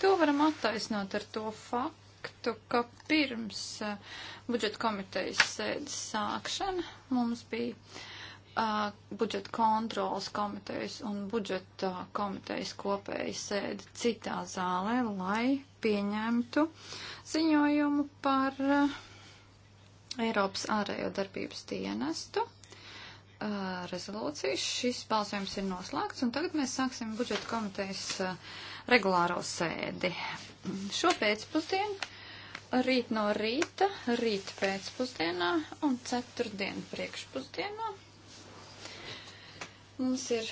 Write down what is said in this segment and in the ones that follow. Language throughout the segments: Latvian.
To varam attaisnot ar to faktu, ka pirms eh, budžeta komitejas sēdes sākšana mums bija uh, budžeta kontrolas komitejas un budžeta komitejas kopēja sēde citā zālē, lai pieņemtu ziņojumu par uh, Eiropas ārējo darbības dienestu rezolūciju. Šis balsojums ir noslēgts, un tagad mēs sāksim budžeta komitejas regulāro sēdi. Šo pēcpusdienu, rīt no rīta, rīt pēcpusdienā un ceturtdien priekšpusdienā mums ir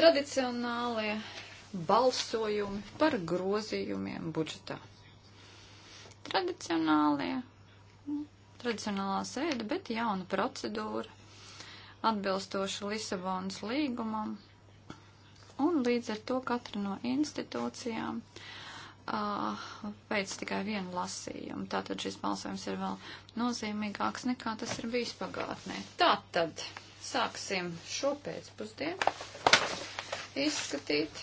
tradicionālie balsojumi par grozījumiem budžetā. Tradicionālie, tradicionālā sēde, bet jauna procedūra atbilstoši Lisabonas līgumam, un līdz ar to katra no institūcijām uh, veic tikai vienu lasījumu. Tātad šis balsojums ir vēl nozīmīgāks nekā tas ir bijis pagātnē. Tātad sāksim šo pēcpusdienu izskatīt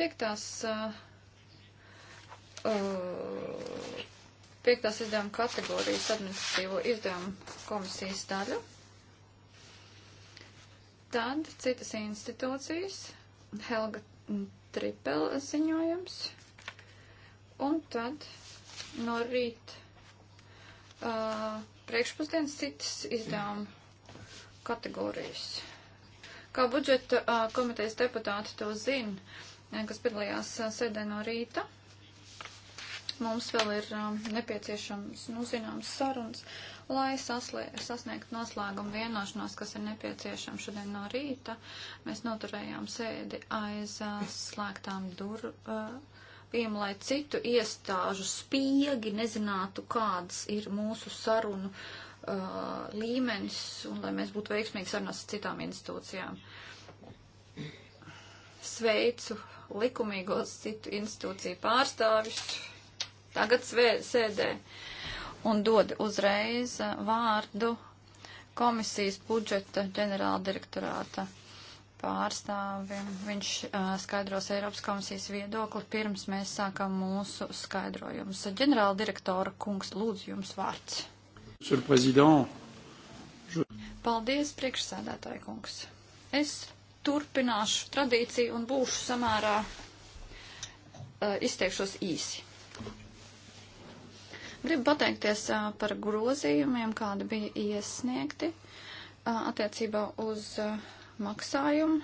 piektās. Uh, Uh, piektās izdevuma kategorijas administratīvo izdevumu komisijas daļu. Tad citas institūcijas, Helga Tripela ziņojums, un tad no rīta uh, priekšpusdienas citas izdevuma kategorijas. Kā budžeta uh, komitejas deputāti to zina, kas piedalījās uh, sēdē no rīta mums vēl ir um, nepieciešams, nu, zināms, sarunas lai sasniegtu noslēgumu vienošanos, kas ir nepieciešama šodien no rīta. Mēs noturējām sēdi aiz slēgtām durvīm, lai citu iestāžu spiegi nezinātu, kāds ir mūsu sarunu uh, līmenis un lai mēs būtu veiksmīgi sarunās ar citām institūcijām. Sveicu likumīgos citu institūciju pārstāvis. Tagad svē, sēdē. Uh, un dod uzreiz vārdu komisijas budžeta ģenerāla direktorāta pārstāvim. Viņš uh, skaidros Eiropas komisijas viedokli pirms mēs sākam mūsu skaidrojumus. Ģenerāla direktora kungs, lūdzu jums vārds. Paldies, priekšsēdētāji kungs. Es turpināšu tradīciju un būšu samērā uh, izteikšos īsi. Gribu pateikties par grozījumiem, kādi bija iesniegti attiecībā uz maksājumu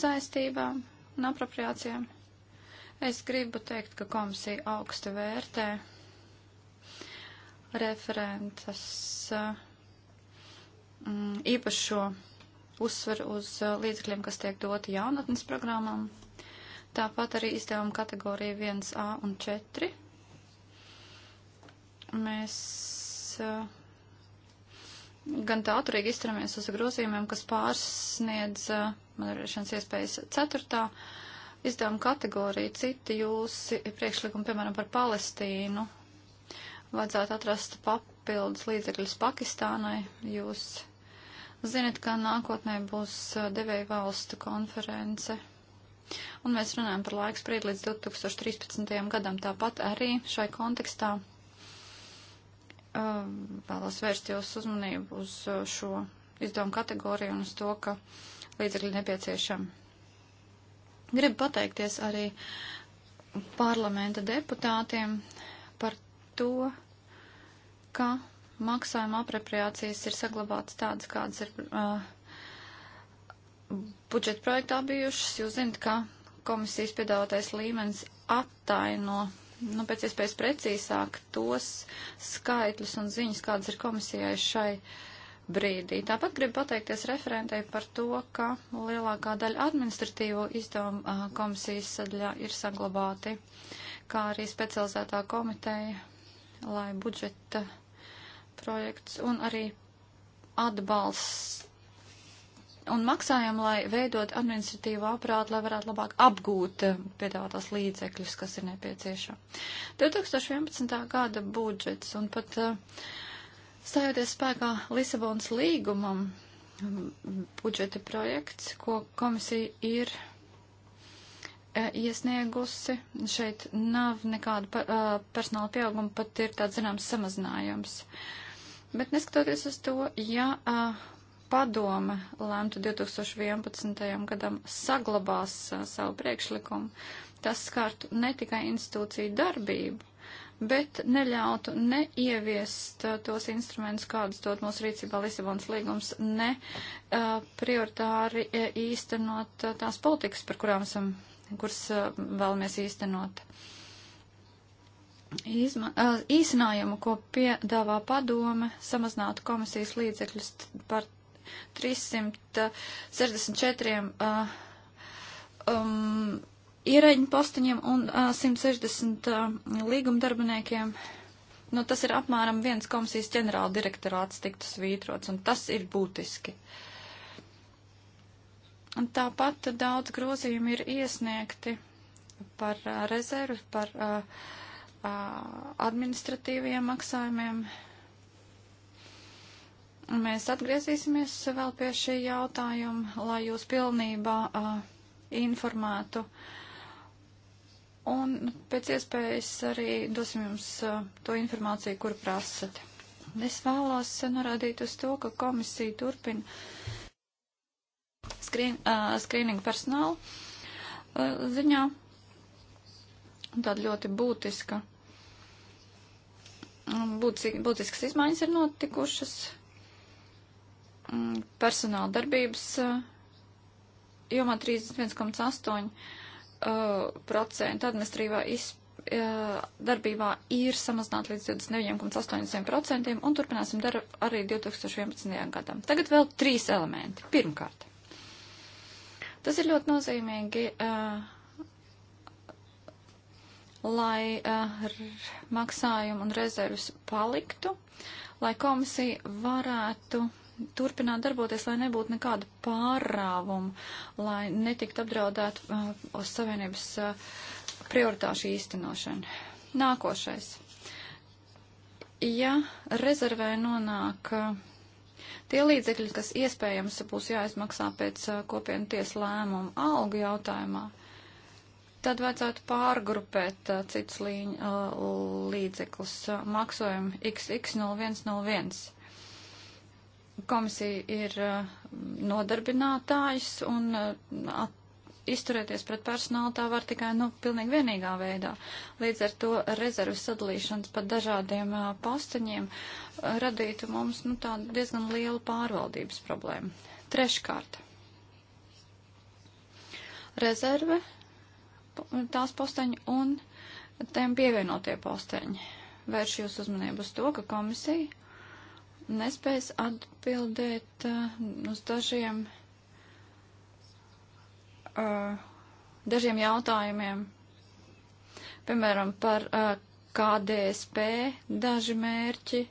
saistībām un apropriācijām. Es gribu teikt, ka komisija augsti vērtē referentas mm, īpašo uzsveru uz līdzekļiem, kas tiek doti jaunatnes programmām. Tāpat arī izdevuma kategorija 1A un 4 Mēs uh, gan tā atturīgi izturamies uz grozījumiem, kas pārsniedz uh, manevrēšanas iespējas ceturtā izdevuma kategorija. Citi jūsu priekšlikumi, piemēram, par Palestīnu, vajadzētu atrast papildus līdzekļus Pakistānai. Jūs zinat, ka nākotnē būs uh, devēja valstu konference. Un mēs runājam par laiks pried līdz 2013. gadam tāpat arī šai kontekstā Um, vēlos vērst jūsu uzmanību uz uh, šo izdevumu kategoriju un uz to, ka līdzekļi nepieciešami. Gribu pateikties arī parlamenta deputātiem par to, ka maksājuma aprepriācijas ir saglabātas tādas, kādas ir uh, budžeta projektā bijušas. Jūs zinat, ka komisijas piedāvātais līmenis attaino no nu, pēc iespējas precīzāk tos skaitļus un ziņas, kādas ir komisijai šai brīdī. Tāpat gribu pateikties referentei par to, ka lielākā daļa administratīvo izdevumu komisijas sadaļā ir saglabāti, kā arī specializētā komiteja, lai budžeta projekts un arī atbalsts un maksājam, lai veidot administratīvu aprātu, lai varētu labāk apgūt eh, piedāvātās līdzekļus, kas ir nepieciešami. 2011. gada budžets un pat eh, stājoties spēkā Lisabonas līgumam mm, budžeta projekts, ko komisija ir eh, iesniegusi. Šeit nav nekāda personāla pieauguma, pat ir tāds zināms samazinājums. Bet neskatoties uz to, ja uh, padome lemtu 2011. gadam saglabās a, uh, savu priekšlikumu, tas skartu ne tikai institūciju darbību, bet neļautu neieviest a, uh, tos instrumentus, kādus dod mūsu rīcībā Lisabonas līgums, ne a, uh, prioritāri e, īstenot tās politikas, par kurām esam, kuras vēlamies īstenot. Izma, īsinājumu, ko piedāvā padome, samazinātu komisijas līdzekļus par 364 uh, um, ierēģiņu postiņiem un uh, 160 uh, līgumdarbiniekiem. Nu, tas ir apmēram viens komisijas ģenerāla direktorāts tiktu svītrots, un tas ir būtiski. Un tāpat daudz grozījumu ir iesniegti par uh, rezervi, par uh, uh, administratīviem maksājumiem, uh, Mēs atgriezīsimies vēl pie šī jautājuma, lai jūs pilnībā uh, informētu. Un pēc iespējas arī dosim jums uh, to informāciju, kur prasat. Es vēlos norādīt uz to, ka komisija turpina skrīn, uh, skrīningu personālu uh, ziņā. Tāda ļoti būtiska, būtis, būtiskas izmaiņas ir notikušas Mm, personāla darbības eh, jomā 31,8% administratīvā izpētē darbībā ir samazināta līdz 29,8% un turpināsim darbu arī 2011. gadam. Tagad vēl trīs elementi. Pirmkārt, tas ir ļoti nozīmīgi, uh, lai uh, eh, maksājumi un rezervis paliktu, lai komisija varētu turpināt darboties, lai nebūtu nekādu pārrāvumu, lai netikt apdraudēt uh, uz Savienības uh, prioritāšu īstenošanu. Nākošais. Ja rezervē nonāk uh, tie līdzekļi, kas iespējams būs jāizmaksā pēc uh, kopienu tiesu lēmumu algu jautājumā, tad vajadzētu pārgrupēt uh, citus uh, līdzekļus uh, maksājumu XX0101 komisija ir eh, nodarbinātājs un eh, at, izturēties pret personālu tā var tikai, nu, pilnīgi vienīgā veidā. Līdz ar to rezerves sadalīšanas pa dažādiem uh, eh, postaņiem uh, radītu mums, nu, tādu diezgan lielu pārvaldības problēmu. Treškārt. Rezerve, tās postaņi un tiem pievienotie postaņi. Vērš jūs uzmanību uz to, ka komisija nespējas atbildēt uh, uz dažiem, uh, dažiem jautājumiem. Piemēram, par uh, KDSP daži mērķi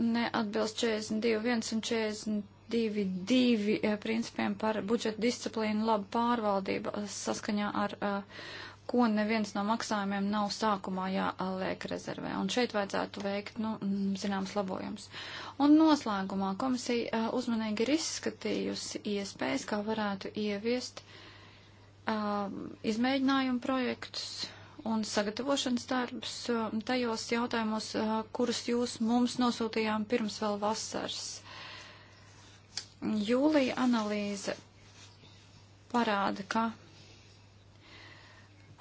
neatbilst 42.1 un 42.2 uh, principiem par budžeta disciplīnu labu pārvaldību uh, saskaņā ar uh, ko neviens no maksājumiem nav sākumā jāliek rezervē. Un šeit vajadzētu veikt, nu, mm, zināms, labojums. Un noslēgumā komisija uzmanīgi ir izskatījusi iespējas, kā varētu ieviest uh, izmēģinājumu projektus un sagatavošanas darbus tajos jautājumos, uh, kurus jūs mums nosūtījām pirms vēl vasaras. Jūlija analīze parāda, ka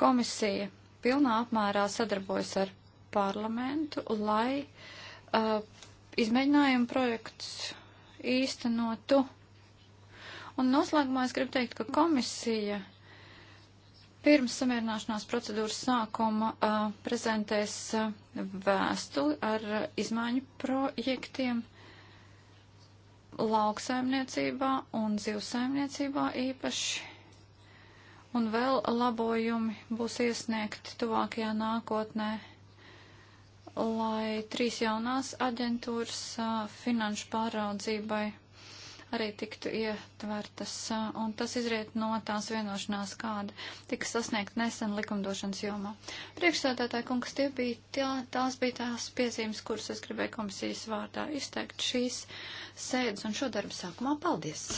Komisija pilnā apmērā sadarbojas ar parlamentu, lai uh, izmēģinājumu projekts īstenotu. Un noslēgumā es gribu teikt, ka komisija pirms samierināšanās procedūras sākuma uh, prezentēs uh, vēstuli ar uh, izmaiņu projektiem lauksaimniecībā un zivsaimniecībā īpaši Un vēl labojumi būs iesniegti tuvākajā nākotnē, lai trīs jaunās aģentūras a, finanšu pāraudzībai arī tiktu ietvertas. A, un tas izriet no tās vienošanās, kāda tika sasniegt nesen likumdošanas jomā. Priekšsēdētāji kungs, tie bija tā, tās bija tās piezīmes, kuras es gribēju komisijas vārdā izteikt šīs sēdes un šo darbu sākumā. Paldies!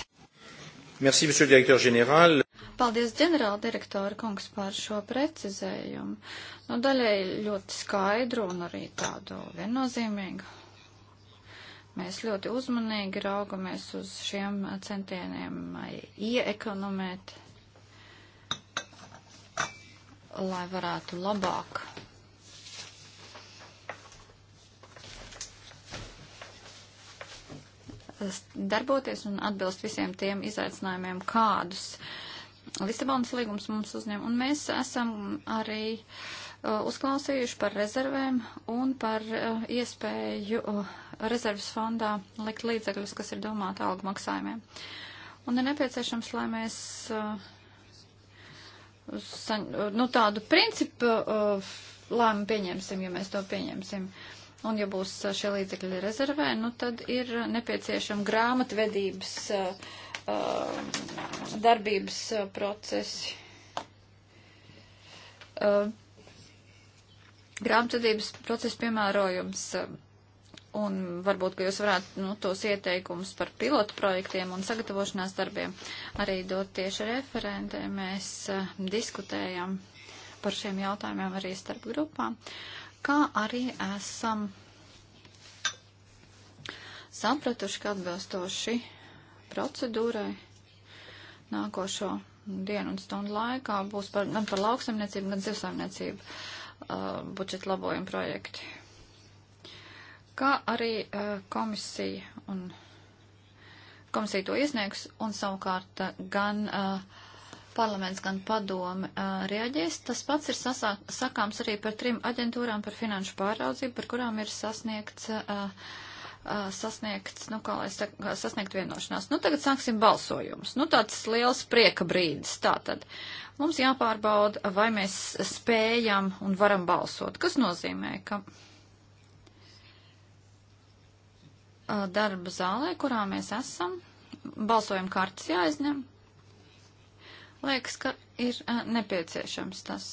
Merci, monsieur le directeur général. Paldies, ģenerāla direktora kungs, par šo precizējumu. Nu, daļai ļoti skaidru un arī tādu viennozīmīgu. Mēs ļoti uzmanīgi raugamies uz šiem centieniem ieekonomēt, lai varētu labāk darboties un atbilst visiem tiem izaicinājumiem, kādus uh, Lisabonas līgums mums uzņem, un mēs esam arī uh, uzklausījuši par rezervēm un par uh, iespēju uh, rezerves fondā likt līdzekļus, kas ir domāti algu maksājumiem. Un ir nepieciešams, lai mēs uh, saņ, uh, nu, tādu principu uh, lēmu pieņemsim, ja mēs to pieņemsim. Uh, Un ja būs uh, šie līdzekļi rezervē, nu tad ir nepieciešama grāmatvedības uh, um, darbības uh, procesi. Grāmatvedības procesa piemērojums un varbūt, ka jūs varētu nu, tos ieteikumus par pilotu projektiem un sagatavošanās darbiem arī dot tieši referentē. Mēs uh, diskutējam par šiem jautājumiem arī starp grupām kā arī esam sapratuši, ka atbilstoši procedūrai nākošo dienu un stundu laikā būs par, gan par lauksaimniecību, gan zivsaimniecību uh, budžeta labojumu projekti. Kā arī uh, komisija un komisija to iesniegs un savukārt uh, gan uh, parlaments, gan padome reaģēs. Tas pats ir sasā, sakāms arī par trim aģentūrām par finanšu pāraudzību, par kurām ir sasniegts, a, a, sasniegts, nu, kā lai saka, sasniegt vienošanās. Nu, tagad sāksim balsojumus. Nu, tāds liels prieka brīdis. Tātad mums jāpārbauda, vai mēs spējam un varam balsot. Kas nozīmē, ka darba zālē, kurā mēs esam, balsojuma kartes jāizņem Liekas, ka ir uh, nepieciešams tas.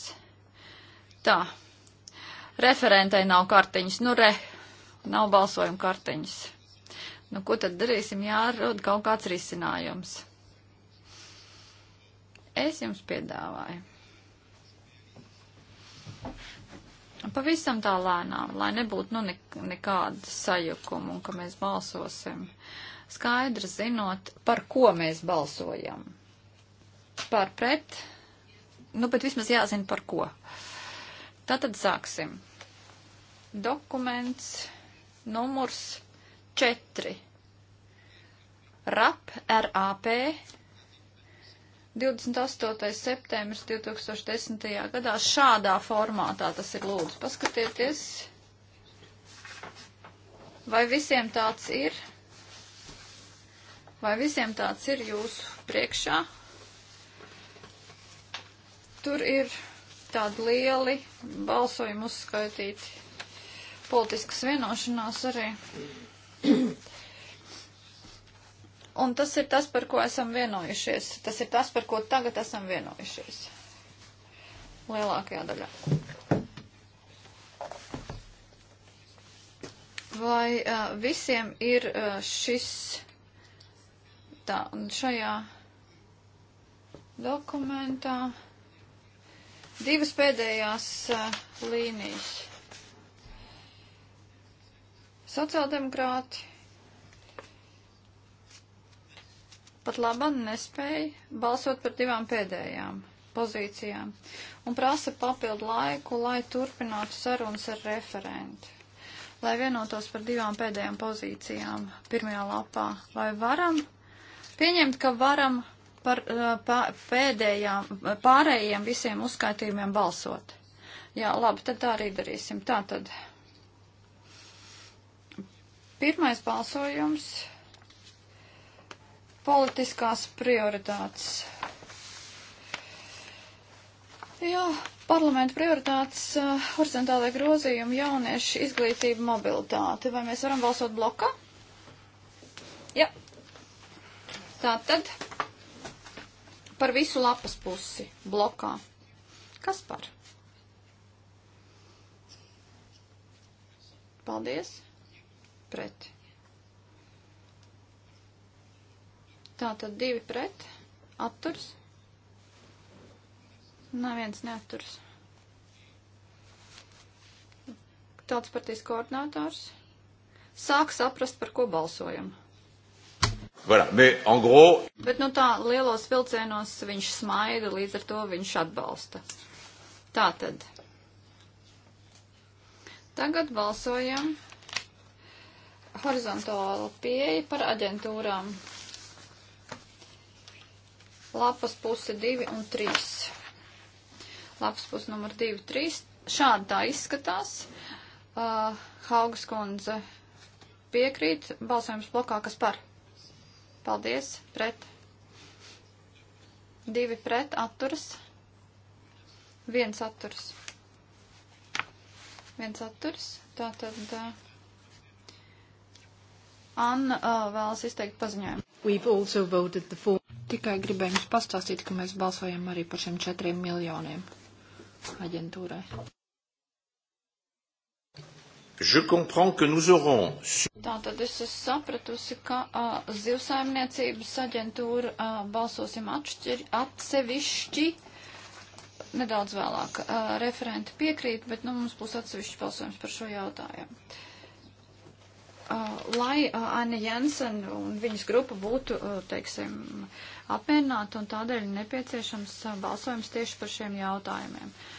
Tā. Referentai nav kartiņas. Nu, re, nav balsojuma kartiņas. Nu, ko tad darīsim? Jārod kaut kāds risinājums. Es jums piedāvāju. Pavisam tā lēnām, lai nebūtu nu, nek nekāda sajukuma un ka mēs balsosim. Skaidri zinot, par ko mēs balsojam par pret, nu, bet vismaz jāzina par ko. Tātad sāksim. Dokuments numurs 4. RAP, RAP, 28. septembris 2010. gadā šādā formātā tas ir lūdzu. Paskatieties, vai visiem tāds ir, vai visiem tāds ir jūsu priekšā. Tur ir tādi lieli balsojumi uzskaitīti, politiskas vienošanās arī. Un tas ir tas, par ko esam vienojušies. Tas ir tas, par ko tagad esam vienojušies. Lielākajā daļā. vai uh, visiem ir uh, šis tā, un šajā dokumentā Divas pēdējās uh, līnijas. Sociāldemokrāti pat laban nespēja balsot par divām pēdējām pozīcijām un prasa papildu laiku, lai turpinātu sarunas ar referentu, lai vienotos par divām pēdējām pozīcijām pirmajā lapā. Vai varam pieņemt, ka varam par eh, pēdējām, pārējiem visiem uzskaitījumiem balsot. Jā, labi, tad tā arī darīsim. Tā tad. Pirmais balsojums - politiskās prioritātes. Jā, parlamenta prioritātes uh, eh, horizontālajā grozījuma jaunieši izglītība mobilitāte. Vai mēs varam balsot blokā? Jā. Tā tad Par visu lapas pusi blokā. Kas par? Paldies. Pret. Tā tad divi pret. Atturs. Neviens neatturs. Tāds partijas koordinātors sāk saprast, par ko balsojam. Voilà, mais en gros. Bet nu tā lielos vilcienos viņš smaida, līdz ar to viņš atbalsta. Tā tad. Tagad balsojam horizontālu pieeju par aģentūrām. Lapas puse 2 un 3. Lapas puse numur 2, 3. Šādi tā izskatās. Uh, Haugas kundze piekrīt balsojums blokā, kas par? Paldies. Pret. Divi pret atturas. Viens atturas. Viens atturas. Tātad. Uh, Anna uh, vēlas izteikt paziņojumu. Tikai gribēju jums pastāstīt, ka mēs balsojam arī par šiem četriem miljoniem aģentūrai. Je comprends que nous aurons. Tātad es esmu sapratusi, ka uh, zivsaimniecības aģentūra uh, balsosim atšķir, atsevišķi nedaudz vēlāk. Uh, referenti piekrīt, bet nu, mums būs atsevišķi balsojums par šo jautājumu. Uh, lai uh, Anna Jensen un viņas grupa būtu, uh, teiksim, apmierināta un tādēļ nepieciešams uh, balsojums tieši par šiem jautājumiem. Uh,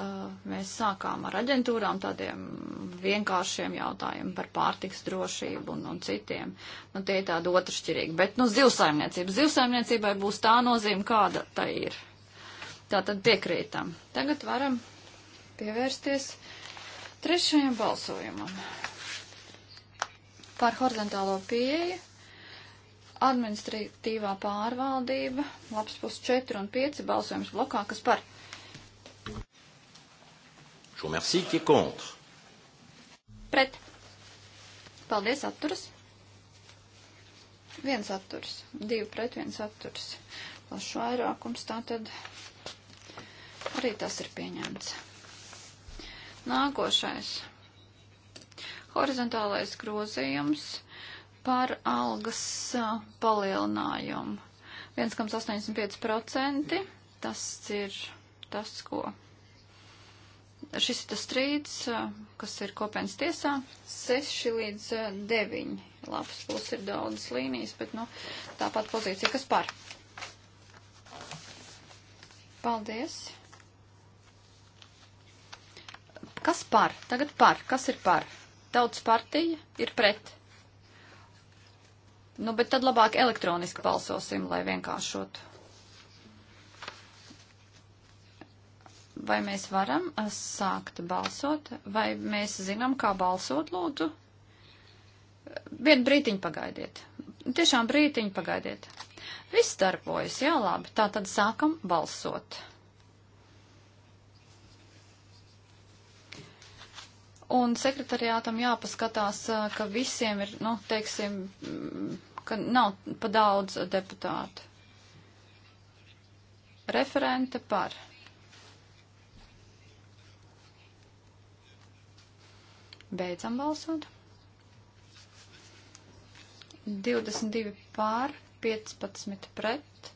Eh, mēs sākām ar aģentūrām tādiem vienkāršiem jautājumiem par pārtiks drošību un, un citiem. Nu, tie ir tādi otršķirīgi. Bet, nu, zivsaimniecība. Zivsaimniecībai būs tā nozīme, kāda tā ir. Tā tad piekrītam. Tagad varam pievērsties trešajam balsojumam. Par horizontālo pieeju administratīvā pārvaldība, labs pus 4 un 5 balsojums blokā, kas par Je vous remercie. Qui est contre? Pret. Paldies, atturas. Viens atturas. Divi pret, viens atturas. Plašs vairākums tātad arī tas ir pieņemts. Nākošais. Horizontālais grozījums par algas palielinājumu. 1,85% tas ir tas, ko šis ir tas strīds, kas ir kopienas tiesā, 6 līdz 9 labs plus ir daudzas līnijas, bet, nu, tāpat pozīcija, kas par. Paldies. Kas par? Tagad par. Kas ir par? Tautas partija ir pret. Nu, bet tad labāk elektroniski balsosim, lai vienkāršotu. Vai mēs varam uh, sākt balsot? Vai mēs zinām, kā balsot, lūdzu? Vienu brītiņu pagaidiet. Tiešām brītiņu pagaidiet. Viss darbojas, jā, labi. Tā tad sākam balsot. Un sekretariātam jāpaskatās, uh, ka visiem ir, nu, teiksim, mm, ka nav pa daudz deputātu. Referente par. Beidzam balsot. 22 pār, 15 pret,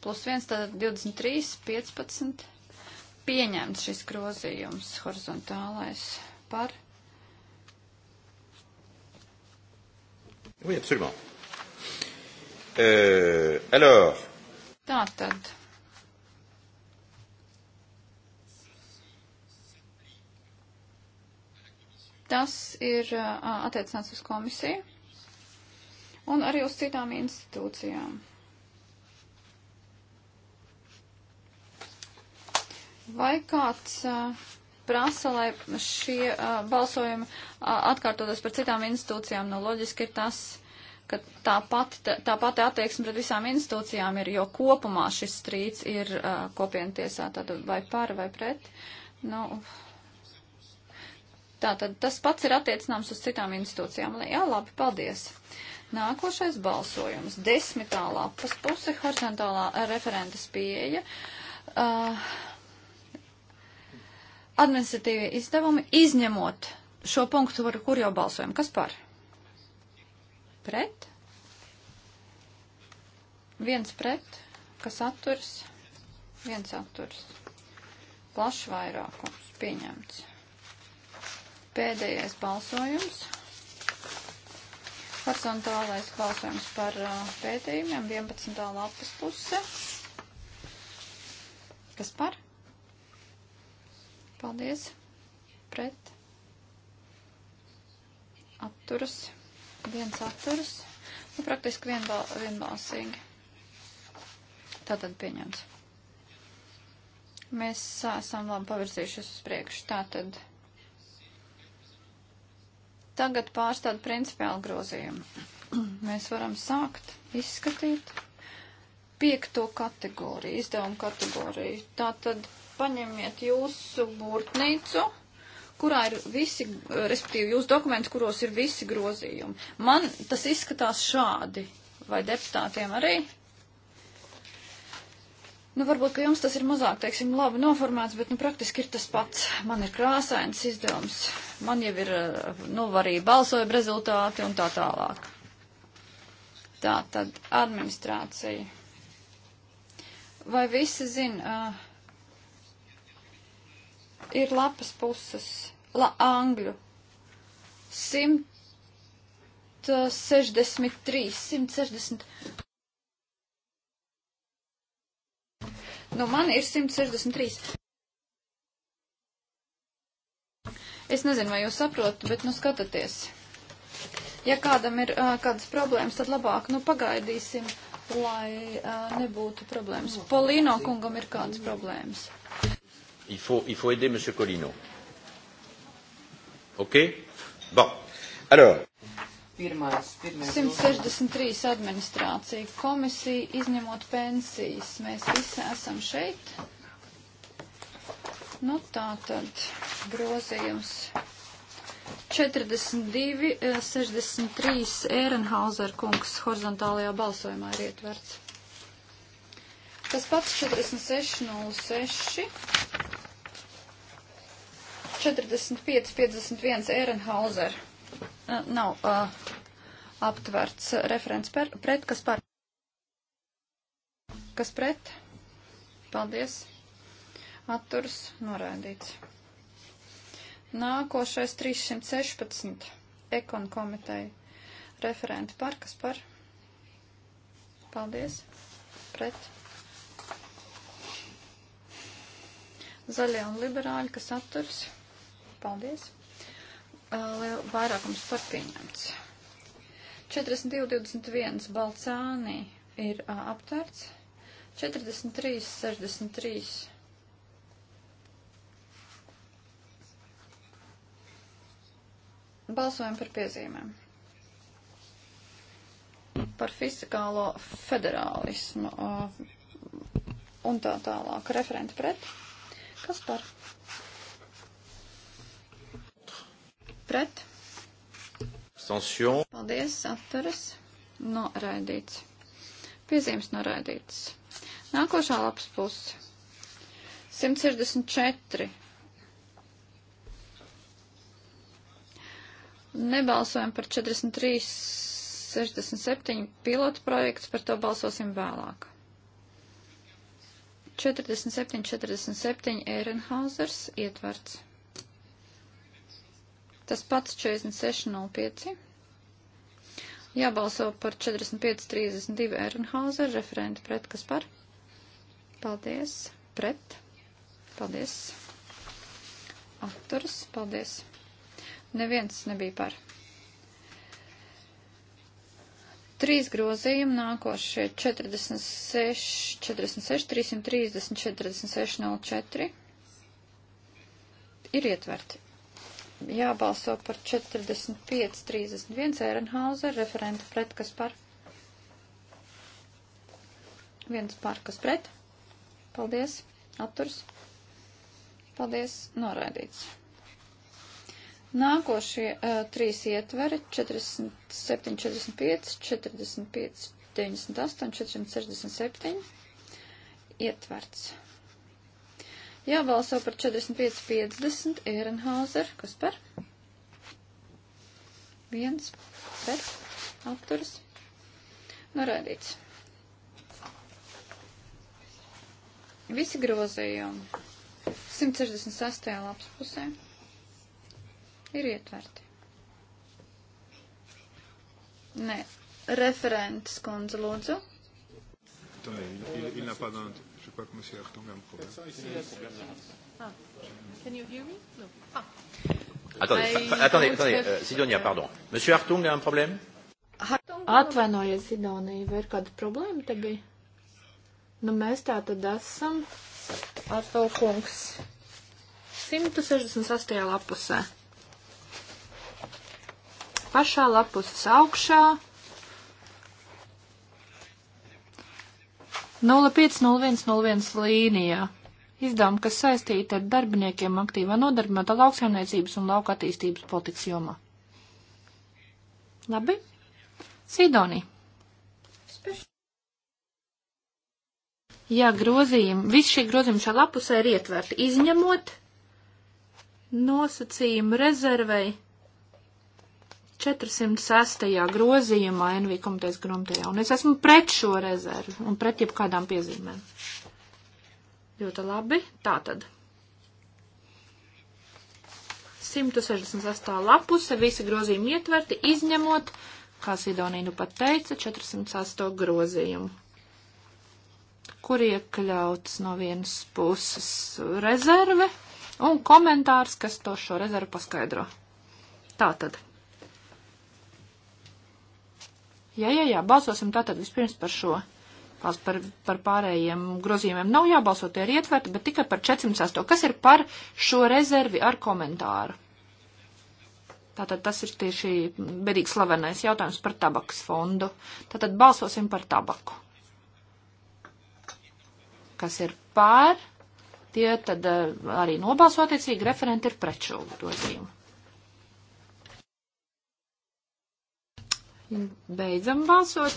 plus 1, tātad 23, 15. Pieņemts šis grozījums horizontālais par. Oui, absolument. Euh, alors. Tātad. Tas ir attiecināts uz komisiju un arī uz citām institūcijām. Vai kāds prasa, lai šie balsojumi atkārtotos par citām institūcijām? Nu, loģiski ir tas, ka tā pati, tā pati attieksme pret visām institūcijām ir, jo kopumā šis strīds ir kopienu tiesā, tad vai par vai pret. Nu, Tātad tas pats ir attiecināms uz citām institūcijām. Jā, labi, paldies. Nākošais balsojums. Desmitā lapas puse, horizontālā referentes pieeja. Uh, administratīvie izdevumi izņemot šo punktu, par kur jau balsojam. Kas par? Pret? Viens pret, kas atturs, viens atturs. Plašs vairākums pieņemts. Pēdējais balsojums. Horizontālais balsojums par uh, pētījumiem 11. lapas puse. Kas par? Paldies. Pret. Atturas. Viens atturas. Nu, praktiski vienbal, vienbalsīgi. Tātad pieņems. Mēs uh, esam labi pavirzījušies uz priekšu. Tātad. Tagad pāris tādu principiālu grozījumu. Mēs varam sākt izskatīt piekto kategoriju, izdevumu kategoriju. Tātad paņemiet jūsu būrtnīcu, kurā ir visi, respektīvi jūsu dokumenti, kuros ir visi grozījumi. Man tas izskatās šādi. Vai deputātiem arī? Nu, varbūt, ka jums tas ir mazāk, teiksim, labi noformēts, bet, nu, praktiski ir tas pats. Man ir krāsains izdevums, man jau ir, nu, arī balsojuma rezultāti un tā tālāk. Tā tad administrācija. Vai visi zina, uh, ir lapas puses, la, angļu, 163, 160. Nu, man ir 163. Es nezinu, vai jūs saprotat, bet nu skatieties. Ja kādam ir uh, kādas problēmas, tad labāk nu pagaidīsim, lai uh, nebūtu problēmas. Polino kungam ir kādas problēmas. Il faut, il faut aider monsieur Colino. Ok? Bon. Alors. Pirmais, pirmais 163 administrācija, komisija izņemot pensijas. Mēs visi esam šeit. Nu tā tad grozījums 42, 63 eh, Ehrenhauser kungs horizontālajā balsojumā ir ietverts. Tas pats 4606. 45, 51 Ehrenhauser Uh, nav uh, aptverts referents per, pret, kas par. Kas pret? Paldies. Atturs noraidīts. Nākošais 316. Ekon komiteja. Referenti par, kas par. Paldies. Pret. Zaļie un liberāļi, kas atturs. Paldies liel, vairākums par pieņemts. 42.21 Balcānī ir uh, aptverts. 43.63. Balsojam par piezīmēm. Par fiskālo federālismu uh, un tā tālāk. Referenti pret. Kas par? pret. Sansion. Paldies, atturas. Noraidīts. Piezīmes noraidīts. Nākošā lapas puse. 164. Nebalsojam par 43, 67 pilotu projekts, par to balsosim vēlāk. 47, 47 Ehrenhausers ietverts. Tas pats 46.05. Jābalso par 45.32 Ehrenhauser, referenti pret kas par? Paldies. Pret. Paldies. Atturas. Paldies. Neviens nebija par. Trīs grozījumi nākošie 46, 46, 330, 46, 04 ir ietverti jābalso par 45, 31 Ehrenhauser, referenta pret, kas par. Viens par, kas pret. Paldies. Atturs. Paldies. Noraidīts. Nākošie uh, trīs ietveri 47, 45, 45, 98, 467 ietverts. Jābalso par 45-50 Ehrenhauser, kas par? Viens, par, apturs, norādīts. Visi grozījumi 168. lapas pusē ir ietverti. Nē, referents kundze lūdzu. Tā ir, ir, ir napadante crois que M. Hartung a un problème. Ah. Can you hear me? No. Ah. Attendez, I attendez, attendez, uh, Sidonia, pardon. Monsieur Hartung a un problème? Atvainojiet, Sidonija, vai ir kāda problēma te bija? Nu, mēs tā tad esam. Atkal kungs. 168. lapusē. Pašā lapuses augšā 050101 līnijā. Izdevumi, kas saistīti ar darbiniekiem aktīvā nodarbinātā lauksaimniecības un lauka attīstības politikas jomā. Labi? Sidonija. Jā, grozījumi. Visi šie grozījumi šā lapusē ir ietverti, izņemot nosacījumu rezervei 406. grozījumā NV komitejas gruntajā, un es esmu pret šo rezervu un pret jebkādām piezīmēm. Ļoti labi, tā tad. 168. lapuse, visi grozījumi ietverti, izņemot, kā Sidonija nu pat teica, 408 grozījumu, kur iekļauts no vienas puses rezerve un komentārs, kas to šo rezervu paskaidro. Tātad. Jā, jā, jā, balsosim tātad vispirms par šo. Pals par, par pārējiem grozījumiem nav jābalso, tie ir ietverti, bet tikai par 408. Kas ir par šo rezervi ar komentāru? Tātad tas ir tieši bedīgi slavenais jautājums par tabaks fondu. Tātad balsosim par tabaku. Kas ir pār, tie tad eh, arī nobalso attiecīgi referenti ir pret šo grozījumu. Beidzam balsot.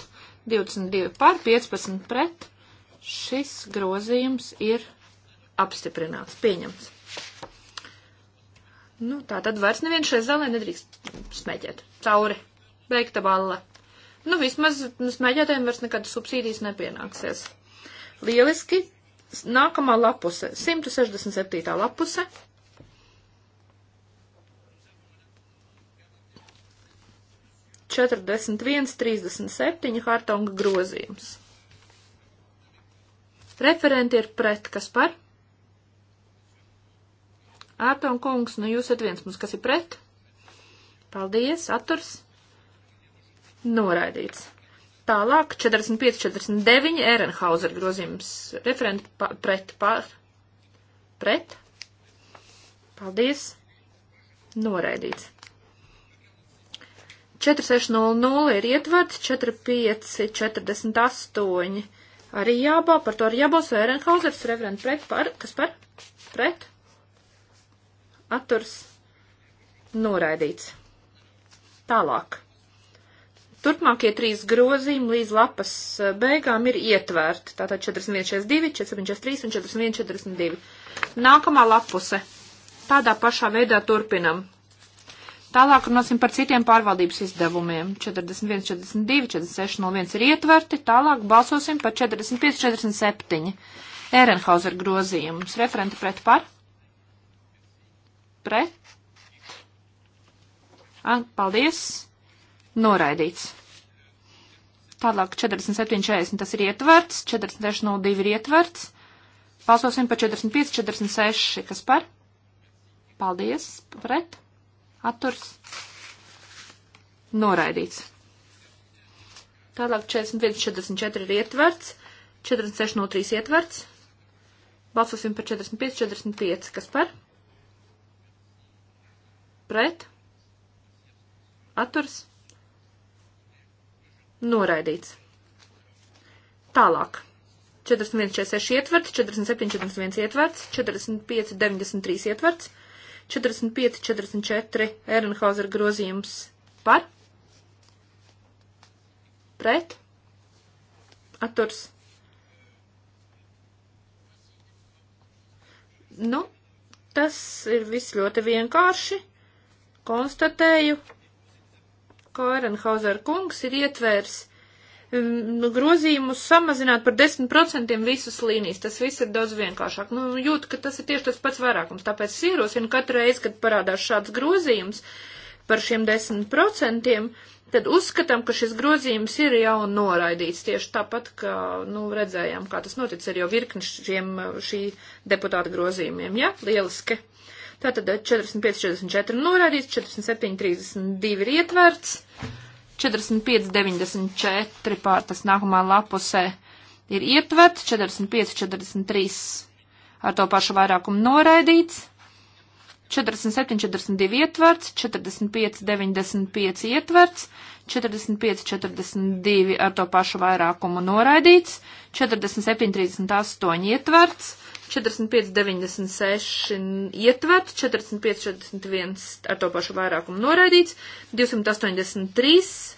22 pār 15 pret. Šis grozījums ir apstiprināts, pieņemts. Nu, tā tad vairs neviens šai zālē nedrīkst smēķēt. Cauri. Beigta balle. Nu, vismaz smēķētājiem vairs nekad subsīdijas nepienāksies. Lieliski. Nākamā lapuse. 167. lapuse. 41, 37 hartonga grozījums. Referenti ir pret, kas par? Ārton kungs, nu jūs esat viens mums, kas ir pret? Paldies, atturs. Noraidīts. Tālāk 45, 49 Ehrenhauser grozījums. Referenti pa, pret, par, pret. Paldies. Noraidīts. 4600 ir ietverts, 4548 arī jābā, par to arī jābalso Ehrenhausers, referent pret, par, kas par? Pret? Atturs noraidīts. Tālāk. Turpmākie trīs grozījumi līdz lapas eh, beigām ir ietverti. Tātad 4162, 4763 un 4142. Nākamā lapuse. Tādā pašā veidā turpinam. Tālāk runāsim par citiem pārvaldības izdevumiem. 41, 42, 46, 01 ir ietverti, tālāk balsosim par 45, 47. Ērenhauser grozījums. Referenti pret par? Pret? An, paldies. Noraidīts. Tālāk 47, 40 tas ir ietverts, 46, 02 ir ietverts. Balsosim par 45, 46. Kas par? Paldies. Pret? atturs noraidīts. Tālāk 41, 44 ir ietverts, 46 no 3 ietverts. Balsosim par 45, 45, kas par? Pret? Atturs? Noraidīts. Tālāk. 41, 46 ietverts, 47, 41 ietverts, 45, 93 ietverts. 45, 44 Ehrenhauser grozījums par, pret, atturs. Nu, tas ir viss ļoti vienkārši. Konstatēju, ka Ehrenhauser kungs ir ietvērs Nu, grozījumus samazināt par 10% visas līnijas. Tas viss ir daudz vienkāršāk. Nu, jūtu, ka tas ir tieši tas pats vairākums. Tāpēc es ierosinu katru reizi, kad parādās šāds grozījums par šiem 10%, tad uzskatām, ka šis grozījums ir jau noraidīts. Tieši tāpat, ka, nu, redzējām, kā tas notic ar jau virkni šiem, šī deputāta grozījumiem. Ja? Lieliski. Tātad 45, eh, 44 noraidīts, 47, 32 ir ietverts. 45,94 pār tas nākamā lapusē ir ietvert, 45,43 ar to pašu vairākumu noraidīts, 47,42 ietverts, 45,95 ietverts, 45,42 ar to pašu vairākumu noraidīts, 47,38 ietverts, 45,96 ietvert, 45,41 ar to pašu vairākumu noraidīts, 283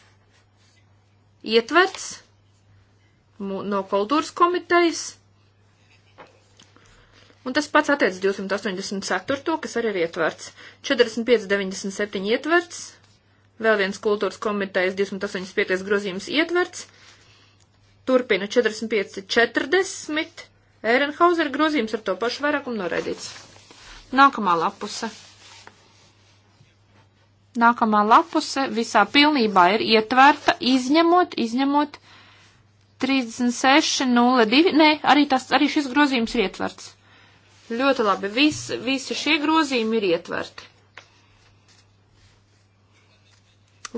ietverts no kultūras komitejas. Un tas pats attiec 284, kas arī ir ietverts. 45,97 ietverts, vēl viens kultūras komitejas 285 grozījums ietverts, turpina 45,40 Ehrenhauser grozījums ar to pašu vairākumu noraidīts. Nākamā lapuse. Nākamā lapuse visā pilnībā ir ietverta, izņemot, izņemot 36.02. Nē, arī, tas, arī šis grozījums ir ietverts. Ļoti labi. Vis, visi šie grozījumi ir ietverti.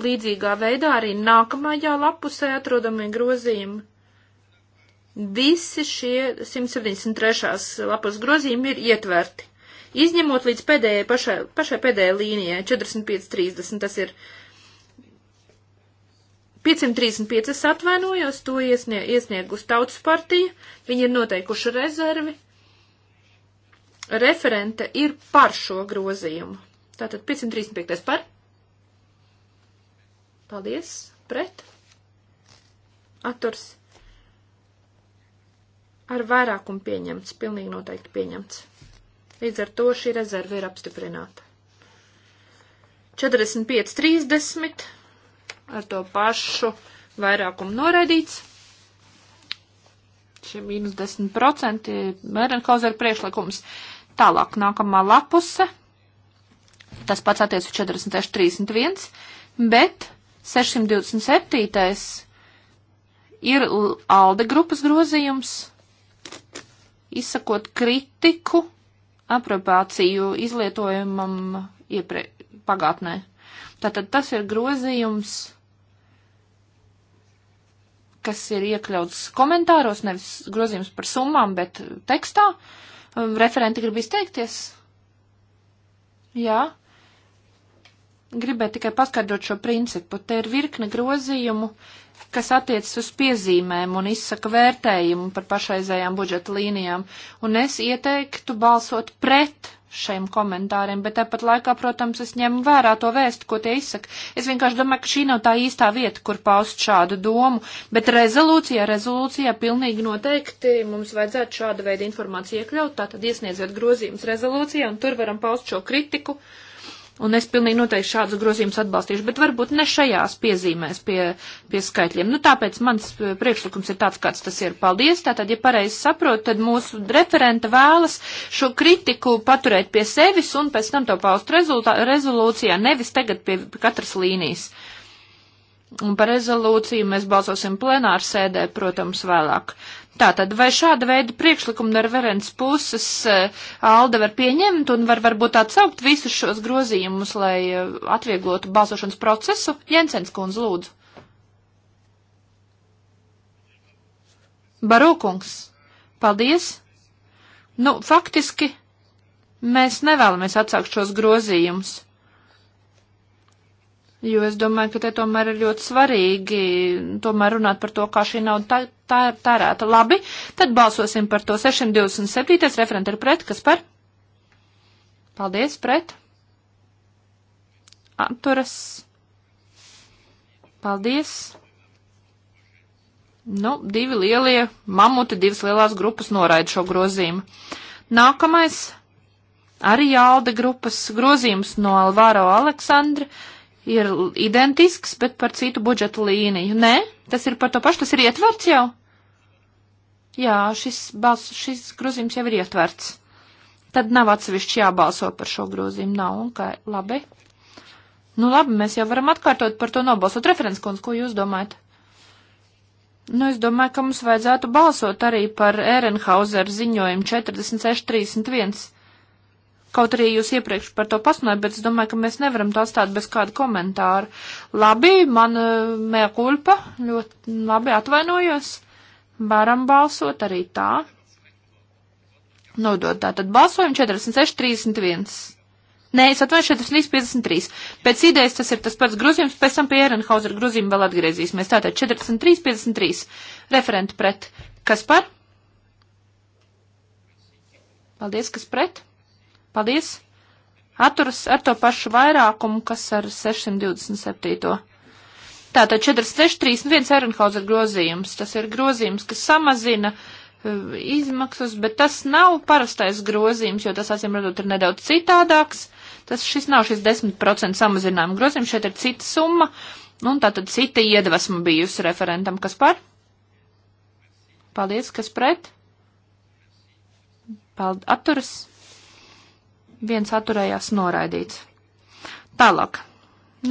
Līdzīgā veidā arī nākamajā lapusē atrodamie grozījumi Visi šie 173. lapas grozījumi ir ietverti. Izņemot līdz pēdējai, pašai, pašai pēdējai līnijai 45.30, tas ir 535 es atvainojos, to iesnieg, iesniegus tautas partija, viņi ir noteikuši rezervi. Referente ir par šo grozījumu. Tātad 535 par. Paldies. Pret. Atturs ar vairākumu pieņemts, pilnīgi noteikti pieņemts. Līdz ar to šī rezerva ir apstiprināta. 45.30 ar to pašu vairākumu noraidīts. Šie mīnus 10% Mērenhauser priekšlikums. Tālāk nākamā lapuse. Tas pats attiec uz 46.31, bet 627. ir Alde grupas grozījums izsakot kritiku aprobāciju izlietojumam iepre, pagātnē. Tātad tas ir grozījums, kas ir iekļauts komentāros, nevis grozījums par summām, bet tekstā. Um, referenti grib izteikties. Jā. Gribēju tikai paskaidrot šo principu. Te ir virkne grozījumu, uh, kas attiecas uz piezīmēm un izsaka vērtējumu par pašreizējām budžeta līnijām, un es ieteiktu balsot pret šiem komentāriem, bet tāpat laikā, protams, es ņemu vērā to vēstu, ko tie izsaka. Es vienkārši domāju, ka šī nav tā īstā vieta, kur paust šādu domu, bet rezolūcijā, rezolūcijā pilnīgi noteikti mums vajadzētu šāda veida informāciju iekļaut, tātad iesniedziet grozījums rezolūcijā, un tur varam paust šo kritiku. Uh, Un es pilnīgi noteikti šādus grozījumus atbalstīšu, bet varbūt ne šajās piezīmēs pie, pie skaitļiem. Nu, tāpēc mans eh, priekšlikums ir tāds, kāds tas ir. Paldies. Tātad, ja pareizi saprotu, tad mūsu referenta vēlas šo kritiku paturēt pie sevis un pēc tam to paust rezultā, rezolūcijā, nevis tagad pie katras līnijas. Uh, Un par rezolūciju mēs balsosim plenāru sēdē, protams, vēlāk. Tātad, vai šāda veida priekšlikumi no referents puses eh, Alde var pieņemt un var varbūt atsaukt visus šos grozījumus, lai eh, atvieglotu balsošanas procesu? Jensens kundz, lūdzu. Barūkungs, paldies! Nu, faktiski mēs nevēlamies atsākt šos grozījumus. Jo es domāju, ka te tomēr ir ļoti svarīgi tomēr runāt par to, kā šī nauda tērēta. Tā, tā Labi, tad balsosim par to 627. referenta ir pret, kas par? Paldies, pret. Atturas. Paldies. Nu, divi lielie mamuti, divas lielās grupas noraida šo grozījumu. Nākamais arī Alde grupas grozījums no Alvaro Aleksandra ir identisks, bet par citu budžeta līniju. Nē, tas ir par to pašu, tas ir ietverts jau. Jā, šis, bals, šis grozījums jau ir ietverts. Tad nav atsevišķi jābalso par šo grozījumu, nav, un kā, labi. Nu, labi, mēs jau varam atkārtot par to nobalsot. Referents kundz, ko jūs domājat? Nu, es domāju, ka mums vajadzētu balsot arī par Ehrenhauser ziņojumu 4631. Kaut arī jūs iepriekš par to pasunājat, bet es domāju, ka mēs nevaram to atstāt bez kāda komentāra. Labi, man eh, mea kulpa, ļoti labi atvainojos. Varam balsot arī tā. Nodot nu, tā, tad balsojam 46, 31. Nē, es atvainojos 43, 53. Pēc idejas tas ir tas pats grozījums, pēc tam pie Ehrenhauser grozījuma vēl atgriezīsimies. Tātad 43, 53. Referenti pret. Kas par? Paldies, kas pret? Paldies! Atturas ar to pašu vairākumu, kas ar 627. Tātad 43, 31 Ehrenhauser grozījums. Tas ir grozījums, kas samazina uh, izmaksas, bet tas nav parastais grozījums, jo tas, acīm redzot, ir nedaudz citādāks. Tas šis nav šis 10% samazinājuma grozījums, šeit ir cita summa, nu, un tātad cita iedvesma bijusi referentam, kas par? Paldies, kas pret? Paldies, atturas viens atturējās noraidīts. Tālāk.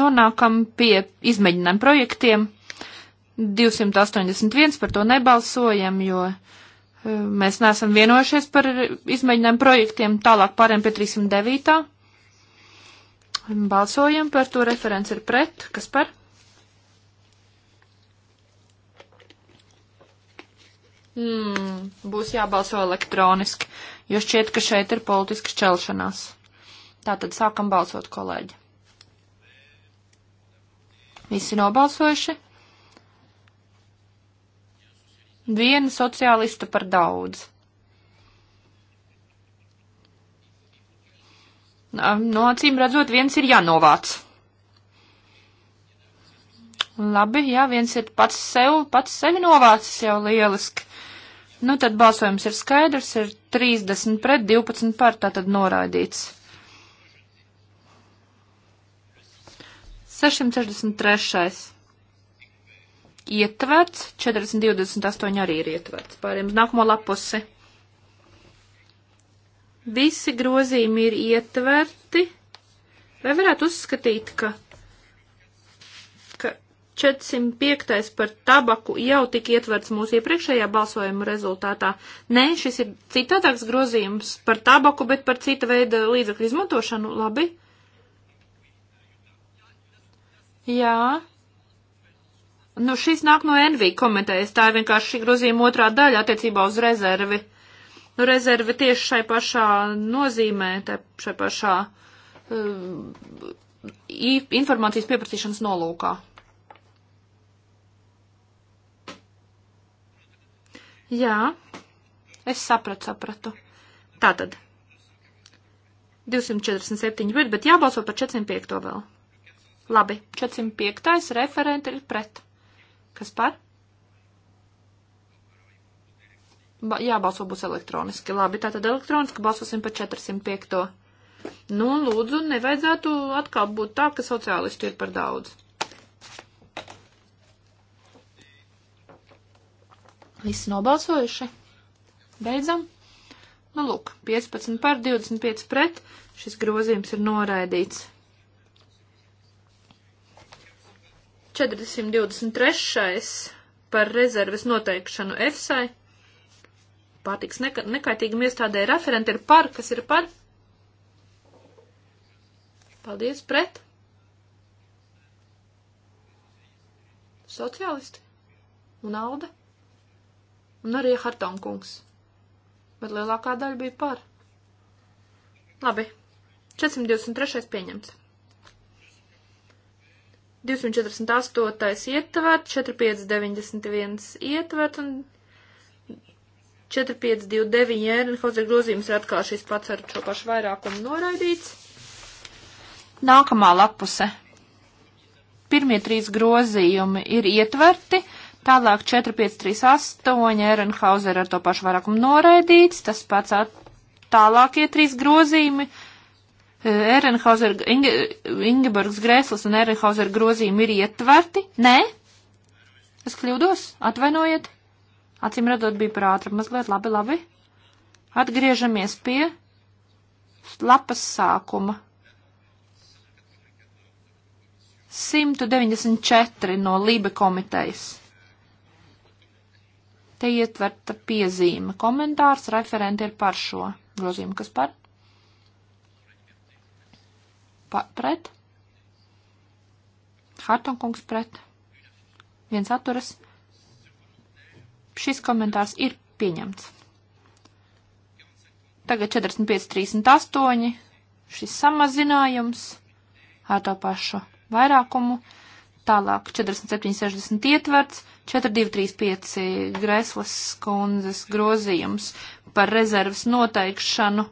Nonākam pie izmēģinājumu projektiem. 281 par to nebalsojam, jo eh, mēs neesam vienojušies par izmēģinājumu projektiem. Tālāk pārējām pie 309. Balsojam par to referents ir pret. Kas par? Mm, būs jābalso elektroniski jo šķiet, ka šeit ir politiska šķelšanās. Tātad sākam balsot, kolēģi. Visi nobalsojuši? Viena sociālista par daudz. No acīm redzot, viens ir jānovāc. Labi, jā, viens ir pats sev, pats sevi novācis jau lieliski. Nu, tad balsojums ir skaidrs, ir 30 pret 12 par, tātad noraidīts. 663. Ietverts, 428 arī ir ietverts. Pāriem uz nākamo lapusi. Visi grozījumi ir ietverti. Vai varētu uzskatīt, ka 405. par tabaku jau tika ietverts mūsu iepriekšējā balsojuma rezultātā. Nē, šis ir citādāks grozījums par tabaku, bet par cita veida līdzekļu izmantošanu. Labi? Jā. Nu, šis nāk no NV komitejas. Tā ir vienkārši šī grozījuma otrā daļa attiecībā uz rezervi. Nu, rezervi tieši šai pašā nozīmē, šai pašā uh, informācijas pieprasīšanas nolūkā. Jā, es sapratu, sapratu. Tātad. 247 bija, bet jābalso par 405 vēl. Labi, 405 referenti ir pret. Kas par? Ba jābalso būs elektroniski. Labi, tātad elektroniski balsosim par 405. Nu, lūdzu, nevajadzētu atkal būt tā, ka sociālisti ir par daudz. Visi nobalsojuši. Beidzam. Nu, lūk, 15 par 25 pret. Šis grozījums ir noraidīts. 423. par rezerves noteikšanu EFSAI. Pārtiks neka, nekaitīgam iestādē referenti ir par, kas ir par. Paldies, pret. Sociālisti un Alde. Un arī Hartonkungs. Bet lielākā daļa bija par. Labi. 423. pieņemts. 248. ietvert, 4591 ietvert un 4529 Ērenhozer grozījums ir atkal šis pats ar šo pašu vairākumu noraidīts. Nākamā lapuse. Pirmie trīs grozījumi ir ietverti Tālāk 4538 Ehrenhauser ar to pašu vairākumu noraidīts, tas pats at, tālākie trīs grozījumi. Eh, Ehrenhauser, Inge, Ingeborgs Grēslis un Ehrenhauser grozījumi ir ietverti? Nē? Es kļūdos? Atvainojiet? Acīm redzot, bija par ātru mazliet, labi, labi. Atgriežamies pie lapas sākuma. 194 no Lībe komitejas. Te ietverta piezīme. Komentārs referenti ir par šo grozījumu. Kas par? Pa, pret? Hartonkungs pret. Viens atturas. Šis komentārs ir pieņemts. Tagad 45.38. Šis samazinājums ar to pašu vairākumu Tālāk 4760 ietverts, 4235 Greslas kundzes grozījums par rezervas noteikšanu.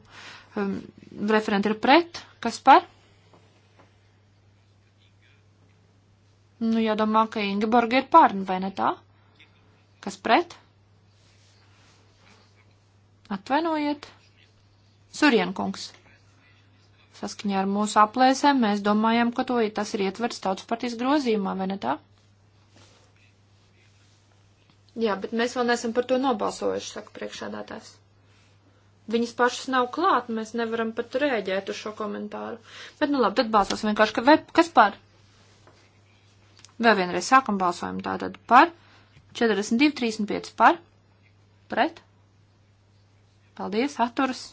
Um, referenti ir pret, kas par? Nu, jādomā, ka Ingeborga ir pārni, vai ne tā? Kas pret? Atvainojiet. Surienkungs. Saskaņā ar mūsu aplēsēm mēs domājam, ka to, tas ir ietverts tautas partijas grozījumā, vai ne tā? Jā, bet mēs vēl neesam par to nobalsojuši, saka priekšādātājs. Viņas pašas nav klāt, mēs nevaram pat rēģēt uz šo komentāru. Bet, nu labi, tad balsos vienkārši, ka vai, kas par? Vēl vienreiz sākam balsojumu tātad par 42, 35 par, pret. Paldies, atturas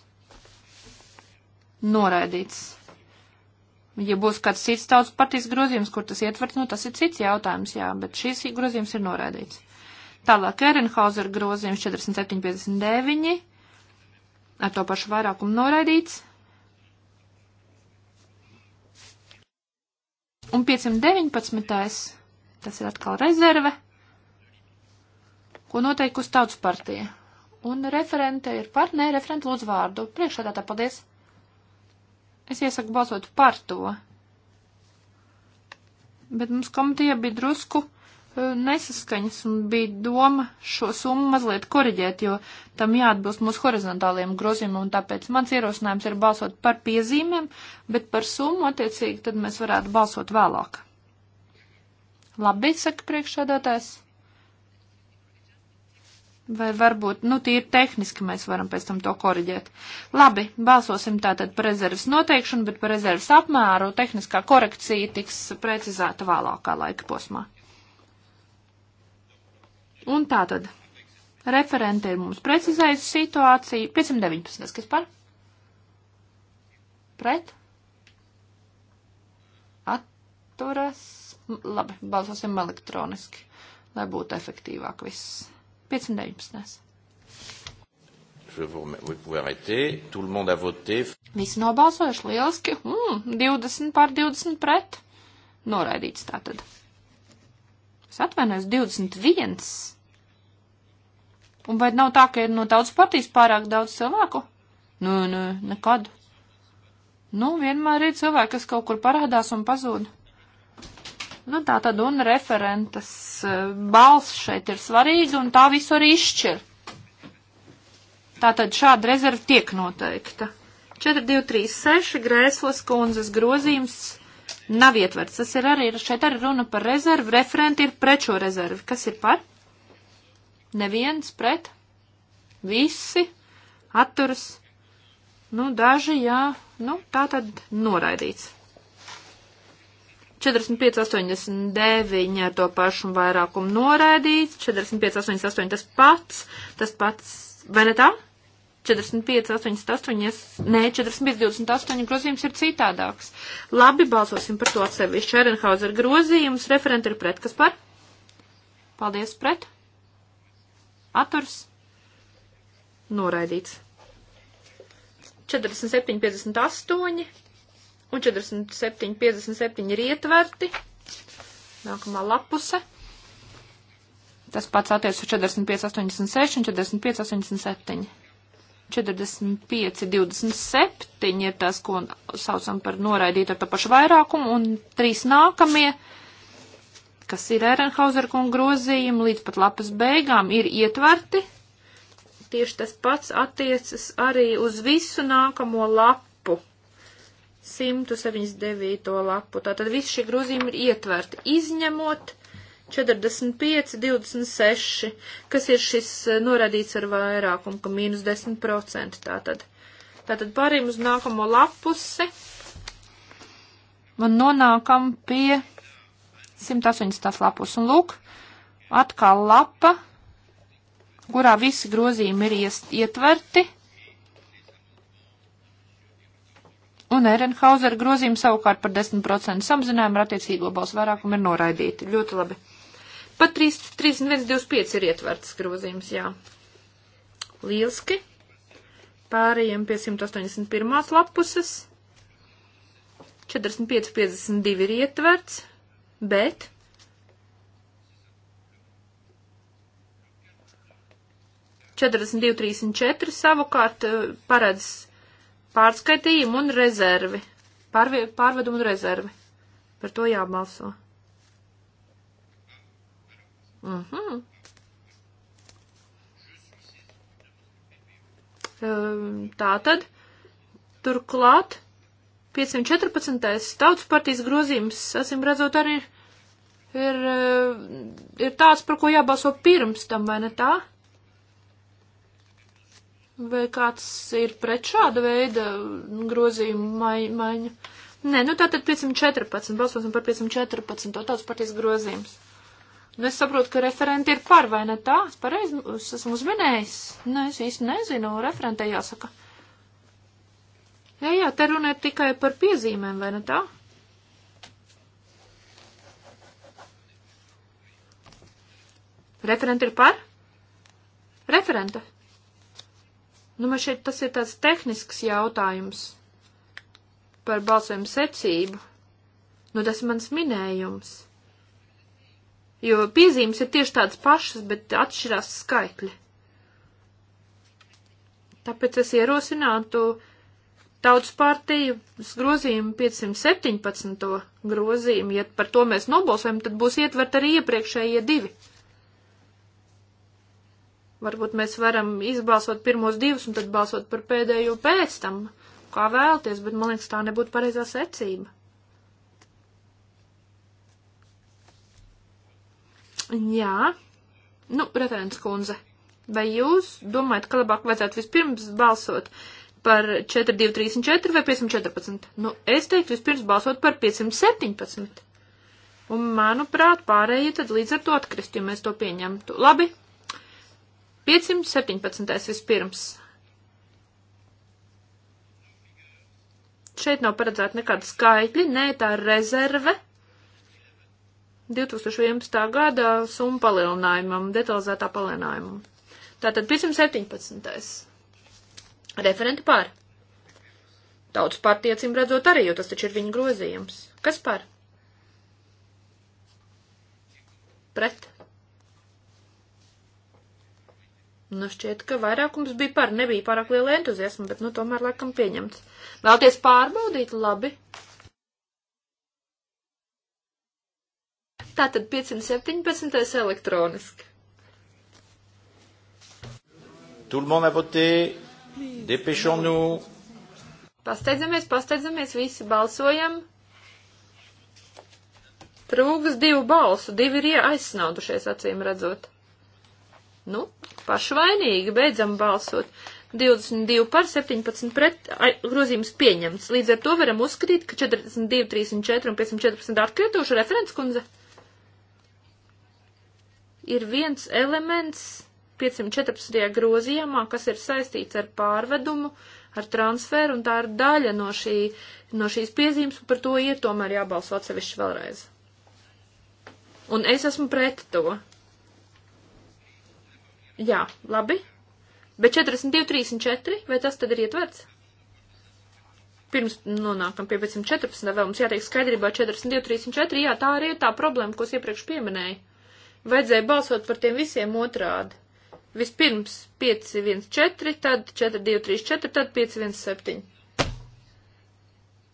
noraidīts. Ja būs kāds cits tautas partijas grozījums, kur tas ietverts, nu tas ir cits jautājums, jā, bet šīs grozījums ir noraidīts. Tālāk Ehrenhauser grozījums 4759, ar to pašu vairākumu noraidīts. Un 519. Tas ir atkal rezerve, ko noteikusi tautas partija. Un referente ir par, nē, referente lūdzu vārdu. Priekšādā tā paldies. Es iesaku balsot par to. Bet mums komitejā bija drusku e, nesaskaņas un bija doma šo summu mazliet koriģēt, jo tam jāatbilst mūsu horizontāliem grozījumam, un tāpēc mans ierosinājums ir balsot par piezīmēm, bet par summu attiecīgi tad mēs varētu balsot vēlāk. Labi, saka priekšsādātājs. Vai varbūt, nu, tīri tehniski mēs varam pēc tam to koriģēt. Labi, balsosim tātad par rezerves noteikšanu, bet par rezerves apmēru tehniskā korekcija tiks precizēta vēlākā laika posmā. Un tātad, referente ir mums precizējusi situāciju. 519, kas par? Pret? Atturas? Labi, balsosim elektroniski, lai būtu efektīvāk viss. 519. Visi nobalsojuši lieliski. Mm, 20 pār 20 pret. Noraidīts tātad. Es atvainojos 21. Un vai nav tā, ka ir no tautas partijas pārāk daudz cilvēku? Nu, nu, nekad. Nu, vienmēr ir cilvēki, kas kaut kur parādās un pazūd. Nu, tā tad un referentas e, balss šeit ir svarīga un tā visu arī izšķir. Tātad šāda rezerva tiek noteikta. 4236 Grēslas kundzes grozījums nav ietverts. Tas ir arī, šeit arī runa par rezervu. Referenti ir pret šo rezervu. Kas ir par? Neviens pret. Visi atturas. Nu, daži, jā, nu, tā tad noraidīts. 45,89 ar to pašu vairākumu noraidīts, 45,88 tas pats, tas pats, vai ne tā? 45,88, nē, 45,28 grozījums ir citādāks. Labi, balsosim par to atsevišķi. Erenhauser grozījums, referenti ir pret, kas par? Paldies, pret. Aturs. Noraidīts. 47,58 un 47, 57 ir ietverti. Nākamā lapuse. Tas pats attiec uz 45, 86 un 45, 87. 45, 27 ir tas, ko saucam par noraidīt ar to pašu vairākumu, un trīs nākamie, kas ir Ehrenhauser kunga grozījumi līdz pat lapas beigām, ir ietverti. Tieši tas pats attiecas arī uz visu nākamo lapu 179. lapu. Tātad visi šie grozījumi ir ietverti, izņemot 45, 26, kas ir šis eh, norādīts ar vairākumu, ka mīnus 10%. Tātad, tātad pārējiem uz nākamo lapusi un nonākam pie 180. lapus. Un lūk, atkal lapa, kurā visi grozījumi ir iest, ietverti un Ehrenhauser grozījumi savukārt par 10% samazinājumu ar attiecīgo balsu vairākumu ir noraidīti. Ļoti labi. Pat 31.25 ir ietverts grozījums, jā. Lieliski. Pārējiem pie 181. lapuses. 45.52 ir ietverts, bet Četrdesmit divi, trīsdesmit četri savukārt eh, paredz Pārskaitījumu un rezervi. Pārvi, pārvedumu un rezervi. Par to jābalso. Mhm. Uh ehm, -huh. Tātad, turklāt, 514. tautas partijas grozījums, asim redzot, arī ir, ir, ehm, ir tāds, par ko jābalso pirms tam, vai ne tā? Vai kāds ir pret šāda veida grozījumu mai, maiņu? Nē, nu tātad 514, balsosim par 514, to tāds partijas grozījums. Nu es saprotu, ka referenti ir par, vai ne tā? Es pareizi es esmu uzminējis. Nu es īsti nezinu, referentē jāsaka. Jā, jā, te runa ir tikai par piezīmēm, vai ne tā? Referenti ir par? Referenta. Nu, man šeit tas ir tāds tehnisks jautājums par balsojumu secību. Nu, tas ir mans minējums. Jo piezīmes ir tieši tādas pašas, bet atšķirās skaitļi. Tāpēc es ierosinātu tautas partiju grozījumu 517. grozījumu. Ja par to mēs nobalsojam, tad būs ietvert arī iepriekšējie divi. Varbūt mēs varam izbalsot pirmos divus un tad balsot par pēdējo pēc tam, kā vēlties, bet man liekas, tā nebūtu pareizā secība. Jā, nu, referents kundze, vai jūs domājat, ka labāk vajadzētu vispirms balsot par 4, 2, 3 un 4 vai 514? Nu, es teiktu vispirms balsot par 517. Un, manuprāt, pārējie tad līdz ar to atkrist, ja mēs to pieņemtu. Labi, 517. vispirms. Šeit nav paredzēta nekāda skaitļa, nē, tā ir rezerve. 2011. gada summa palielinājumam, detalizētā palielinājumam. Tātad 517. Referenti pār. Tautas partiecim redzot arī, jo tas taču ir viņa grozījums. Kas par? Pret. Nu, šķiet, ka vairākums bija par, nebija pārāk liela entuziasma, bet, nu, tomēr laikam pieņemts. Vēlties pārbaudīt? Labi. Tātad 517. elektroniski. Tout le monde a voté. Dépêchons-nous. Pasteidzamies, pasteidzamies, visi balsojam. Trūks divu balsu, divi ir aizsnaudušies, acīm redzot. Nu, pašvainīgi, beidzam balsot. 22 par 17 pret grozījums pieņemts. Līdz ar to varam uzskatīt, ka 42, 34 un 514 atkrituši referents kundze. Ir viens elements 514. grozījumā, kas ir saistīts ar pārvedumu, ar transferu, un tā ir daļa no, šī, no šīs piezīmes, un par to ir tomēr jābalso atsevišķi vēlreiz. Un es esmu pret to. Jā, labi. Bet 42, 34, vai tas tad ir ietverts? Pirms nonākam pie 514, vēl mums jātiek skaidrībā 42, 34, jā, tā arī ir tā problēma, ko es iepriekš pieminēju. Vajadzēja balsot par tiem visiem otrādi. Vispirms 514, tad 4234, tad 517.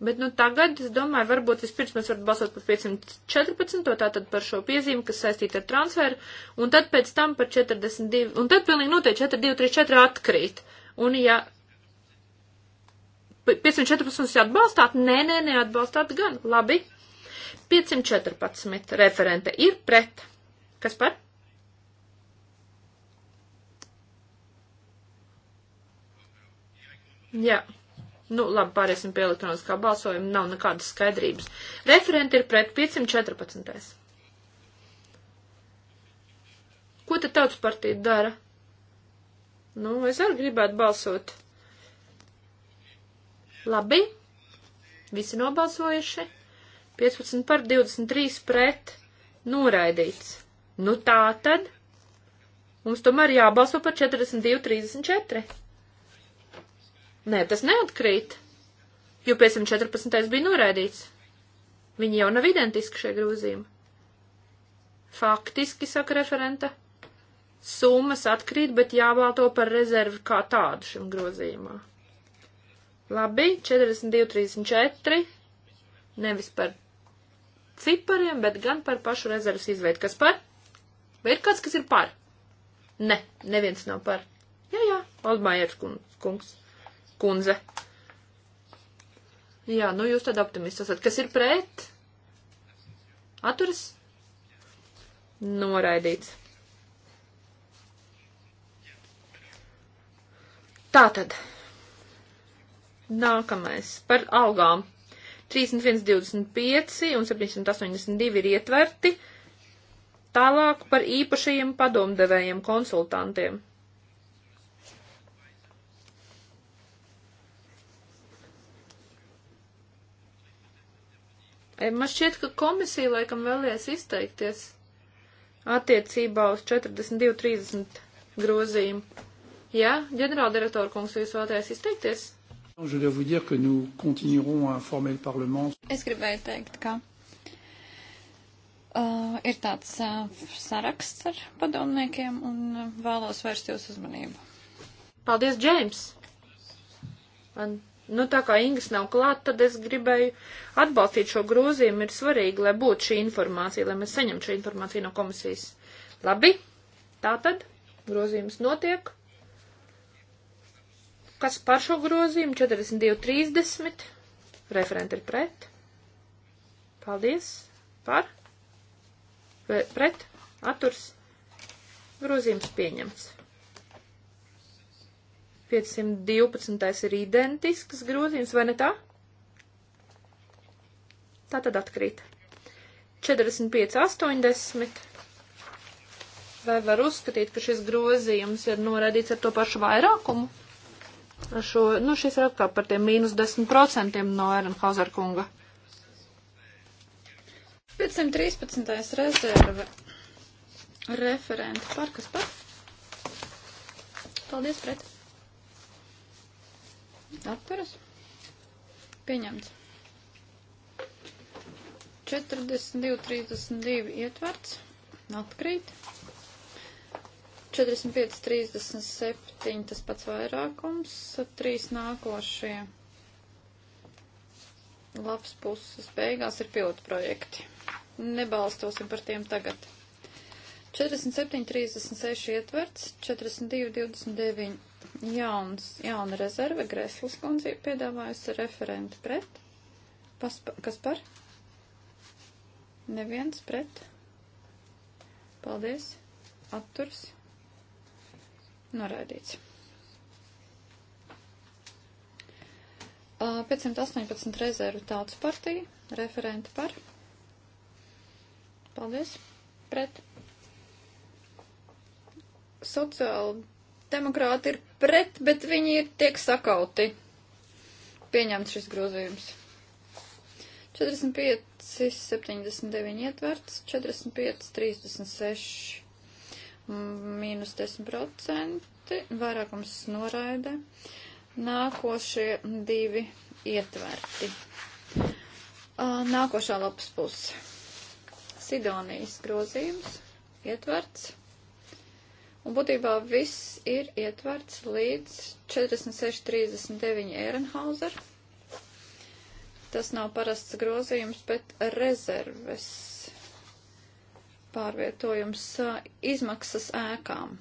Bet, nu, tagad, es domāju, varbūt vispirms mēs varam balsot par 514, tātad par šo piezīmi, kas saistīta ar transferu, un tad pēc tam par 42, un tad pilnīgi noteikti 4234 atkrīt. Un, ja 514 jūs atbalstāt, nē, nē, neatbalstāt gan, labi. 514 referente ir pret. Kas par? Jā. Yeah. Nu, labi, pāriesim pie elektroniskā balsojuma, nav nekādas skaidrības. Referenti ir pret 514. Ko tad tautas partija dara? Nu, es arī gribētu balsot. Labi, visi nobalsojuši. 15 par 23 pret noraidīts. Nu tā tad. Mums tomēr jābalso par 42, 34. Nē, tas neatkrīt, jo 514. bija noraidīts. Viņi jau nav identiski šie grozījumi. Faktiski, saka referenta, summas atkrīt, bet jābalto par rezervu kā tādu šim grozījumā. Labi, 42, 34, nevis par cipariem, bet gan par pašu rezervas izveidu. Kas par? Vai ir kāds, kas ir par? Ne, neviens nav par. Jā, jā, Oldmājers kungs kundze. Jā, nu jūs tad optimists esat. Kas ir pret? Atturas? Noraidīts. Tātad. Nākamais par algām. 31,25 un 782 ir ietverti. Tālāk par īpašajiem padomdevējiem konsultantiem. E, man šķiet, ka komisija laikam vēlēs izteikties attiecībā uz 42.30 grozījumu. Jā, ģenerāldirektora kungs, jūs vēlaties izteikties? Es gribēju teikt, ka uh, ir tāds uh, saraksts ar padomniekiem un uh, vēlos vērst jūsu uzmanību. Paldies, Džeims! Man Nu, tā kā Ingas nav klāt, tad es gribēju atbalstīt šo grozījumu. Ir svarīgi, lai būtu šī informācija, lai mēs saņemtu šo informāciju no komisijas. Labi, tā tad grozījums notiek. Kas par šo grozījumu? 42.30. Referenti ir pret. Paldies. Par. Pret. Aturs. Grozījums pieņemts. 512. ir identisks grozījums, vai ne tā? Tā tad atkrīt. 45, 80. Vai var uzskatīt, ka šis grozījums ir noraidīts ar to pašu vairākumu? Ar šo, nu, šis ir atkal par tiem mīnus 10% no Ehrenhauser kunga. 513. rezerve referenta par kas par? Paldies, pret. Atturas. Pieņemts. 42, 32 ietverts. Atkrīt. 45, 37 tas pats vairākums. 3 nākošie labs puses beigās ir pilotu projekti. Nebalstosim par tiem tagad. 47, 36 ietverts, 42, 29 jauns, jauna rezerve, Greslis kundze piedāvājusi referenti pret. Pas, kas par? Neviens pret. Paldies. Atturs. Noraidīts. 518 rezervu tautas partija, referenti par. Paldies. Pret sociāli demokrāti ir pret, bet viņi ir tiek sakauti. Pieņemts šis grozījums. 45, 79 ietverts, 45, 36 mīnus 10%, vairākums noraida. Nākošie divi ietverti. Nākošā lapas puse. Sidonijas grozījums ietverts. Un būtībā viss ir ietverts līdz 46.39 Ehrenhauser. Tas nav parasts grozījums, bet rezerves pārvietojums izmaksas ēkām.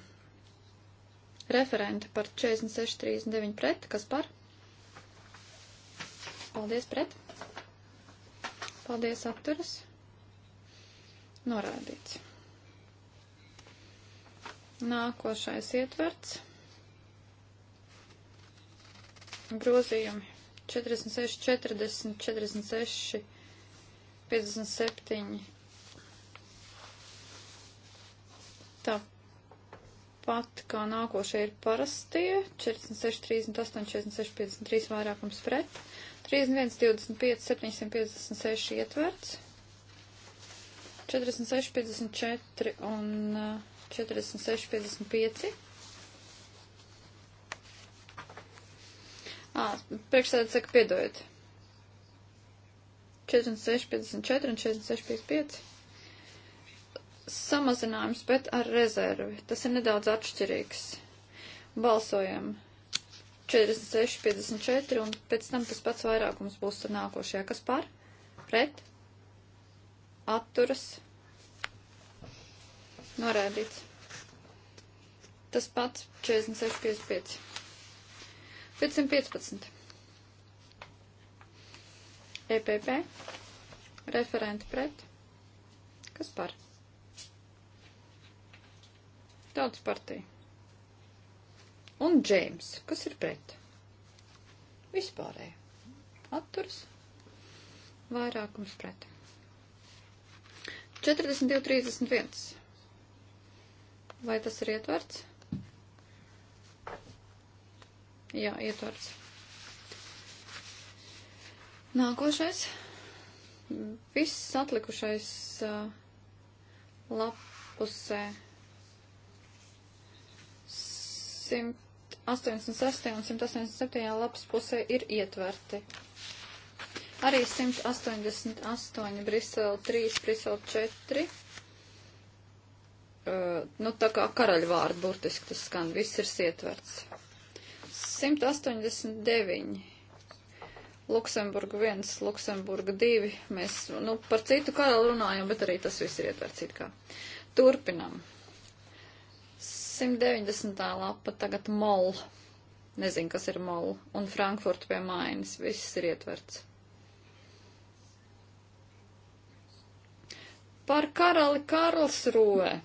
Referenti par 46.39 pret, kas par? Paldies pret. Paldies atturas. Norādīts. Nākošais ietverts. Grozījumi 46, 40, 46, 57. Tāpat kā nākošie ir parastie 46, 38, 46, 53 vairākums pret. 31, 25, 756 ietverts. 46, 54 un. Uh, 46, 55. Ā, priekšsēdētājs saka, piedojiet. 46, 54 un 46, 55. Samazinājums, bet ar rezervi. Tas ir nedaudz atšķirīgs. Balsojam. 46, 54, un pēc tam tas pats vairākums būs tur nākošajā. Kas par? Pret? Atturas? Norādīts. Tas pats 46,55. 515. EPP. Referenti pret. Kas par? Tautas partija. Un Džeims. Kas ir pret? Vispārēji. Atturs. Vairākums pret. 42.31. Vai tas ir ietverts? Jā, ietverts. Nākošais. Viss atlikušais uh, lapusē 186 un 187 lapas pusē ir ietverti. Arī 188 Brisele 3, Brisele 4 nu, tā kā karaļvārdu burtiski tas skan, viss ir ietverts. 189. Luksemburga 1, Luksemburga 2. Mēs, nu, par citu karalu runājam, bet arī tas viss ir ietverts it kā. Turpinam. 190. lapa tagad mol. Nezinu, kas ir mol. Un Frankfurt pie mainas. Viss ir ietverts. Par karali Karlsruhe.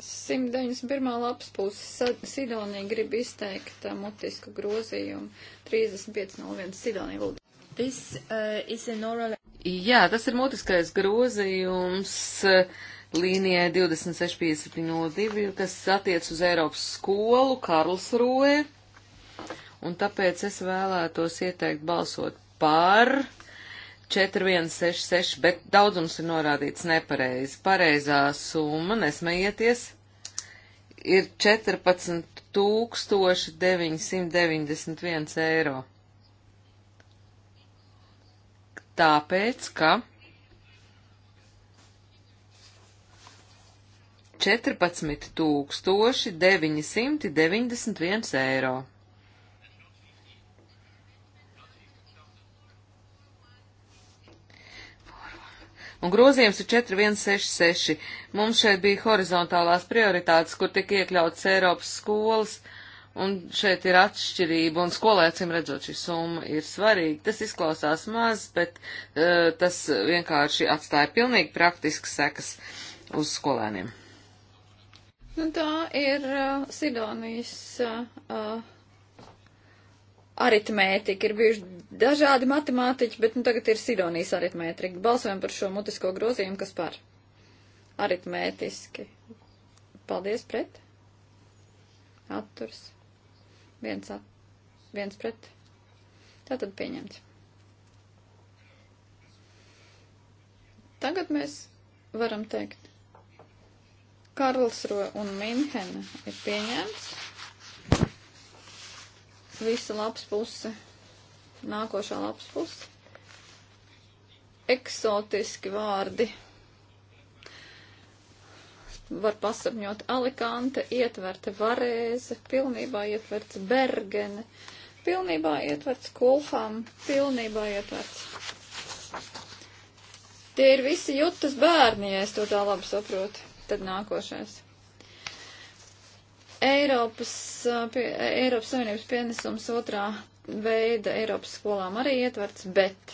191. lapas puses Sidonija grib izteikt uh, mutisku grozījumu 3501 Sidonija lūdzu. This, uh, is an oral... Jā, tas ir mutiskais grozījums uh, līnijai 265702, kas attiec uz Eiropas skolu Karlsruē, un tāpēc es vēlētos ieteikt balsot par 4166, bet daudzums ir norādīts nepareizi. Pareizā summa, nesmējieties, ir 14991 eiro. Tāpēc, ka 14 991 eiro. Un grozījums ir 4166. Mums šeit bija horizontālās prioritātes, kur tika iekļauts Eiropas skolas, un šeit ir atšķirība, un skolēcim redzot šī summa ir svarīga. Tas izklausās maz, bet uh, tas vienkārši atstāja pilnīgi praktiskas sekas uz skolēniem. Nu, tā ir uh, Sidonijas uh, aritmētika, ir bijuši dažādi matemātiķi, bet nu, tagad ir Sidonijas aritmētika. Balsojam par šo mutisko grozījumu, kas par aritmētiski. Paldies pret. Atturs. Viens, at, viens pret. Tātad pieņemts. Tagad mēs varam teikt, Karlsro un Minhena ir pieņemts. Visa labs puse. Nākošā labs puse. Eksotiski vārdi. Var pasapņot Alikante, ietverta Varēze, pilnībā ietverts Bergene, pilnībā ietverts Kulham, pilnībā ietverts. Tie ir visi jūtas bērni, ja es to tā labi saprotu. Tad nākošais. Eiropas, pie, Eiropas Savienības pienesums otrā veida Eiropas skolām arī ietverts, bet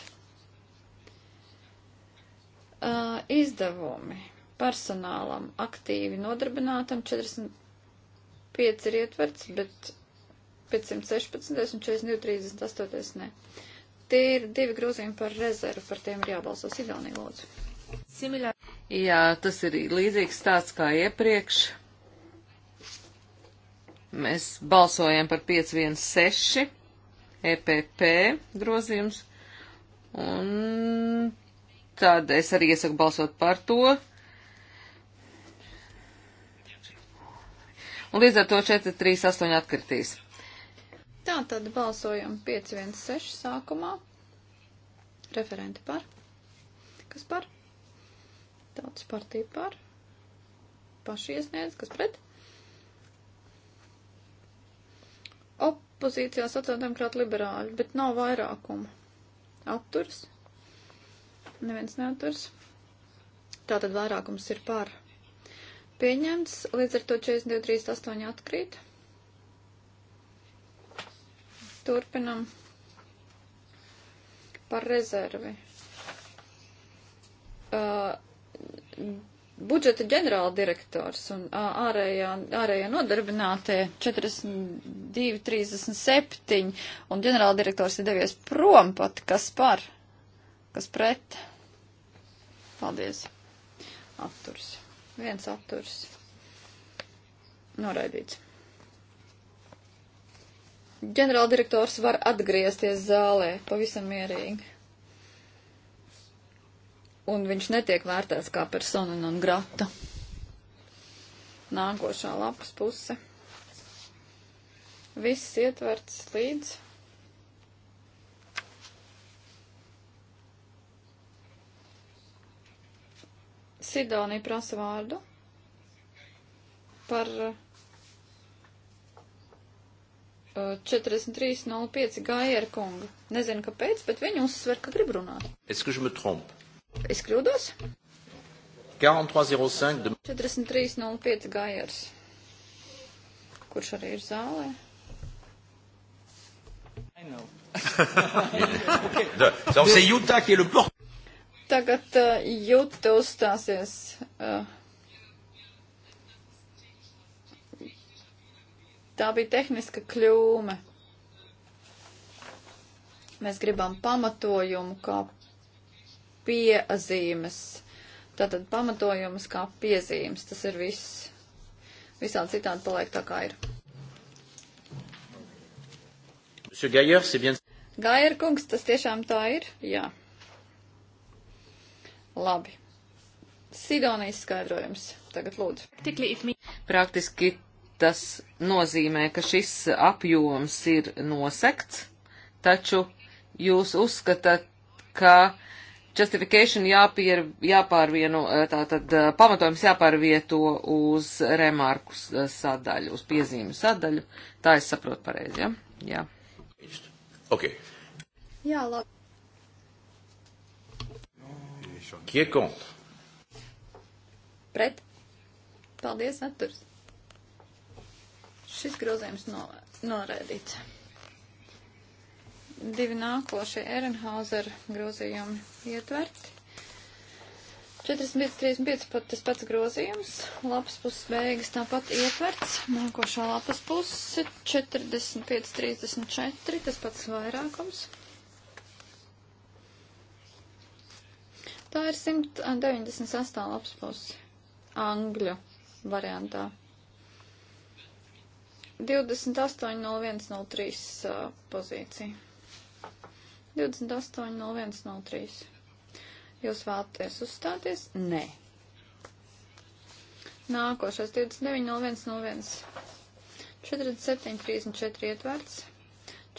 uh, izdevumi personālam aktīvi nodarbinātam 45 ir ietverts, bet 516 un 42, 38 ne. Tie ir divi grozījumi par rezervu, par tiem ir jābalsos Igaunija lūdzu. Similā. Jā, tas ir līdzīgs tāds kā iepriekš. Mēs balsojam par 516 EPP grozījums, un tad es arī iesaku balsot par to. Un līdz ar to 438 atkritīs. Tā tad balsojam 516 sākumā. Referenti par. Kas par? Tautas partija par. Paši iesniedz, kas pret? Opozīcijā sociāldemokrāti liberāļi, bet nav vairākuma. Atturs? Neviens neaturs. Tātad vairākums ir par. Pieņemts, līdz ar to 42.38 atkrīt. Turpinam par rezervi. Uh, budžeta ģenerāldirektors un ārējā, ārējā nodarbinātie 42, 37 un ģenerāldirektors ir devies prom pat, kas par, kas pret. Paldies. Atturs. Viens atturs. Noraidīts. Ģenerāldirektors var atgriezties zālē pavisam mierīgi un viņš netiek vērtēts kā persona non grata. Nākošā lapas puse. Viss ietverts līdz. Sidonija prasa vārdu par 43.05 Gajer kungu. Nezinu, kāpēc, bet viņi uzsver, ka grib runāt. Es, ka je me trompe. Es kļūdos? 43.05. 43.05 Gaiers, kurš arī ir zālē. C'est Utah qui est le porte. Tagad uh, Juta uzstāsies. Uh, tā bija tehniska kļūme. Mēs gribam pamatojumu, kā piezīmes. Tātad pamatojumus kā piezīmes. Tas ir viss. Visādi citādi paliek tā kā ir. Gaira kungs, tas tiešām tā ir? Jā. Labi. Sidonijas skaidrojums. Tagad lūdzu. Praktiski tas nozīmē, ka šis apjoms ir nosekts, taču jūs uzskatāt, ka uh, justification jāpier, jāpārvieno, eh, tātad eh, pamatojums jāpārvieto uz remarku eh, sadaļu, uz piezīmu sadaļu. Tā es saprotu pareizi, ja? Jā. Ok. Jā, labi. Qui est contre? Pret. Paldies, atturs. Šis grozījums no, norēdīts divi nākošie Ehrenhauser grozījumi ietverti. 45-35 pat tas pats grozījums, lapas puses beigas tāpat ietverts, nākošā lapas puse 45-34, tas pats vairākums. Tā ir 198 lapas puse, angļu variantā. 28.01.03 uh, pozīcija. 28.01.03. Jūs vēlaties uzstāties? Nē. Nākošais 29.01.01. 47.34 ietverts.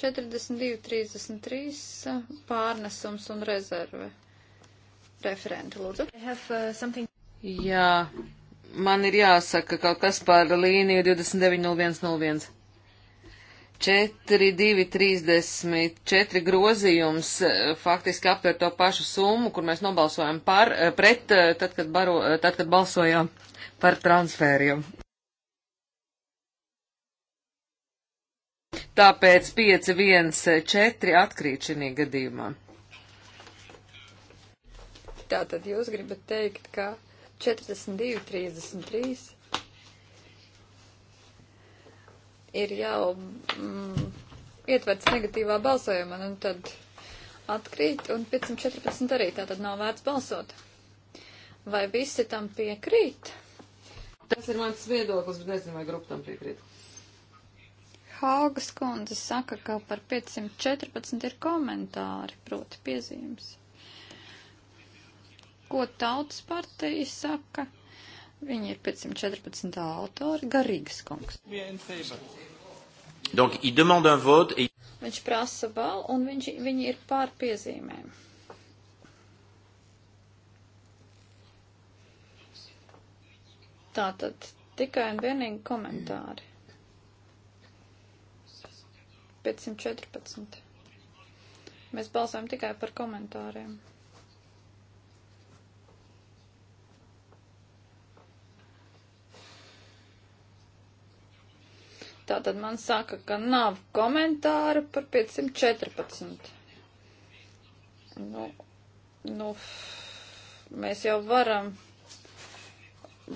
42.33 pārnesums un rezerve. Referenti, lūdzu. Have, uh, something... Jā, man ir jāsaka kaut kas par līniju 29.01.01. 4, 2, 34 grozījums e, faktiski aptver to pašu summu, kur mēs nobalsojam par, e, pret, e, tad, kad, baro, tad, kad balsojām par transfēriem. Tāpēc 5, 1, 4 atkrīt šī gadījumā. Tātad jūs gribat teikt, ka 42, 33 ir jau mm, ietverts negatīvā balsojumā, un nu tad atkrīt, un 514 arī tā tad nav vērts balsot. Vai visi tam piekrīt? Tas ir mans viedoklis, bet nezinu, vai grupa tam piekrīt. Haugas kundze saka, ka par 514 ir komentāri, proti piezīmes. Ko tautas partija saka? Viņi ir 514. autori, garīgas kungs. Donc, il demande un vote et... Viņš prasa balu un viņš, viņi ir pār piezīmēm. Tātad tikai un vienīgi komentāri. 514. Mēs balsojam tikai par komentāriem. Tātad man saka, ka nav komentāra par 514. Nu, nu, mēs jau varam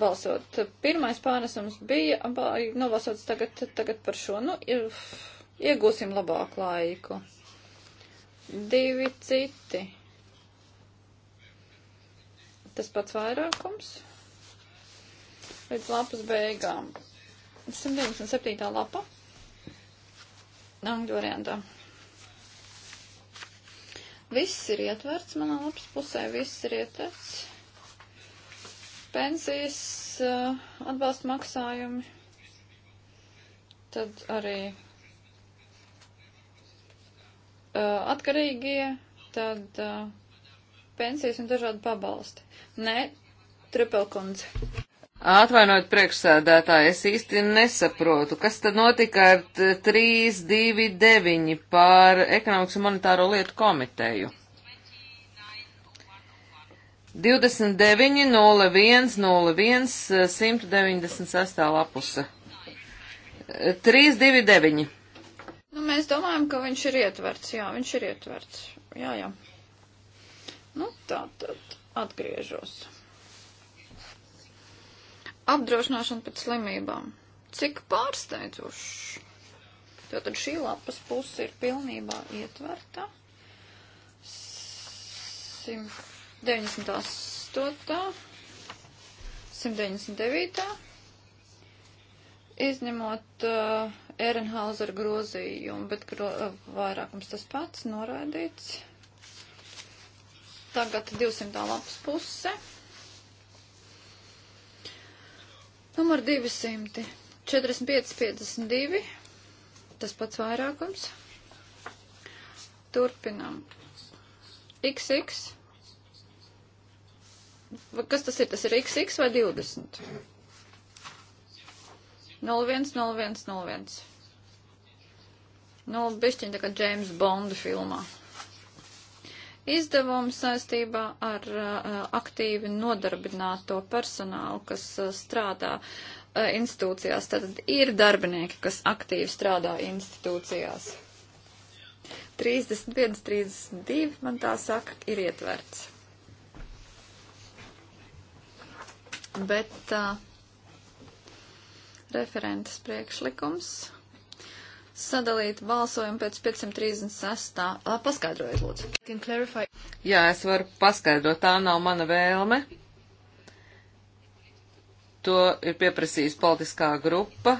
balsot. Pirmais pārnesums bija, nobalsots nu, tagad, tagad par šo. Nu, iegūsim labāku laiku. Divi citi. Tas pats vairākums. Līdz lapas beigām. 127. lapa. Angļu variantā. Viss ir ietverts manā lapas pusē, viss ir ietverts. Pensijas uh, atbalsta maksājumi. Tad arī uh, atkarīgie, tad uh, pensijas un dažādi pabalsti. Nē, Trepelkundze. Atvainojiet, priekšsēdētāji, es īsti nesaprotu, kas tad notika ar 329 par ekonomikas un monetāro lietu komiteju. 29, 01, 01, 196. lapuse. 329. Nu, mēs domājam, ka viņš ir ietverts, jā, viņš ir ietverts. Jā, jā. Nu, tā tad atgriežos. Apdrošināšana pēc slimībām. Cik pārsteidzoši! Tātad šī lapas puse ir pilnībā ietverta. 198. 199. Izņemot uh, Ehrenhauser grozījumu, bet gro, uh, vairākums tas pats noraidīts. Tagad 200. lapas puse. Numur 200. 45-52. Tas pats vairākums. Turpinam. XX. Kas tas ir? Tas ir XX vai 20? 01, 01, 01. Nu, bišķiņ tā kā James Bonda filmā. Izdevumi saistībā ar uh, aktīvi nodarbināto personālu, kas uh, strādā uh, institūcijās. Tātad ir darbinieki, kas aktīvi strādā institūcijās. 31, 32, man tā saka, ir ietverts. Bet uh, referentes priekšlikums sadalīt balsojumu pēc 536. Paskaidrojiet, lūdzu. Jā, es varu paskaidrot, tā nav mana vēlme. To ir pieprasījusi politiskā grupa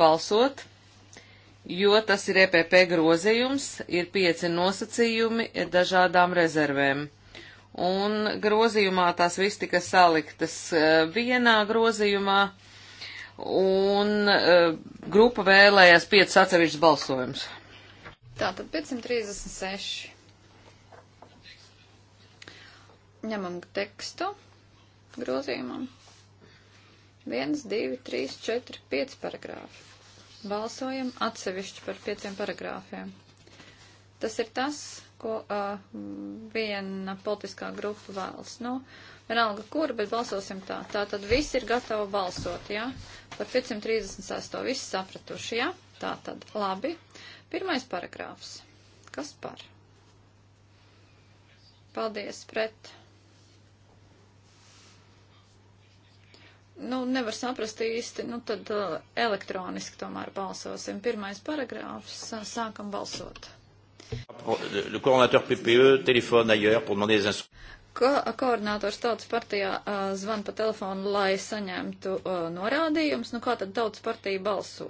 balsot, jo tas ir EPP grozījums, ir pieci nosacījumi ir dažādām rezervēm. Un grozījumā tās viss tika saliktas vienā grozījumā un uh, grupa vēlējās 5 atsevišķas balsojums. Tātad 536. Ņemam tekstu grozījumam. 1, 2, 3, 4, 5 paragrāfi. Balsojam atsevišķi par pieciem paragrāfiem. Tas ir tas, ko uh, viena politiskā grupa vēlas. Nu, no, vienalga kur, bet balsosim tā. Tā tad viss ir gatavi balsot, jā? Par 538. Visi sapratuši, jā? Tā tad labi. Pirmais paragrāfs. Kas par? Paldies pret. Nu, nevar saprast īsti, nu tad uh, elektroniski tomēr balsosim. Pirmais paragrāfs, sākam balsot. Le coordonnateur PPE téléphone ailleurs pour demander des instructions ka koordinātors tautas partijā uh, zvan pa telefonu, lai saņemtu uh, norādījumus, nu kā tad tautas partija balso?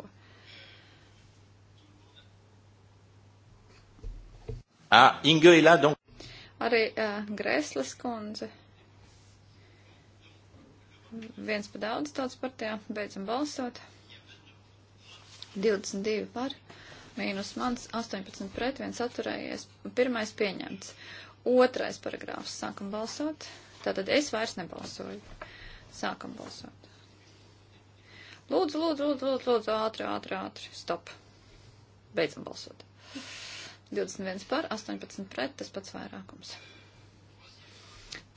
Ah, Inge ir là, donc. Arī uh, Grēslis kundze. Viens pa daudz tautas partijā. Beidzam balsot. 22 par mīnus mans, 18 pret, viens atturējies, pirmais pieņemts. Otrais paragrāfs. Sākam balsot. Tātad es vairs nebalsoju. Sākam balsot. Lūdzu, lūdzu, lūdzu, lūdzu, lūdzu, ātri, ātri, ātri. Stop. Beidzam balsot. 21 par, 18 pret, tas pats vairākums.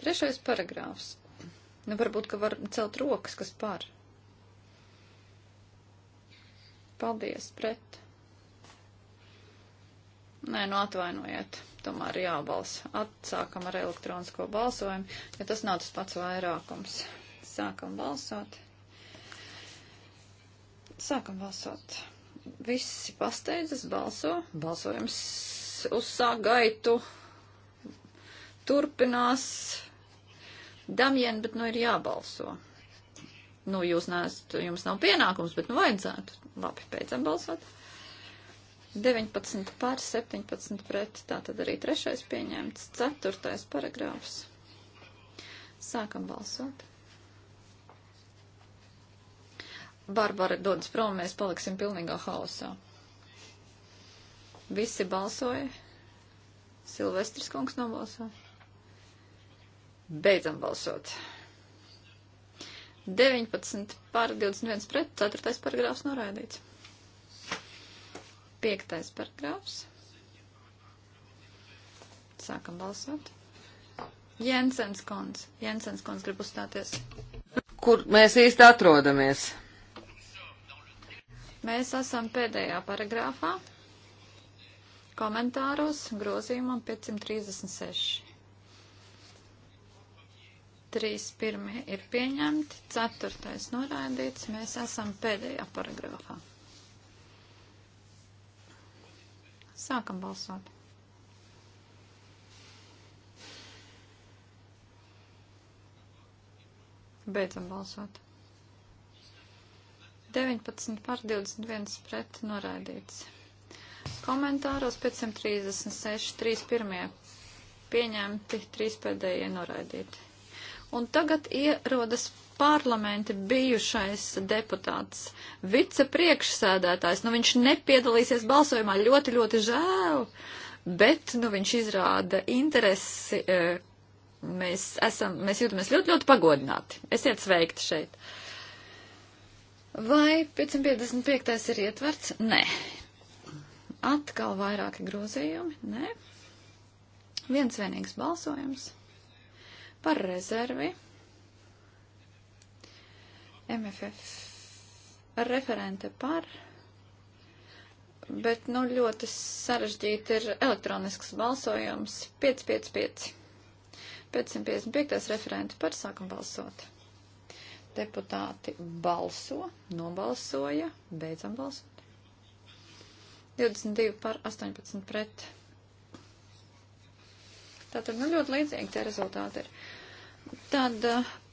Trešais paragrāfs. Nu, varbūt, ka var celt rokas, kas par. Paldies, pret. Nē, nu atvainojiet tomēr jābalso. Atsākam ar elektronisko balsojumu, jo tas nav tas pats vairākums. Sākam balsot. Sākam balsot. Visi pasteidzas balso. Balsojums uzsāk gaitu. Turpinās. Damien, bet nu ir jābalso. Nu, jūs neesat, jums nav pienākums, bet nu vajadzētu. Labi, beidzam balsot. 19 pār 17 pret, tā tad arī trešais pieņemts, ceturtais paragrāfs. Sākam balsot. Barbara dodas prom, mēs paliksim pilnīgā hausā. Visi balsoja. Silvestris kungs nobalsoja. Beidzam balsot. 19 pār 21 pret, 4. paragrāfs noraidīts. Piektais paragrāfs. Sākam balsot. Jensens kons. Jensens kons grib uzstāties. Kur mēs īsti atrodamies? Mēs esam pēdējā paragrāfā. Komentāros grozījumam 536. Trīs pirmie ir pieņemti, ceturtais noraidīts, mēs esam pēdējā paragrāfā. Sākam balsot. Beidzam balsot. 19 par 21 pret noraidīts. Komentāros 536, 3 pirmie pieņemti, 3 pēdējie noraidīti. Un tagad ierodas parlamenta bijušais deputāts, vicepriekšsēdētājs. Nu, viņš nepiedalīsies balsojumā, ļoti, ļoti žēl, bet, nu, viņš izrāda interesi. E, mēs esam, mēs jūtamies ļoti, ļoti pagodināti. Esiet sveikti šeit. Vai 555. ir ietverts? Nē. Atkal vairāki grozījumi? Nē. Viens vienīgs balsojums par rezervi. MFF referente par, bet nu ļoti sarežģīti ir elektronisks balsojums 555. 555. referente par sākam balsot. Deputāti balso, nobalsoja, beidzam balsot. 22 par 18 pret. Tātad, nu, ļoti līdzīgi tie rezultāti ir. Tad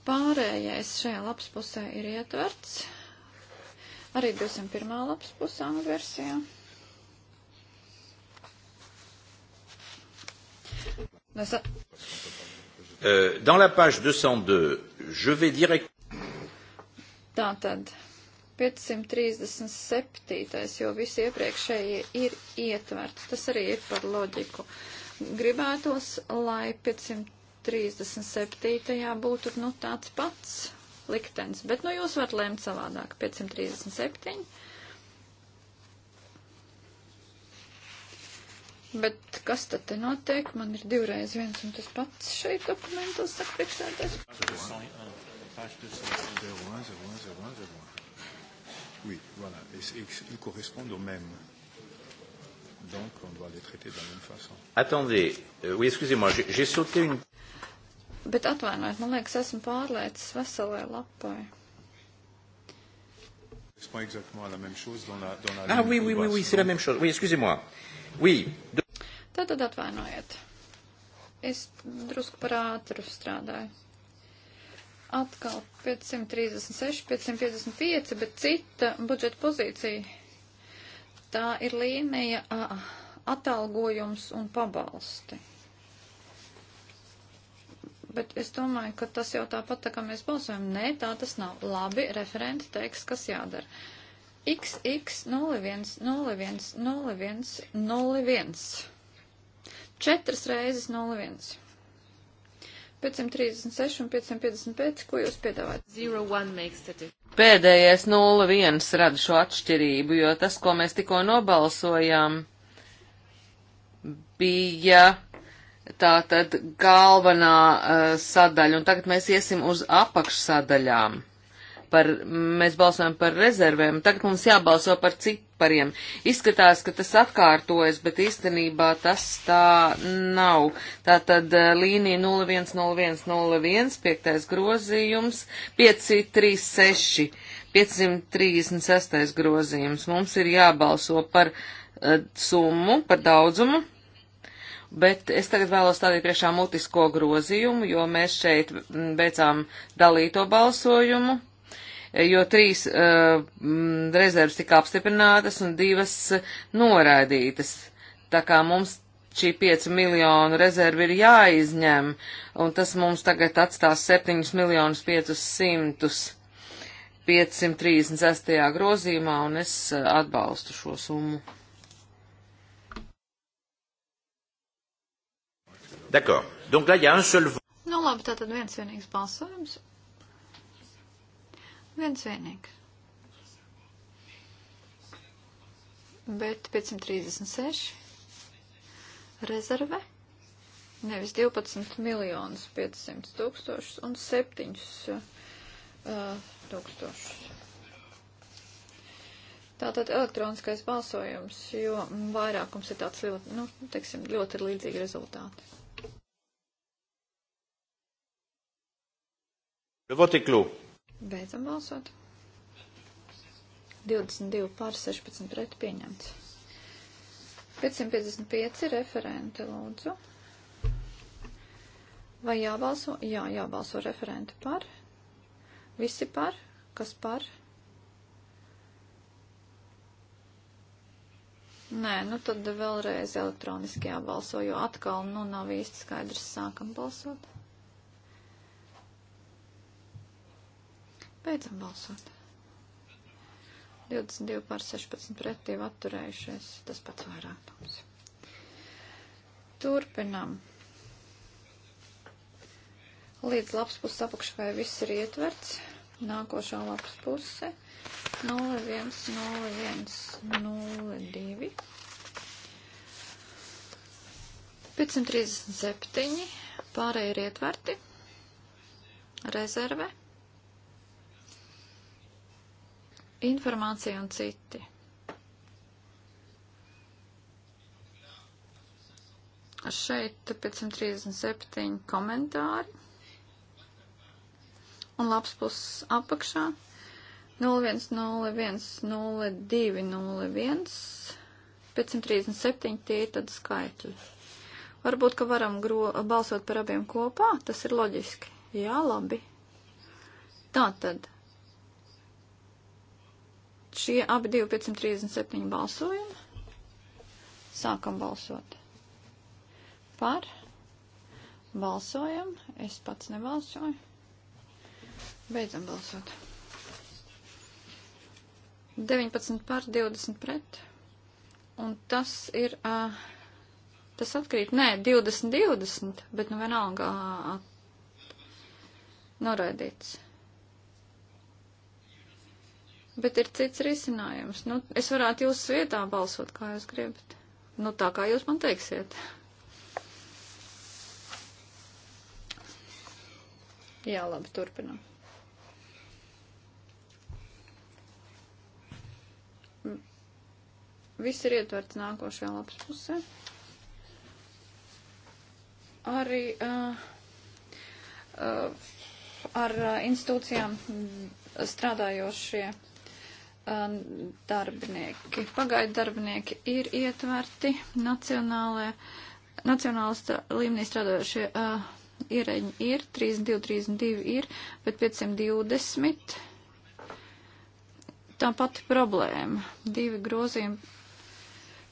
pārējais šajā lapspusē ir ietverts. Arī 201. lapspusē versijā. Mēs... Uh, dans la page 202, je vais direct. Tātad 537. jau visi iepriekšējie ir ietverti. Tas arī ir par loģiku. Gribētos, lai 500. 537. būtu nu, tāds pats liktenis, bet nu, jūs varat lēmt savādāk. 537. Bet kas tad te notiek? Man ir divreiz viens un tas pats šeit dokumentos, saka priekšsēdētājs. Oui, voilà, et ils correspondent au même. Donc, on doit les traiter de la même façon. Attendez, euh, oui, excusez-moi, j'ai sauté une. Bet atvainojiet, man liekas, esmu pārlēcis veselai lapai. C'est pas exactement la même chose dans la, dans la Ah oui, oui, oui, oui, c'est la même chose. Oui, excusez-moi. Oui. De... Tātad atvainojiet. Es drusku par ātru strādāju. Atkal 536, 555, bet cita budžeta pozīcija. Tā ir līnija atalgojums un pabalsti bet es domāju, ka tas jau tāpat tā kā mēs balsojam. Nē, tā tas nav. Labi, referenti teiks, kas jādara. XX 01 01 01 01. Četras reizes 01. 536 un 555, ko jūs piedāvājat? Pēdējais 01 rada šo atšķirību, jo tas, ko mēs tikko nobalsojām, bija Tā tad galvenā uh, sadaļa, un tagad mēs iesim uz apakšsadaļām. Par, mēs balsojam par rezervēm, tagad mums jābalso par cipariem. Izskatās, ka tas atkārtojas, bet īstenībā tas tā nav. Tā tad uh, eh, līnija 010101, piektais grozījums, 536, 536 grozījums. Mums ir jābalso par uh, summu, par daudzumu, bet es tagad vēlos stādīt priekšā mutisko grozījumu, jo mēs šeit mm, beidzām dalīto balsojumu, jo trīs uh, eh, mm, rezerves tika apstiprinātas un divas eh, noraidītas. Tā kā mums šī 5 miljonu rezervi ir jāizņem, un tas mums tagad atstās 7 miljonus 500. 536. grozījumā, un es eh, atbalstu šo summu. D'accord. Donc là, il y a un seul vote. Nu labi, tātad viens vienīgs balsojums. Viens vienīgs. Bet 536 rezerve. Nevis 12 miljonus 500 tūkstošus un 7 uh, tūkstošus. Tātad elektroniskais balsojums, jo vairākums ir tāds, ļoti, nu, teiksim, ļoti līdzīgi rezultāti. Le vote clos. Beidzam balsot. 22 pār 16 pret pieņemts. 555 referenti lūdzu. Vai jābalso? Jā, jābalso referenti par. Visi par. Kas par? Nē, nu tad vēlreiz elektroniski jābalso, jo atkal, nu, nav īsti skaidrs, sākam balsot. Beidzam balsot. 22 pār 16 pret, 2 atturējušies, tas pats vairākums. Turpinam. Līdz labs puses apakšvai viss ir ietverts. Nākošā labs puse 01, 01, 02. 537 pārējie ir ietverti. Rezerve 0,1 informācija un citi. Šeit 537 komentāri un labs puses apakšā 01010201 537 tie ir tad skaitļi. Varbūt, ka varam gro, balsot par abiem kopā, tas ir loģiski. Jā, labi. Tā tad Šie abi 237 balsojumi. Sākam balsot. Par. Balsojam. Es pats nebalsoju. Beidzam balsot. 19 par 20 pret. Un tas ir. Uh, tas atkrīt. Nē, 20, 20, bet nu vienalga. Uh, noraidīts. Bet ir cits risinājums. Nu, es varētu jūsu vietā balsot, kā jūs gribat. Nu, tā kā jūs man teiksiet. Jā, labi, turpinam. Viss ir ietverts nākošajā lapas pusē. Arī uh, uh, ar uh, institūcijām strādājošie Um, darbinieki. Pagaidu darbinieki ir ietverti nacionālajā, nacionālas līmenī strādājošie uh, ierēģi ir, 32, 32 ir, bet 520 tā pati problēma. Divi grozījumi,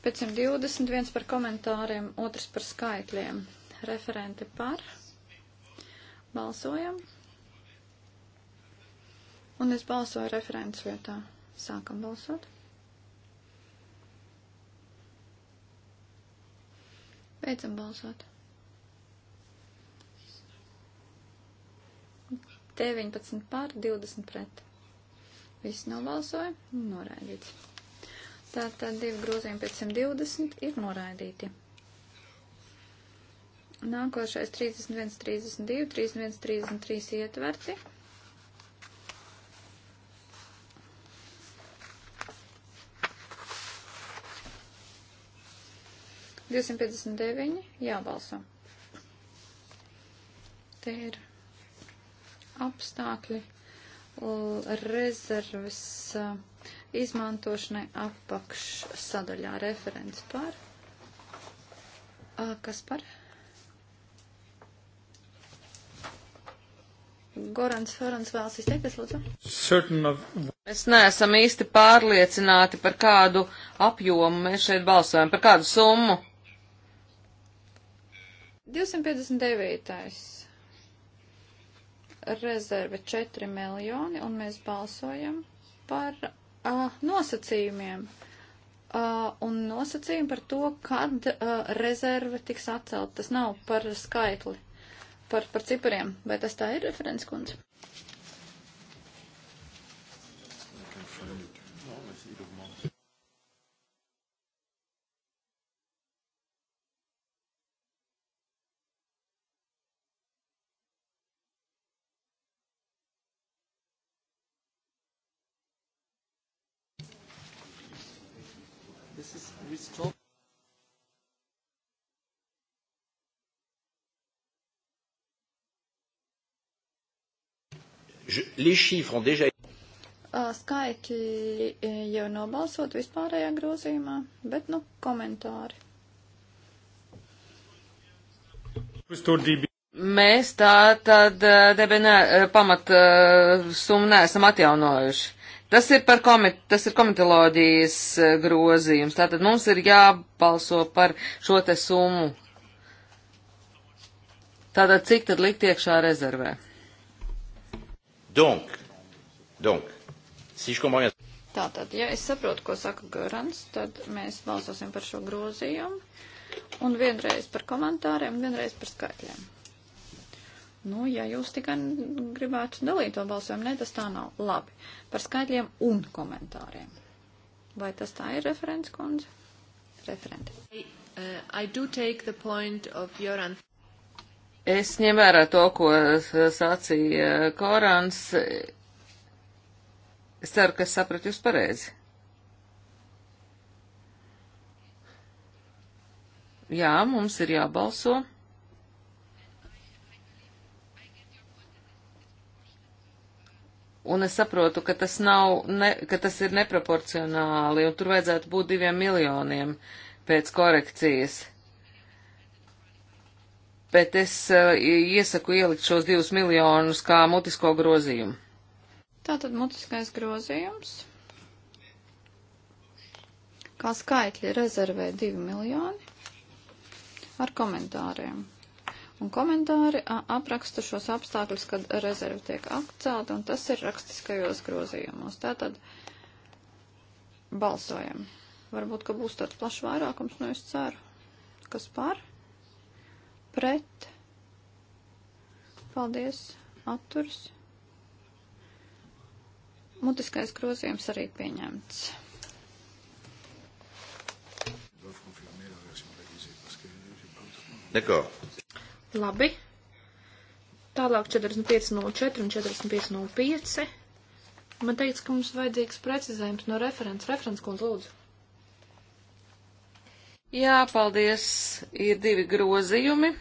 520, viens par komentāriem, otrs par skaitļiem. Referenti par. Balsojam. Un es balsoju referents vietā. Sākam balsot. Beidzam balsot. 19 pār 20 pret. Visi nobalsoja, noraidīts. Tātad divi grozījumi 520 ir noraidīti. Nākošais 31, 32, 31, 33 ietverti. 259 jābalso. Te ir apstākļi rezerves izmantošanai apakšsadaļā referents par. Kas par? Gorans Ferans vēlas izteikties, lūdzu. Of... Mēs neesam īsti pārliecināti par kādu apjomu mēs šeit balsojam, par kādu summu. 259. Rezerve 4 miljoni, un mēs balsojam par uh, nosacījumiem. Uh, un nosacījumi par to, kad uh, rezerve tiks atcelt. Tas nav par skaitli, par, par cipariem. Vai tas tā ir, referents kundze? Je, les chiffres ont déjà skaitļi jau nobalsot vispārējā grozījumā, bet nu komentāri. Mēs tā tad debenē pamat summu neesam atjaunojuši. Tas ir par komit, tas ir komitoloģijas grozījums. Tātad mums ir jābalso par šo te summu. Tātad cik tad likt iekšā rezervē? Donc, donc, si je comprends bien. Tātad, ja es saprotu, ko saka Gorans, tad mēs balsosim par šo grozījumu un vienreiz par komentāriem, vienreiz par skaitļiem. Nu, ja jūs tikai gribētu dalīt to balsojumu, ne, tas tā nav. Labi. Par skaitļiem un komentāriem. Vai tas tā ir referents, kundze? Referenti. I, uh, I do take the point of Joran. Es ņem vērā to, ko sacīja Korāns. Es ceru, ka es sapratu jūs pareizi. Jā, mums ir jābalso. Un es saprotu, ka tas, nav, ne, ka tas ir neproporcionāli, un tur vajadzētu būt diviem miljoniem pēc korekcijas bet es eh, iesaku ielikt šos divus miljonus kā mutisko grozījumu. Tātad mutiskais grozījums. Kā skaitļi rezervē divi miljoni ar komentāriem. Un komentāri apraksta šos apstākļus, kad rezerve tiek akcelta, un tas ir rakstiskajos grozījumos. Tātad balsojam. Varbūt, ka būs tāds plašs vairākums, nu es ceru. Kas par? pret, paldies, atturs. Mutiskais grozījums arī pieņemts. Neko. Labi. Tālāk 45.04 un 45.05. Man teica, ka mums vajadzīgs precizējums no referents. Referents, kundz, lūdzu. Jā, paldies. Ir divi grozījumi.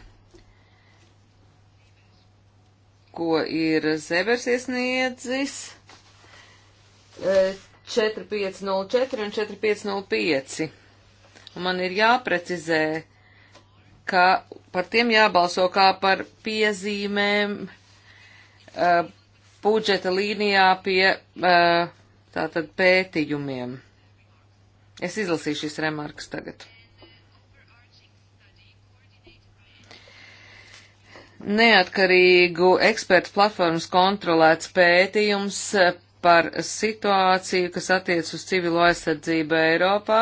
ko ir Zebers iesniedzis. 4504 e, un 4505. Un man ir jāprecizē, ka par tiem jābalso kā par piezīmēm uh, budžeta līnijā pie uh, tātad pētījumiem. Es izlasīšu šīs remarkas tagad. neatkarīgu ekspertu platformas kontrolēts pētījums eh, par situāciju, kas attiec uz civilo aizsardzību Eiropā,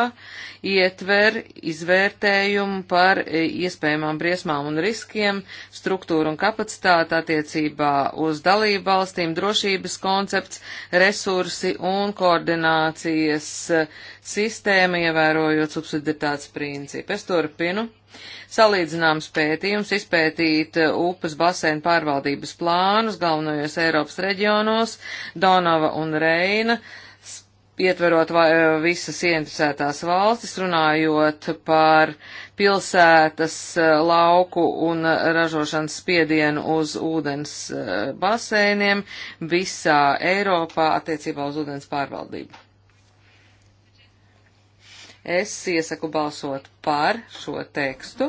ietver izvērtējumu par eh, iespējamām briesmām un riskiem, struktūru un kapacitāti attiecībā uz dalību valstīm, drošības koncepts, resursi un koordinācijas eh, sistēma, ievērojot subsidiatātes principu. Es turpinu. Salīdzināms pētījums izpētīt uh, upes basēnu pārvaldības plānus galvenajos Eiropas reģionos Donava un Reina, ietverot uh, visas ieinteresētās valstis, runājot par pilsētas uh, lauku un ražošanas spiedienu uz ūdens basēniem visā Eiropā attiecībā uz ūdens pārvaldību. Es iesaku balsot par šo tekstu.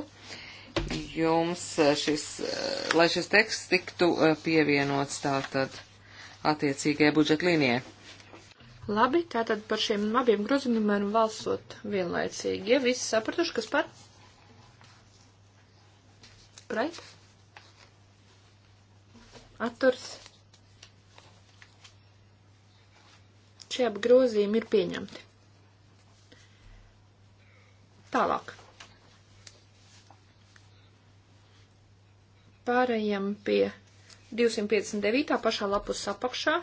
Jums eh, šis, eh, lai šis teksts tiktu eh, pievienots tātad attiecīgajai budžeta līnijai. Labi, tātad par šiem abiem grozījumiem varam valsot vienlaicīgi. Ja visi sapratuši, kas par? Pret? Atturs? Šie ap grozījumi ir pieņemti. Tālāk. Pārējām pie 259. pašā lapus apakšā.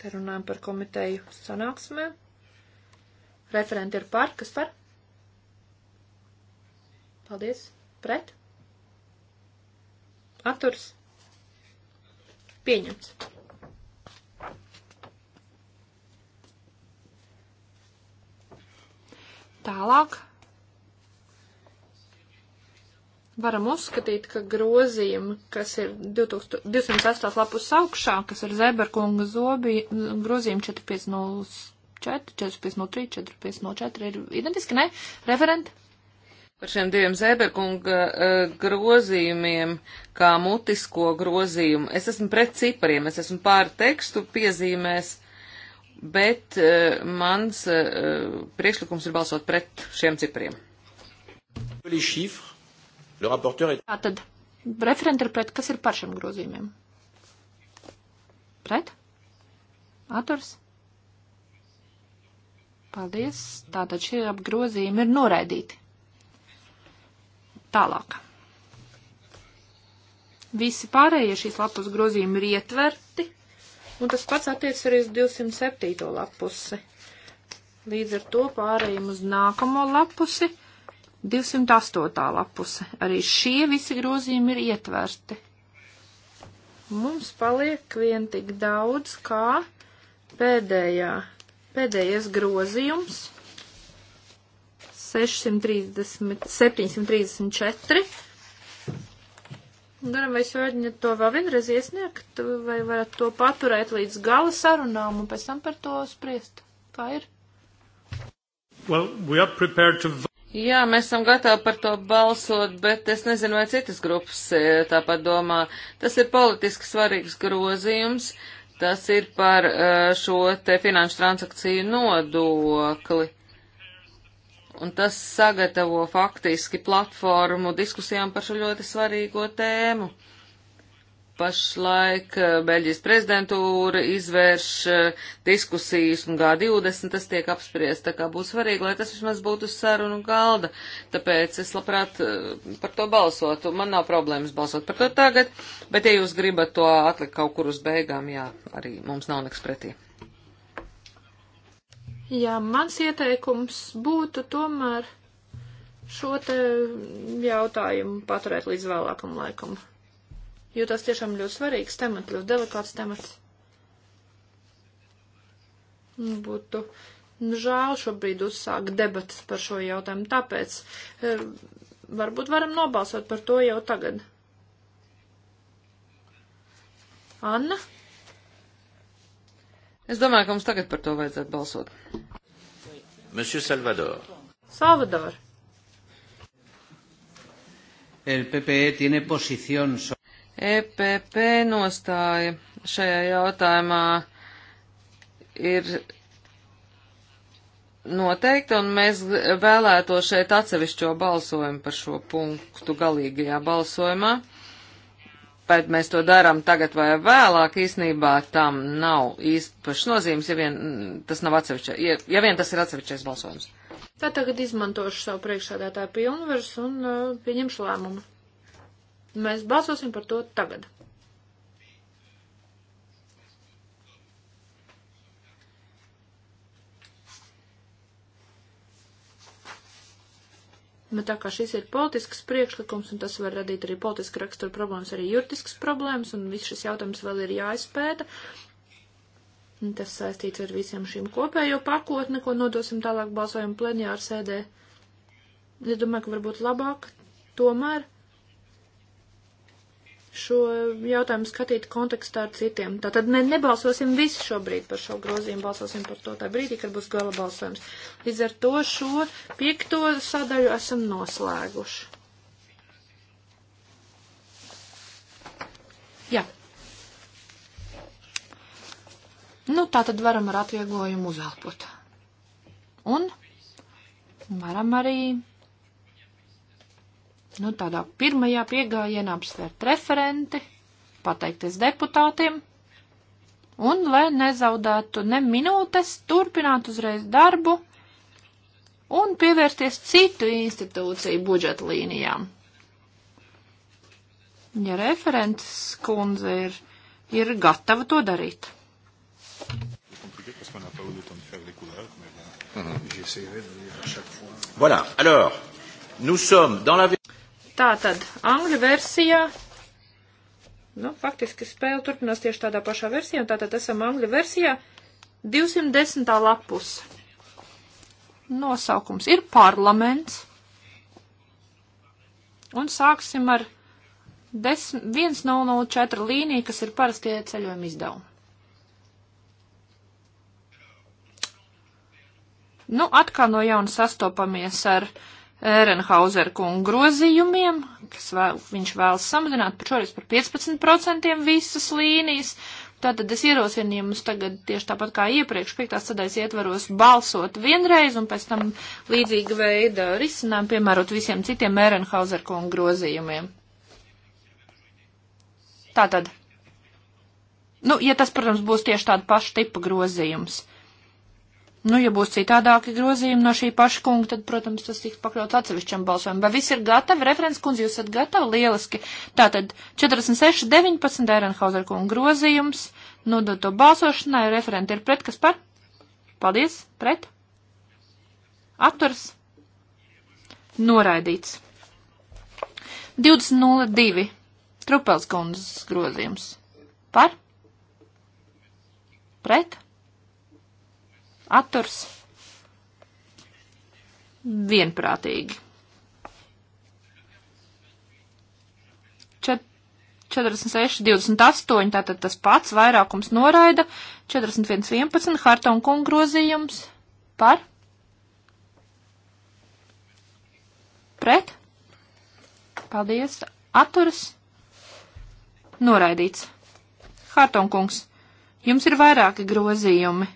Te runājam par komiteju sanāksmē. Referenti ir par, kas par? Paldies. Pret? Atturs? Pieņemts. Tālāk varam uzskatīt, ka grozījumi, kas ir 2000, 208 lapus augšā, kas ir Zeberkunga zobi, grozījumi 4504, 4503, 4504 ir identiski, ne? Referenti? Par šiem diviem Zeberkunga uh, grozījumiem, kā mutisko grozījumu, es esmu pret cipariem, es esmu pār tekstu piezīmēs, bet uh, mans uh, priekšlikums ir balsot pret šiem cipariem. Les chiffres Tātad referenti ir pret, kas ir par šiem grozījumiem? Pret? Atturs? Paldies. Tātad šie apgrozījumi ir noraidīti. Tālāk. Visi pārējie šīs lapas grozījumi ir ietverti, un tas pats attiec arī uz 207. lapusi. Līdz ar to pārējiem uz nākamo lapusi 208. lapuse. Arī šie visi grozījumi ir ietverti. Mums paliek vien tik daudz, kā pēdējā, pēdējais grozījums. 630, 734. Garam, vai Svēģiņa to vēl vienreiz iesniegt, vai varat to paturēt līdz gala sarunām un pēc tam par to spriest? Kā ir? Well, we are prepared to Jā, mēs esam gatavi par to balsot, bet es nezinu, vai citas grupas e, tāpat domā. Tas ir politiski svarīgs grozījums, tas ir par e, šo te finanšu transakciju nodokli. Un tas sagatavo faktiski platformu diskusijām par šo ļoti svarīgo tēmu. Pašlaik eh, Beļģijas prezidentūra izvērš eh, diskusijas un G20 tas tiek apspriest, tā kā būs svarīgi, lai tas vismaz būtu sarunu galda. Tāpēc es labprāt eh, par to balsotu. Man nav problēmas balsot par to tagad, bet ja jūs gribat to atlikt kaut kur uz beigām, jā, arī mums nav nekas pretī. Jā, mans ieteikums būtu tomēr šo te jautājumu paturēt līdz vēlākam laikam jo tas tiešām ļoti svarīgs temats, ļoti delikāts temats. Nu, būtu nu, žēl šobrīd uzsākt debatas par šo jautājumu, tāpēc e, varbūt varam nobalsot par to jau tagad. Anna? Es domāju, ka mums tagad par to vajadzētu balsot. Monsieur Salvador. Salvador. El PPE tiene posición. EPP nostāja šajā jautājumā ir noteikti, un mēs vēlēto šeit atsevišķo balsojumu par šo punktu galīgajā balsojumā. Bet mēs to darām tagad vai vēlāk, īsnībā tam nav īpašs nozīmes, ja vien tas nav atsevišķi, ja, ja vien tas ir atsevišķais balsojums. Tā tagad izmantošu savu priekšsādātāju pilnvarus un uh, pieņemšu lēmumu. Mēs balsosim par to tagad. Bet tā kā šis ir politisks priekšlikums, un tas var radīt arī politiska rakstura problēmas, arī juridiskas problēmas, un viss šis jautājums vēl ir jāizpēta, un tas saistīts ar visiem šīm kopējo pakotni, ko nodosim tālāk balsojumu plenjāru sēdē. Es domāju, ka varbūt labāk tomēr šo jautājumu skatīt kontekstā ar citiem. Tātad ne, nebalsosim visi šobrīd par šo grozījumu, balsosim par to tā brīdī, kad būs gala balsojums. Līdz ar to šo piekto sadaļu esam noslēguši. Jā. Nu, tā tad varam ar atvieglojumu uzelpot. Un varam arī nu, tādā pirmajā piegājienā apsvērt referenti, pateikties deputātiem, un, lai nezaudētu ne minūtes, turpināt uzreiz darbu un pievērsties citu institūciju budžeta līnijām. Ja referents kundze ir, ir gatava to darīt. Voilà, alors, nous sommes dans la... Tā tad angļu versijā. Nu, faktiski spēle turpinās tieši tādā pašā versijā, un tātad esam angļu versijā 210. lapus. Nosaukums ir parlaments. Un sāksim ar 1004 līniju, kas ir parastie ceļojuma izdevumi. Nu, atkal no jauna sastopamies ar uh, Ehrenhauser kungu grozījumiem, kas vēl, viņš vēlas samazināt par šoreiz par 15% visas līnijas. Tātad es ierosinu jums tagad tieši tāpat kā iepriekš piektās sadaļas ietvaros balsot vienreiz un pēc tam līdzīga veida risinājumu piemērot visiem citiem Ehrenhauser kungu grozījumiem. Tātad. Nu, ja tas, protams, būs tieši tāda paša tipa grozījums. Nu, ja būs citādāki grozījumi no šī paša kunga, tad, protams, tas tiks pakļauts atsevišķam balsojumam. Vai viss ir gatavi? Referents kundze, jūs esat gatavi? Lieliski. Tātad 46, 19 Eirenhauser kunga grozījums. Nodot nu, to balsošanai, referenti ir pret, kas par? Paldies, pret. Atturs. Noraidīts. 20.02. Trupels kundzes grozījums. Par? Pret? atturs vienprātīgi. 46, 28, tātad tas pats vairākums noraida, 41, 11, harta un kunga grozījums par, pret, paldies, atturas, noraidīts. Harta un kungs, jums ir vairāki grozījumi.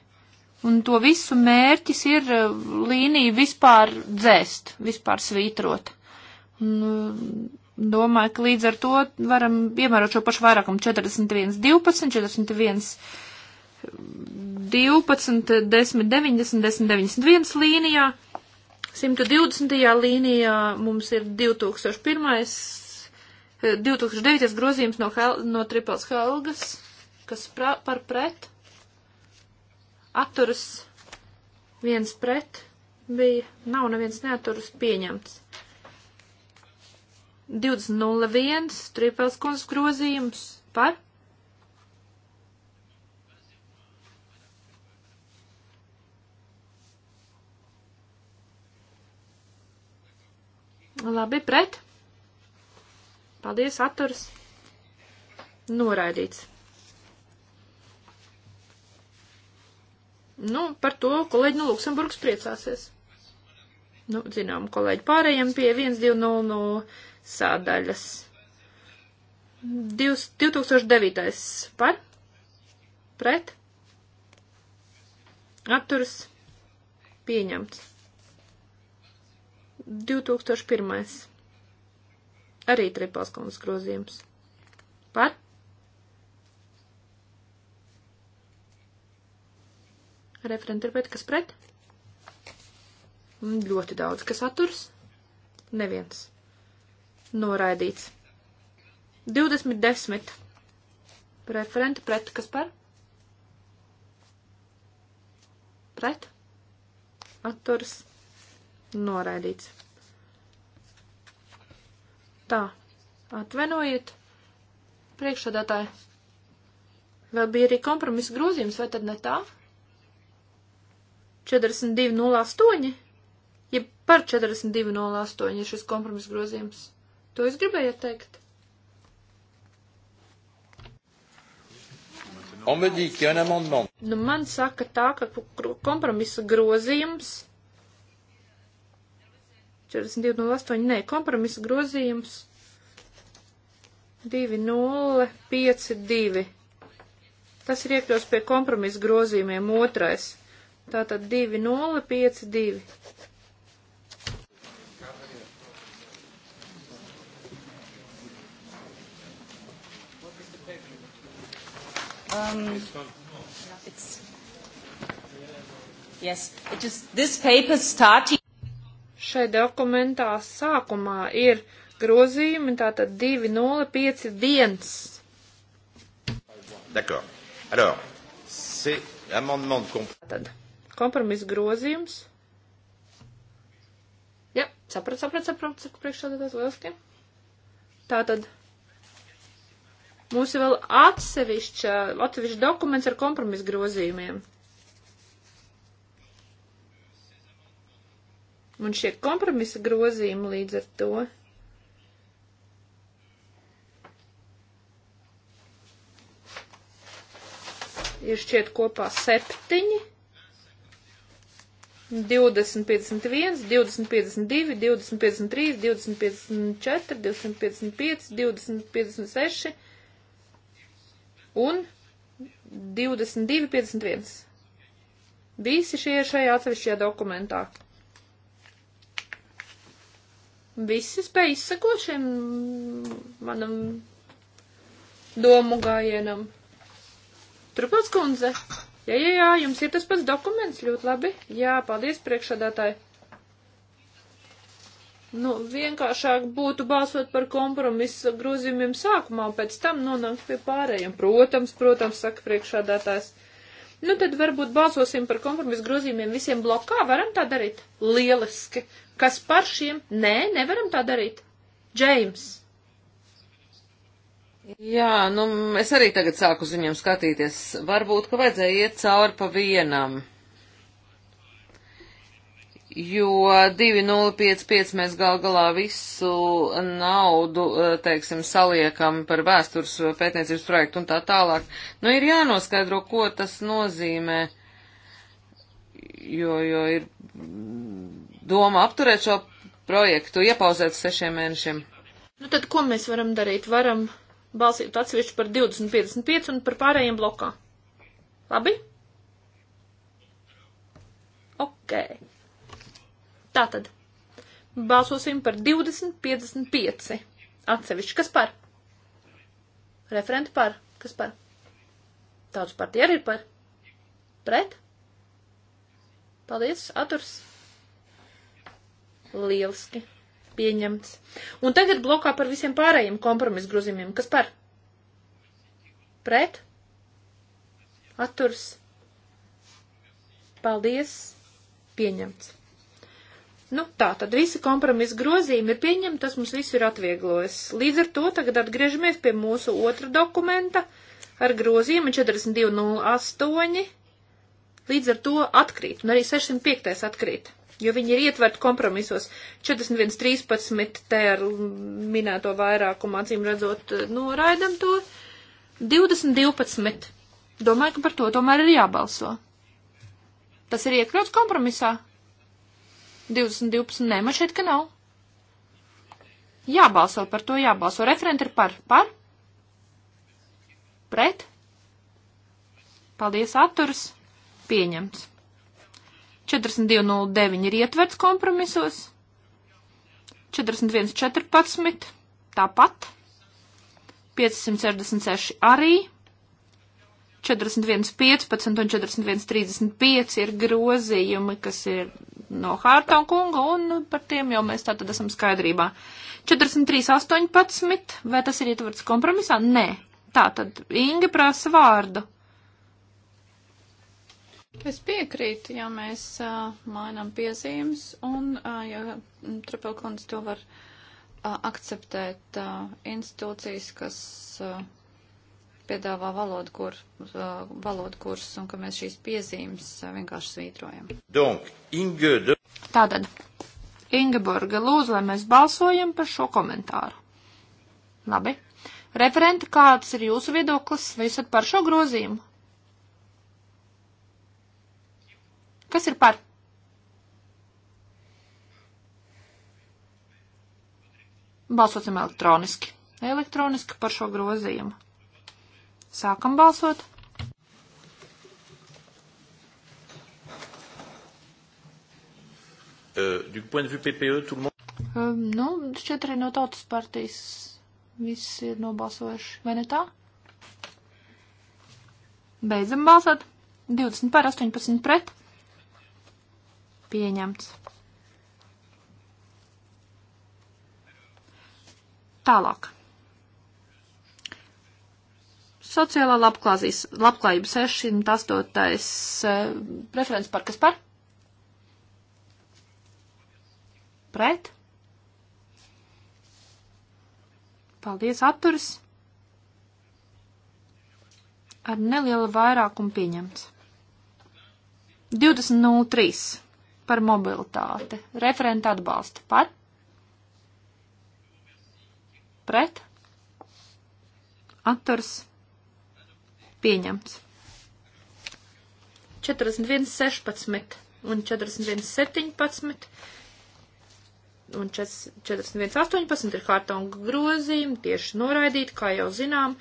Un to visu mērķis ir eh, līniju vispār dzēst, vispār svītrot. Un, eh, domāju, ka līdz ar to varam piemērot šo pašu vairākumu 41, 12, 41, 12, 10, 90, 10, 91 līnijā. 120. līnijā mums ir 2001. 2009. Eh, grozījums no, Hel no Triples Helgas, kas pra, par pret atturas, viens pret bija, nav neviens neaturas pieņemts. 20.01. Trīpels kundzes grozījums par. Labi, pret. Paldies, atturs. Noraidīts. Nu, par to kolēģi no Luksemburgas priecāsies. Nu, zinām, kolēģi, pārējiem pie 1200 sādaļas. 2009. par? Pret? Atturs? Pieņemts. 2001. Arī tripalskundas grozījums. Par? Referenti ir pret, kas pret? Ļoti daudz, kas atturs. Neviens. Noraidīts. 20, 10. Referenti pret, kas par? Pret. Atturs. Noraidīts. Tā. Atvainojiet. Priekšsādātāji. Vēl bija arī kompromisa grozījums, vai tad ne tā? 4208, ja par 4208 ir šis kompromiss grozījums. To es gribēju teikt. Nu, man saka tā, ka kompromisa grozījums 4208, nē, kompromisa grozījums 2052. Tas ir iekļauts pie kompromisa grozījumiem otrais. Tātad 2052. Um, it's, yes, it is, this paper starting. Šai dokumentā sākumā ir grozījumi, tātad 2051. D'accord. Alors, c'est l'amendement de compromis. Kompromisa grozījums. Jā, saprat, saprat, saprat, saka priekšsādātājs lieliski. Tātad mums ir vēl atsevišķa, atsevišķa dokuments ar kompromisa grozījumiem. Un šie kompromisa grozījumi līdz ar to. Ir šķiet kopā septiņi. 2051, 2052, 2053, 2054, 255, 2056 un 2251. Visi šie ir šajā atsevišķajā dokumentā. Visi spēj izsakot šiem manam domu gājienam. Turpat, kundze, Jā, jā, jā, jums ir tas pats dokuments, ļoti labi. Jā, paldies priekšādātāji. Nu, vienkāršāk būtu balsot par kompromisu grozījumiem sākumā, pēc tam nonākt pie pārējiem. Protams, protams, saka priekšādātājs. Nu, tad varbūt balsosim par kompromisu grozījumiem visiem blokā. Varam tā darīt? Lieliski. Kas par šiem? Nē, nevaram tā darīt. Džeims. Jā, nu es arī tagad sāku uz viņiem skatīties. Varbūt, ka vajadzēja iet cauri pa vienam. Jo 2055 mēs gal galā visu naudu, eh, teiksim, saliekam par vēstures eh, pētniecības projektu un tā tālāk. Nu, ir jānoskaidro, ko tas nozīmē, jo, jo ir doma apturēt šo projektu, iepauzēt sešiem mēnešiem. Nu, tad ko mēs varam darīt? Varam balsīt atsevišķi par 2055 un par pārējiem blokā. Labi? Ok. Tātad. Balsosim par 2055 atsevišķi. Kas par? Referenti par? Kas par? Tautas partija arī ir par? Pret? Paldies, aturs. Lieliski pieņemts. Un tagad blokā par visiem pārējiem kompromisu grozījumiem. Kas par? Pret? Atturs? Paldies! Pieņemts. Nu, tā tad visi kompromisa grozījumi ir pieņemti, tas mums visu ir atvieglojis. Līdz ar to tagad atgriežamies pie mūsu otra dokumenta ar grozījumu 4208. Līdz ar to atkrīt, un arī 605. atkrīt jo viņi ir ietverti kompromisos 41.13, te ar minēto vairākumu acīm redzot eh, noraidam to, 20.12. Domāju, ka par to tomēr ir jābalso. Tas ir iekļauts kompromisā. 2012. Nē, man šeit, ka nav. Jābalso par to, jābalso. Referenti ir par, par, pret. Paldies, atturs. Pieņemts. 42.09 ir ietverts kompromisos, 41.14 tāpat, 566 arī, 41.15 un 41.35 ir grozījumi, kas ir no Hārta un kunga, un par tiem jau mēs tātad esam skaidrībā. 43.18, vai tas ir ietverts kompromisā? Nē. Tātad Inga prasa vārdu. Es piekrītu, ja mēs uh, mainām piezīmes un, uh, ja Trapelkons to var uh, akceptēt, uh, institūcijas, kas uh, piedāvā valodu, kur, uh, valodu kursus un ka mēs šīs piezīmes uh, vienkārši svītrojam. Donc, Inge de... Tātad, Ingeborga lūdzu, lai mēs balsojam par šo komentāru. Labi. Referenta, kāds ir jūsu viedoklis? Vai esat par šo grozījumu? Kas ir par? Balsosim elektroniski. Elektroniski par šo grozījumu. Sākam balsot. Uh, du point de vue PPE, tout le monde. Uh, nu, šķiet arī no tautas partijas visi ir nobalsojuši, vai ne tā? Beidzam balsot. 20 par 18 pret. Pieņemts. Tālāk. Sociālā labklājība 608. Eh, referents par kas par? Pret? Paldies, atturis. Ar nelielu vairākumu pieņemts. 20.03 par mobilitāti. Referenta atbalsta par, pret, atturs, pieņemts. 41.16 un 41.17 un 41.18 ir kārta un grozījumi, tieši noraidīti, kā jau zinām,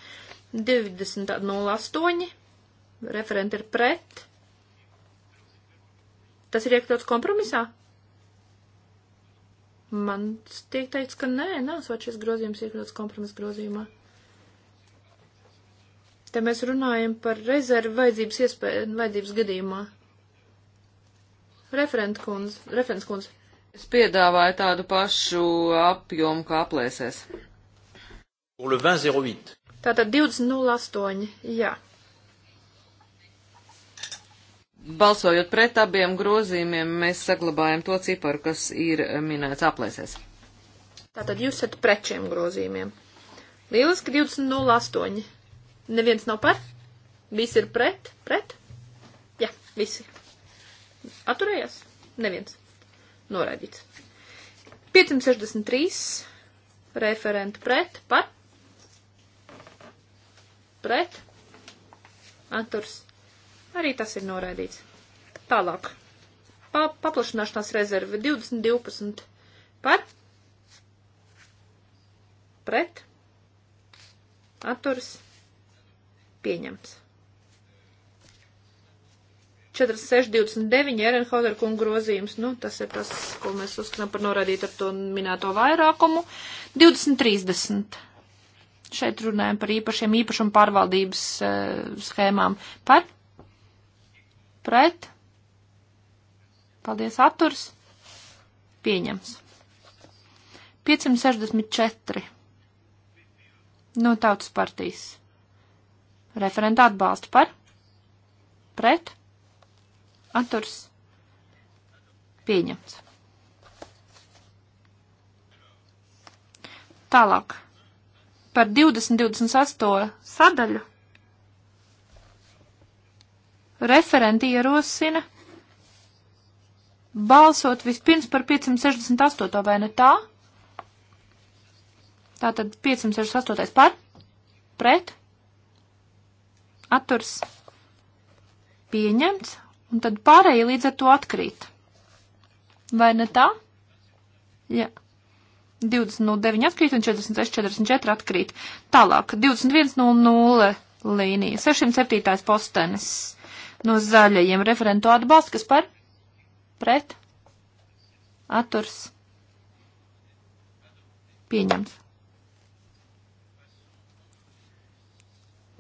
20.08, referenti ir pret, Tas ir iekļauts kompromisā? Man tiek teikts, ka nē, nesot šis grozījums iekļauts kompromisa grozījumā. Te mēs runājam par rezervu vajadzības iespēju, vajadzības gadījumā. Referent kundze, referents kundze. Es piedāvāju tādu pašu apjomu, kā aplēsēs. Tātad 20.08. Jā. Balsojot pret abiem grozījumiem, mēs saglabājam to ciparu, kas ir eh, minēts aplēsēs. Tātad jūs esat pret šiem grozījumiem. Lieliski 20.08. Neviens nav par? Visi ir pret? Pret? Jā, visi. Atturējās? Neviens. Noraidīts. 563. Referenti pret? Par? Pret? Atturs Arī tas ir noraidīts. Tālāk. Pa, paplašināšanās rezerve 2012 par pret atturas pieņemts. 4629 Ehrenhauser kunga grozījums, nu, tas ir tas, ko mēs uzskatām par norādīt ar to minēto vairākumu. 2030. Šeit runājam par īpašiem īpašumu pārvaldības uh, schēmām. Par pret, paldies, atturs, pieņems. 564 no nu, tautas partijas. Referenta atbalstu par, pret, atturs, pieņems. Tālāk par 2028 sadaļu referenti ierosina balsot vispirms par 568, vai ne tā? Tātad 568 par, pret, atturs pieņemts, un tad pārējie līdz ar to atkrīt. Vai ne tā? Jā. 29 atkrīt un 46, 44 atkrīt. Tālāk, 21.00 līnija, 607. postenis no zaļajiem referentu atbalsts, kas par pret atturs pieņemts.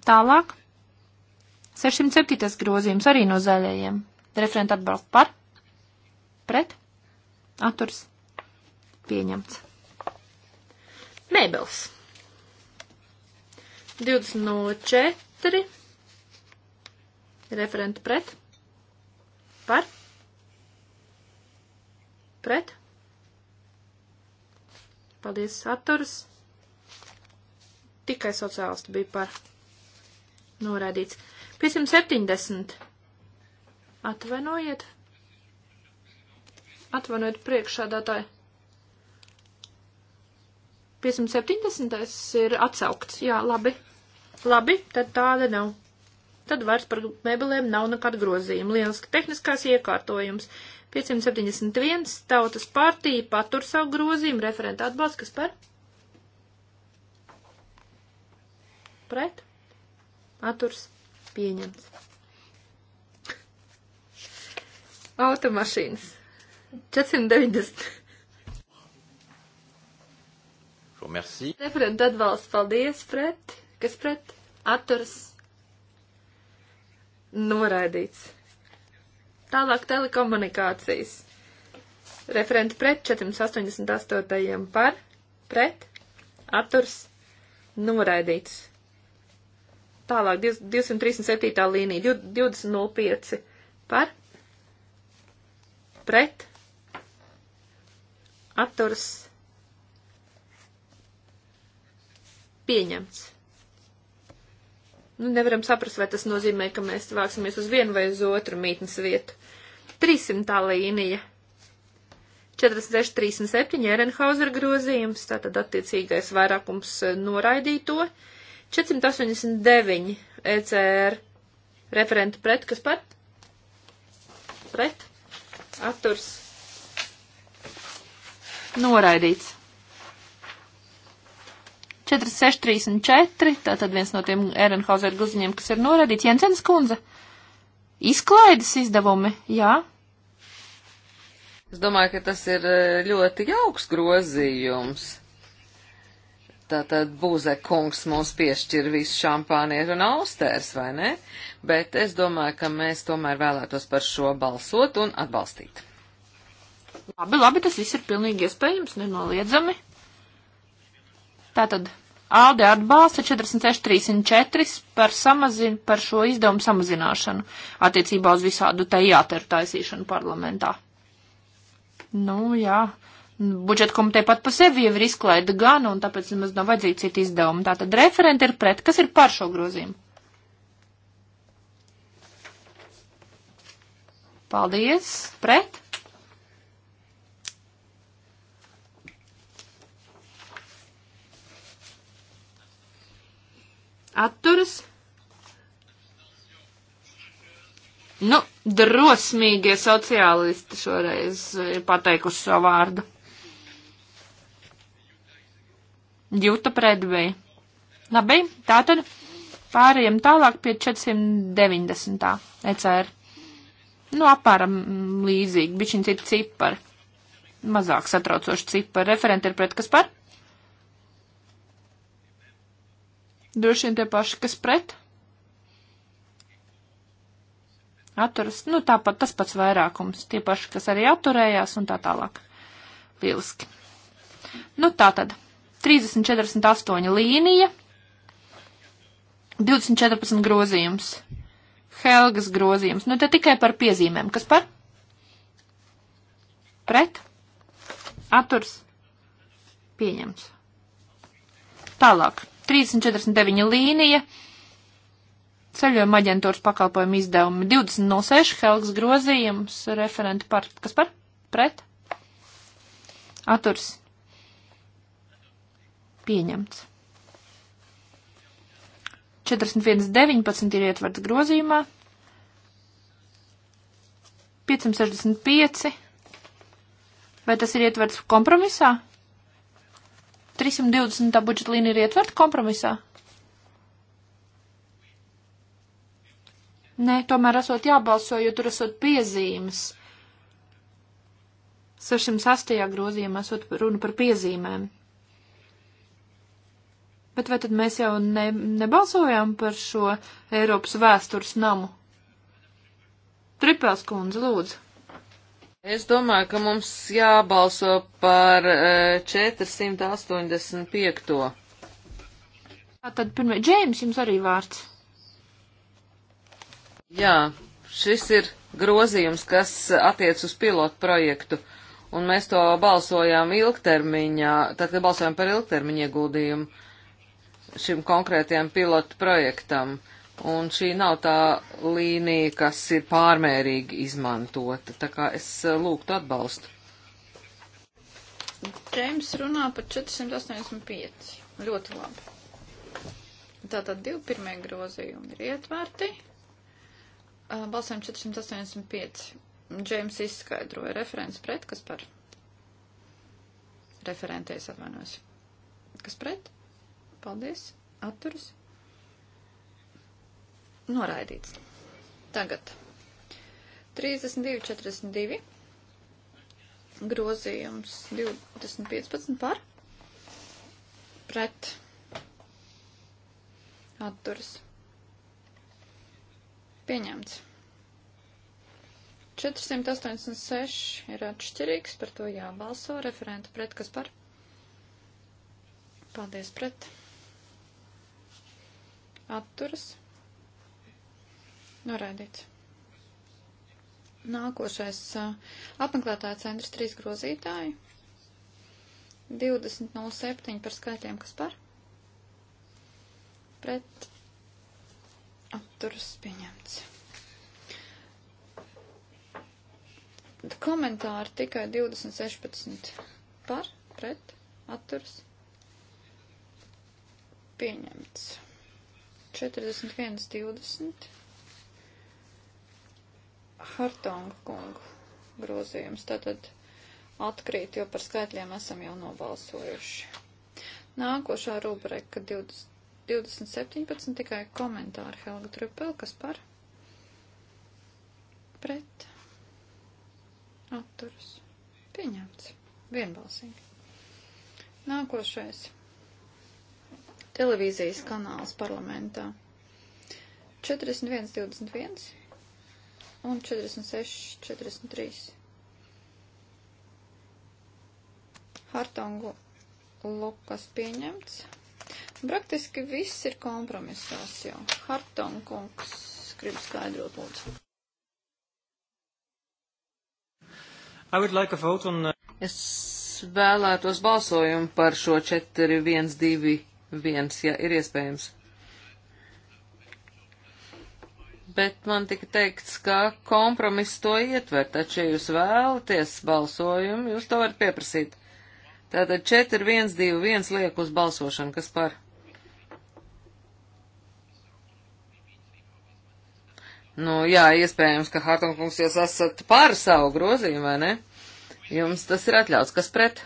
Tālāk. 607. grozījums arī no zaļajiem. Referenta atbalsts par, pret, atturs, pieņemts. Mēbels. 20 no 4. Referenti pret? Par? Pret? Paldies, atturas. Tikai sociālisti bija par. Noraidīts. 570. Atvainojiet. Atvainojiet priekšādātāji. 570. ir atsaukts. Jā, labi. Labi, tad tāda nav. Tad vairs par mebelēm nav nekāda grozījuma. Lieliski tehniskās iekārtojums. 571 tautas partija patur savu grozījumu, referenta atbalsts, kas par? Pret? Aturs pieņemts. Automašīnas. 490. Šo merci. Referenta atbalsts, paldies, pret. Kas pret? Aturs Noraidīts. Tālāk telekomunikācijas. Referenti pret 488. par, pret, atturs, noraidīts. Tālāk 237. līnija 2005 par, pret, atturs, pieņemts. Nu, nevaram saprast, vai tas nozīmē, ka mēs vāksimies uz vienu vai uz otru mītnes vietu. 300 līnija. 46, 37 Ehrenhauser grozījums, tātad attiecīgais vairākums eh, noraidīto. 489 ECR referenta pret, kas pat? Pret? Atturs. Noraidīts. 4, 6, 3 un 4, tātad viens no tiem Ehrenhauser guziņiem, kas ir norādīts. Jensens kundze, izklaides izdevumi, jā? Es domāju, ka tas ir e, ļoti jauks grozījums. Tātad Būzek kungs mums piešķir visu šampānieru un austērs, vai ne? Bet es domāju, ka mēs tomēr vēlētos par šo balsot un atbalstīt. Labi, labi, tas viss ir pilnīgi iespējams, nenoliedzami. Tātad ALDE atbalsta 46304 par, samazin, par šo izdevumu samazināšanu attiecībā uz visādu te jāteru taisīšanu parlamentā. Nu, jā. Budžeta komiteja pat pa sevi jau ir izklaida gan, un tāpēc mums nav vajadzīgi citi izdevumi. Tātad referenti ir pret. Kas ir par šo grozījumu? Paldies. Pret? atturas. Nu, drosmīgie sociālisti šoreiz ir pateikuši savu vārdu. Jūta predvēja. Labi, tātad pārējiem tālāk pie 490. ECR. Nu, apmēram līdzīgi, bišķiņ citi cipari. Mazāk satraucoši cipari. Referenti ir pret kas par? Droši vien tie paši, kas pret. Atturas, nu tāpat tas pats vairākums, tie paši, kas arī atturējās un tā tālāk. Lieliski. Nu tā tad, 3048 līnija, 2014 grozījums, Helgas grozījums, nu te tikai par piezīmēm, kas par? Pret? Atturs? Pieņems. Tālāk. 349 līnija, ceļojuma aģentūras pakalpojumu izdevumi, 20 no 6 Helgas grozījums, referenti par, kas par? Pret? Aturs. Pieņemts. 41.19 ir ietverts grozījumā. 565. Vai tas ir ietverts kompromisā? 320. budžeta līnija ir ietverta kompromisā? Nē, tomēr esot jābalso, jo tur esot piezīmes. 608. grozījumā esot runa par piezīmēm. Bet vai tad mēs jau ne, nebalsojām par šo Eiropas vēstures namu? Tripels kundze, lūdzu. Es domāju, ka mums jābalso par 485. Eh, tad pirmie, Džēms, jums arī vārds. Jā, šis ir grozījums, kas attiec uz pilotu projektu, un mēs to balsojām ilgtermiņā, tad, kad balsojām par ilgtermiņa ieguldījumu šim konkrētajam pilotu projektam. Uh, Un šī nav tā līnija, kas ir pārmērīgi izmantota. Tā kā es eh, lūgtu atbalstu. Džeims runā par 485. Ļoti labi. Tātad divi pirmie grozījumi ir ietvērti. Balsēm 485. Džeims izskaidroja referents pret, kas par referentēs atvainojas. Kas pret? Paldies. Atturas Noraidīts. Tagad 32, 42 grozījums 2015 par pret atturas. Pieņemts. 486 ir atšķirīgs, par to jābalso. Referenta pret, kas par? Paldies pret. Atturas. Noraidīts. Nākošais apmeklētāja centrs trīs grozītāji. 20.07 par skaitļiem, kas par? Pret apturas pieņemts. Komentāri tikai 2016 par, pret, atturas pieņemts. 41.20 Hartonga kunga grozījums tātad atkrīt, jo par skaitļiem esam jau nobalsojuši. Nākošā rubrika 20, 2017 tikai komentāri Helga Trupel, kas par pret atturas pieņemts vienbalsīgi. Nākošais televīzijas kanāls parlamentā 4121 un 46, 43. Hartongu Lukas pieņemts. Praktiski viss ir kompromisās jau. Hartongungs grib skaidrot lūdzu. Like on... Uh, es vēlētos balsojumu par šo 4, 1, 2, 1, ja ir iespējams. bet man tika teikts, ka kompromiss to ietver, taču, ja jūs vēlaties balsojumu, jūs to varat pieprasīt. Tātad 4, 1, 2, 1 liek uz balsošanu, kas par. Nu, jā, iespējams, ka Hartungs jūs esat pār savu grozījumu, vai ne? Jums tas ir atļauts. Kas pret?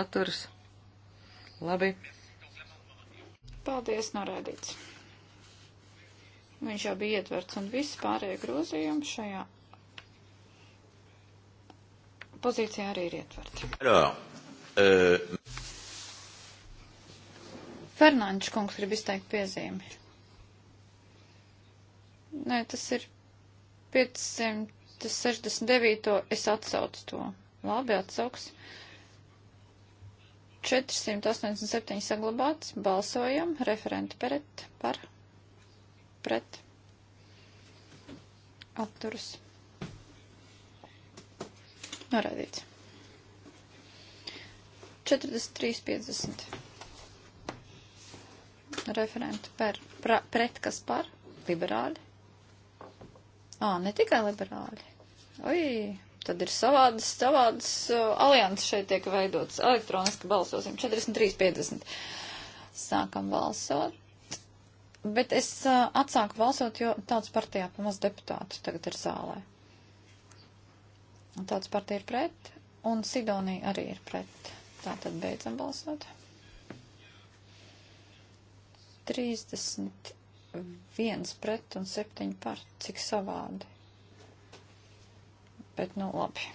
Atturs. Labi. Paldies, norādīts. Viņš jau bija ietverts un visi pārējie grozījumi šajā pozīcijā arī ir ietverti. Uh... Fernandes kungs grib izteikt piezīmi. Nē, tas ir 569. Es atsaucu to. Labi, atsauks. 487 saglabāts. Balsojam. Referenti peret par pret apturas norādīts. 43.50 referenti par, pra, pret kas par, liberāļi. Ā, ne tikai liberāļi. Oi, tad ir savādas, savādas uh, alianses šeit tiek veidotas. Elektroniski balsosim 43.50. Sākam balsot. Bet es uh, atsāku balsot, jo tāds partijā pamaz deputātu tagad ir zālē. Un tāds partija ir pret, un Sidonija arī ir pret. Tātad beidzam balsot. 31 pret un 7 par, cik savādi. Bet nu labi.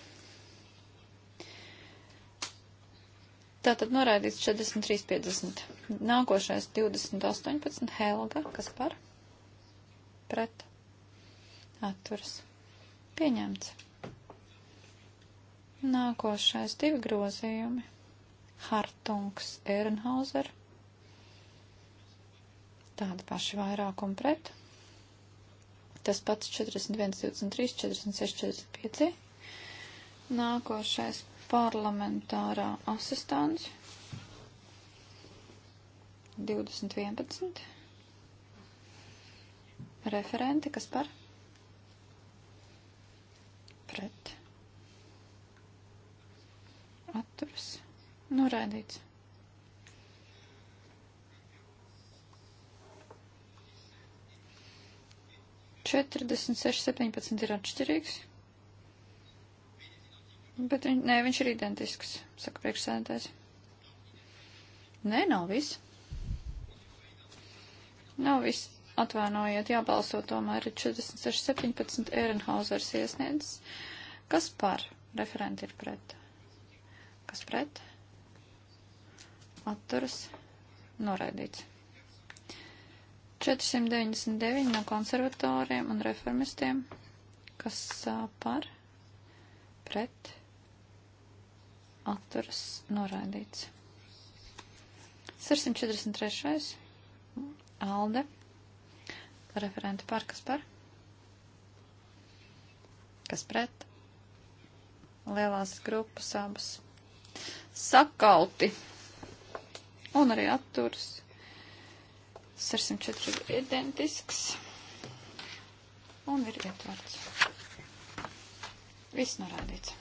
Tātad noraidīts 43.50. Nākošais 20.18. Helga, kas par? Pret. Atturas. Pieņemts. Nākošais divi grozījumi. Hartungs, Ehrenhauser. Tāda paša vairākuma pret. Tas pats 41, 23, 46, 45. Nākošais parlamentārā asistants 2011. Referenti, kas par? Pret. Atturs. Noraidīts. Nu, Četrdesmit seši septiņpadsmit ir atšķirīgs. Bet viņ, nē, viņš ir identisks, saka priekšsēdētājs. Nē, nav viss. Nav viss. Atvainojiet, jābalso tomēr ir 46.17 Ehrenhausers iesniedzis. Kas par? Referenti ir pret. Kas pret? Atturas. Noraidīts. 499 no konservatoriem un reformistiem. Kas uh, par? Pret atturas noraidīts. 643. Alde. Referenta par kas par? Kas pret? Lielās grupas abas. Sakauti. Un arī atturas. 604 ir identisks. Un ir ietverts. Viss norādīts.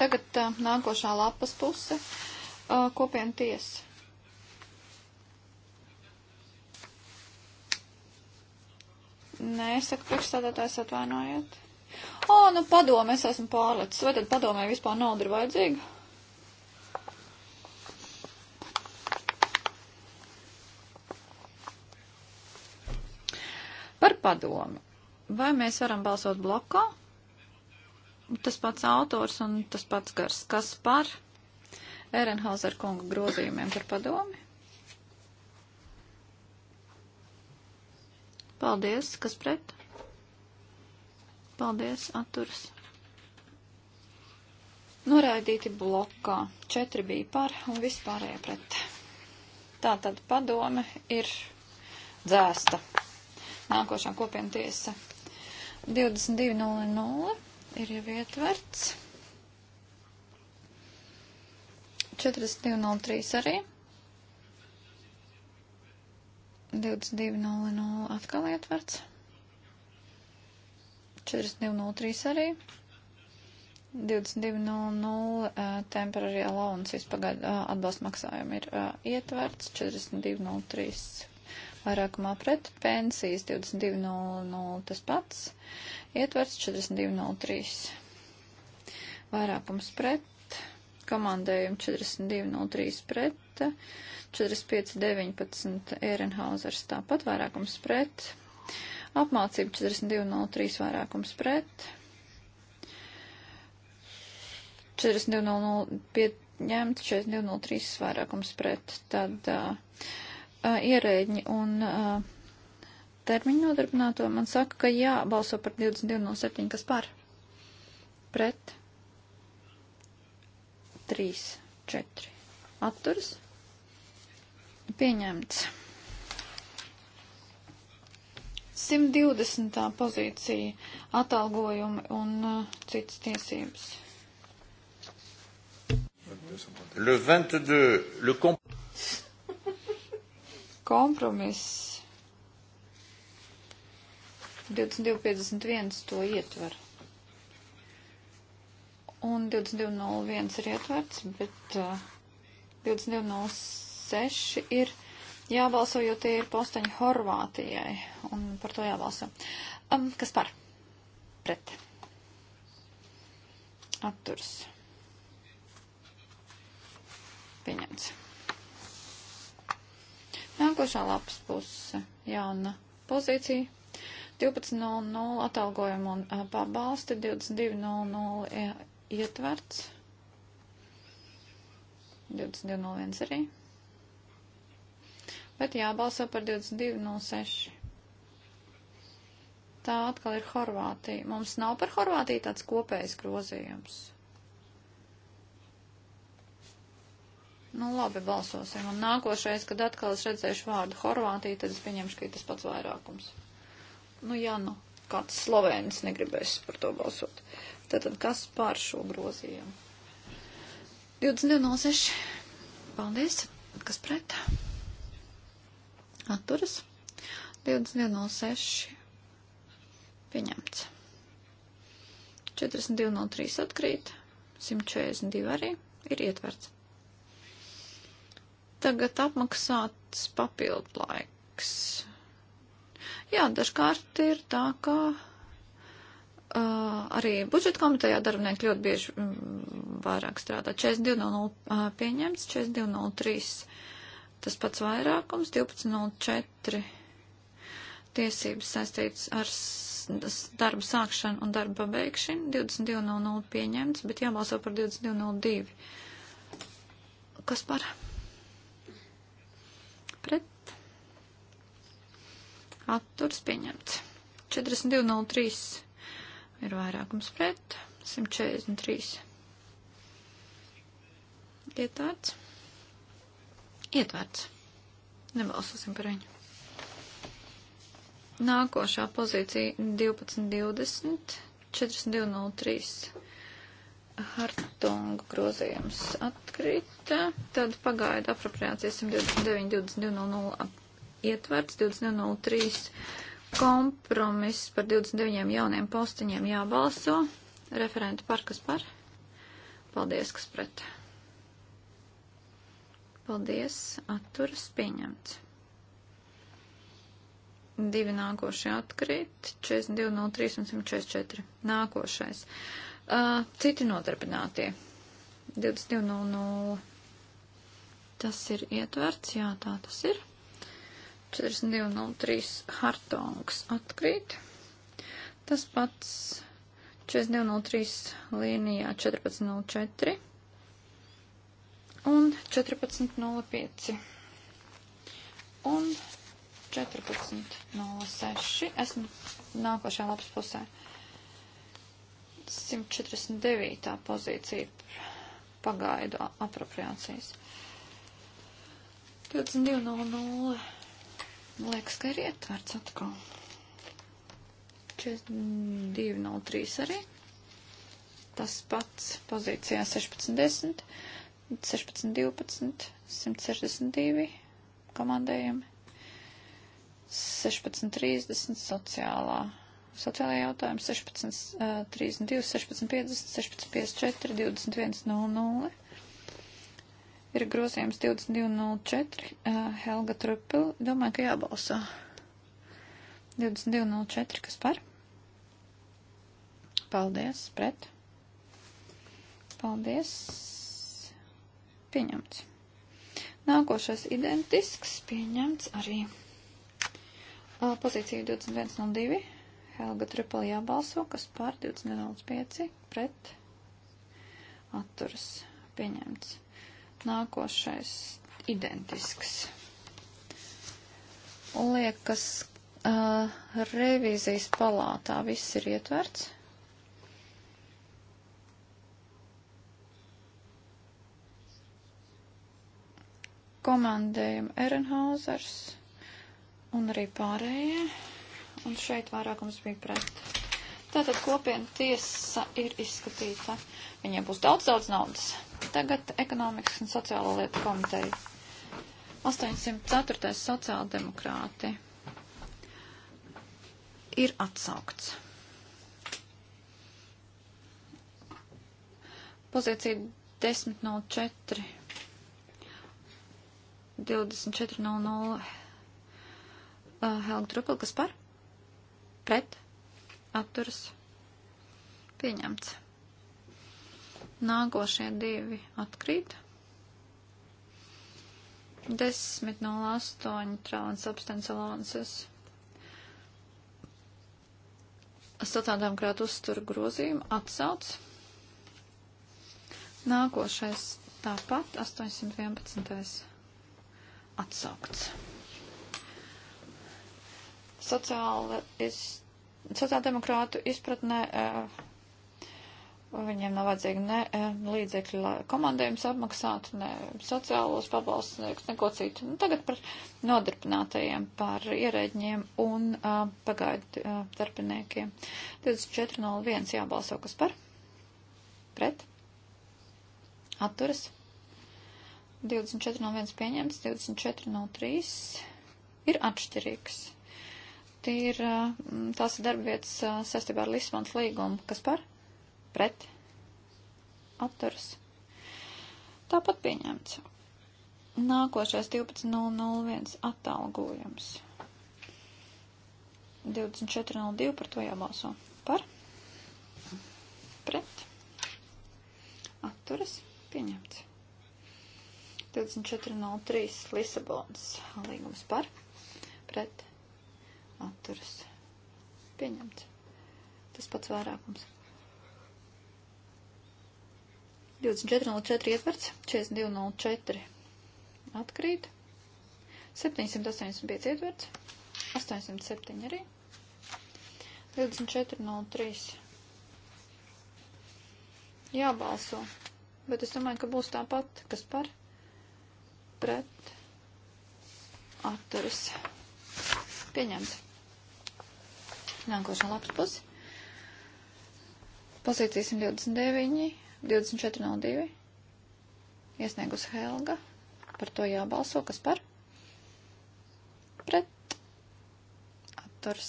Tagad uh, nākošā lapas puse uh, - kopiena tiesa. Nē, saka priekšstādātājs atvainojiet. O, nu padomē, es esmu pārlecis. Vai tad padomē vispār nauda ir vajadzīga? Par padomi. Vai mēs varam balsot blokā? tas pats autors un tas pats gars. Kas par Ehrenhauser kunga grozījumiem par padomi? Paldies, kas pret? Paldies, atturas. Noraidīti blokā. Četri bija par un vispārējie pret. Tā tad padome ir dzēsta. Nākošā kopiena tiesa 22.00 ir jau ietverts. 42.03 arī. 22.00 atkal ietverts. 42.03 arī. 22.00 temporary allowance vispagaid atbalsta maksājumi ir uh, ietverts. 42.03 vairākumā pret, pensijas 22.00 tas pats, ietverts 42.03. Vairākums pret, komandējumi 42.03 pret, 45.19 Ehrenhausers tāpat, vairākums pret, apmācība 42.03 vairākums pret, 42.05 ņemts, 42.03 vairākums pret, tad uh, ierēģi un termiņu nodarbināto man saka, ka jābalso par 22 no 7, kas par. Pret 3, 4. Atturs. Pieņemts. 120. pozīcija atalgojumi un uh, citas tiesības. Le 22, le comp kompromiss 22.51 to ietver. Un 22.01 ir ietverts, bet uh, 22.06 ir jābalso, jo tie ir posteņi Horvātijai, un par to jābalso. Um, kas par? Pret. Atturs. Pieņemts. Nākošā lapas puse - jauna pozīcija. 12.00 atalgojumu un eh, pabalsti, 22.00 ietverts, 22.01 arī. Bet jābalso par 22.06. Tā atkal ir Horvātija. Mums nav par Horvātiju tāds kopējs grozījums. Nu, labi, balsosim. Un nākošais, kad atkal es redzēšu vārdu Horvātija, tad es pieņemšu, ka ir tas pats vairākums. Nu, ja nu kāds slovēnis negribēs par to balsot. Tātad kas pār šo grozījumu? 22.06. Paldies. Kas pret? Atturas. 22.06. Pieņemts. 42.03 atkrīt. 142 arī ir ietverts tagad apmaksāts papildu laiks. Jā, dažkārt ir tā, ka uh, arī budžeta komitejā darbinieki ļoti bieži mm, vairāk strādā. 42.00 uh, pieņemts, 42.03 tas pats vairākums, 12.04 tiesības saistītas ar darba sākšanu un darba pabeigšanu, 22.00 pieņemts, bet jābalso par 22.02. Kas par? pret atturs pieņemts. 42.03 ir vairākums pret 143. Ietvērts. Ietvērts. Nebalsosim par viņu. Nākošā pozīcija 12.20, 42.03 Hartunga grozījums atkrita, tad pagaida apropriācijas 129.22.00 ietverts, 22.03 kompromiss par 29 jauniem postiņiem jābalso. Referenti par kas par? Paldies, kas pret. Paldies, atturas pieņemts. Divi nākošie atkrīt, 42.03 un 144. Nākošais. Uh, citi nodarbinātie. 22.00. Tas ir ietverts, jā, tā tas ir. 42.03. Hartongs atkrīt. Tas pats 42.03 līnijā 14.04 un 14.05 un 14.06. Esmu nākošajā lapas pusē. 14.06. 149. pozīcija pagaidu apropriācijas. 22.00. Liekas, ka ir ietverts atkal. 42.03 arī. Tas pats pozīcijā 16.10, 16.12, 162 komandējumi, 16.30 sociālā sociālajā jautājumā 16, uh, 32, 16, 50, 16, 54, 21, 00. Ir grozījums 22.04, uh, Helga Trupil, domāju, ka jābalso. 22.04, kas par? Paldies, pret. Paldies. Pieņemts. Nākošais identisks, pieņemts arī. Uh, pozīcija 21.02. Helga Trupel jābalso, kas pār 20.05 pret atturas pieņemts. Nākošais identisks. Liekas, uh, revīzijas palātā viss ir ietverts. komandējuma Erenhausers un arī pārējie un šeit vairākums bija pret. Tātad kopiena tiesa ir izskatīta. Viņiem būs daudz, daudz naudas. Tagad ekonomikas un sociālo lietu komiteja. 804. sociāldemokrāti ir atsaukts. Pozīcija 10.04. 24.00. Uh, Helga Trupel, kas par? pret atturas pieņemts. Nākošie divi atkrīt. 10.08 trāns abstencelānces. Sociāldemokrāta uztura grozījumu atsauc. Nākošais tāpat 811. atsaukts. Sociāli, sociāldemokrātu izpratnē eh, viņiem nav vajadzīgi ne eh, līdzekļi, lai komandējums apmaksātu, ne sociālos pabalstus, ne, neko citu. Nu, tagad par nodarbinātajiem, par ierēģiem un uh, pagaidu uh, darbiniekiem. 24.01 jābalso, kas par? Pret? Atturas? 24.01 pieņemts, 24.03 ir atšķirīgs ir, tās ir darbvietas saistībā ar Lisbonas līgumu. Kas par? Pret. Atturs. Tāpat pieņemts. Nākošais 12.001 atalgojums. 24.02 par to jābalso. Par? Pret. Atturas. Pieņemts. 24.03 Lisabonas līgums par? Pret atturas pieņemts. Tas pats vairākums. 24.04 ietverts, 42.04 atkrīt, 785 ietverts, 807 arī, 24.03 jābalso, bet es domāju, ka būs tāpat, kas par pret atturas pieņemts nākošā lapas pusi. Pozīcija 129, 2402. Iesniegus Helga. Par to jābalso, kas par? Pret. Atturs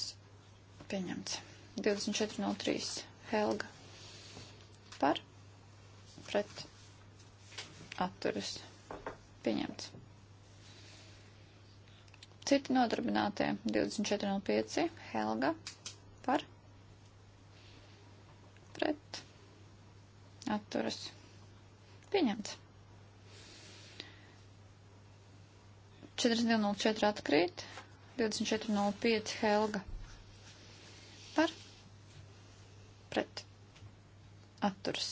pieņemts. 2403. Helga. Par. Pret. Atturs pieņemts. Citi nodarbinātie 2405. Helga par pret atturas pieņemts. 42.04 atkrīt, 24.05 Helga par pret atturas.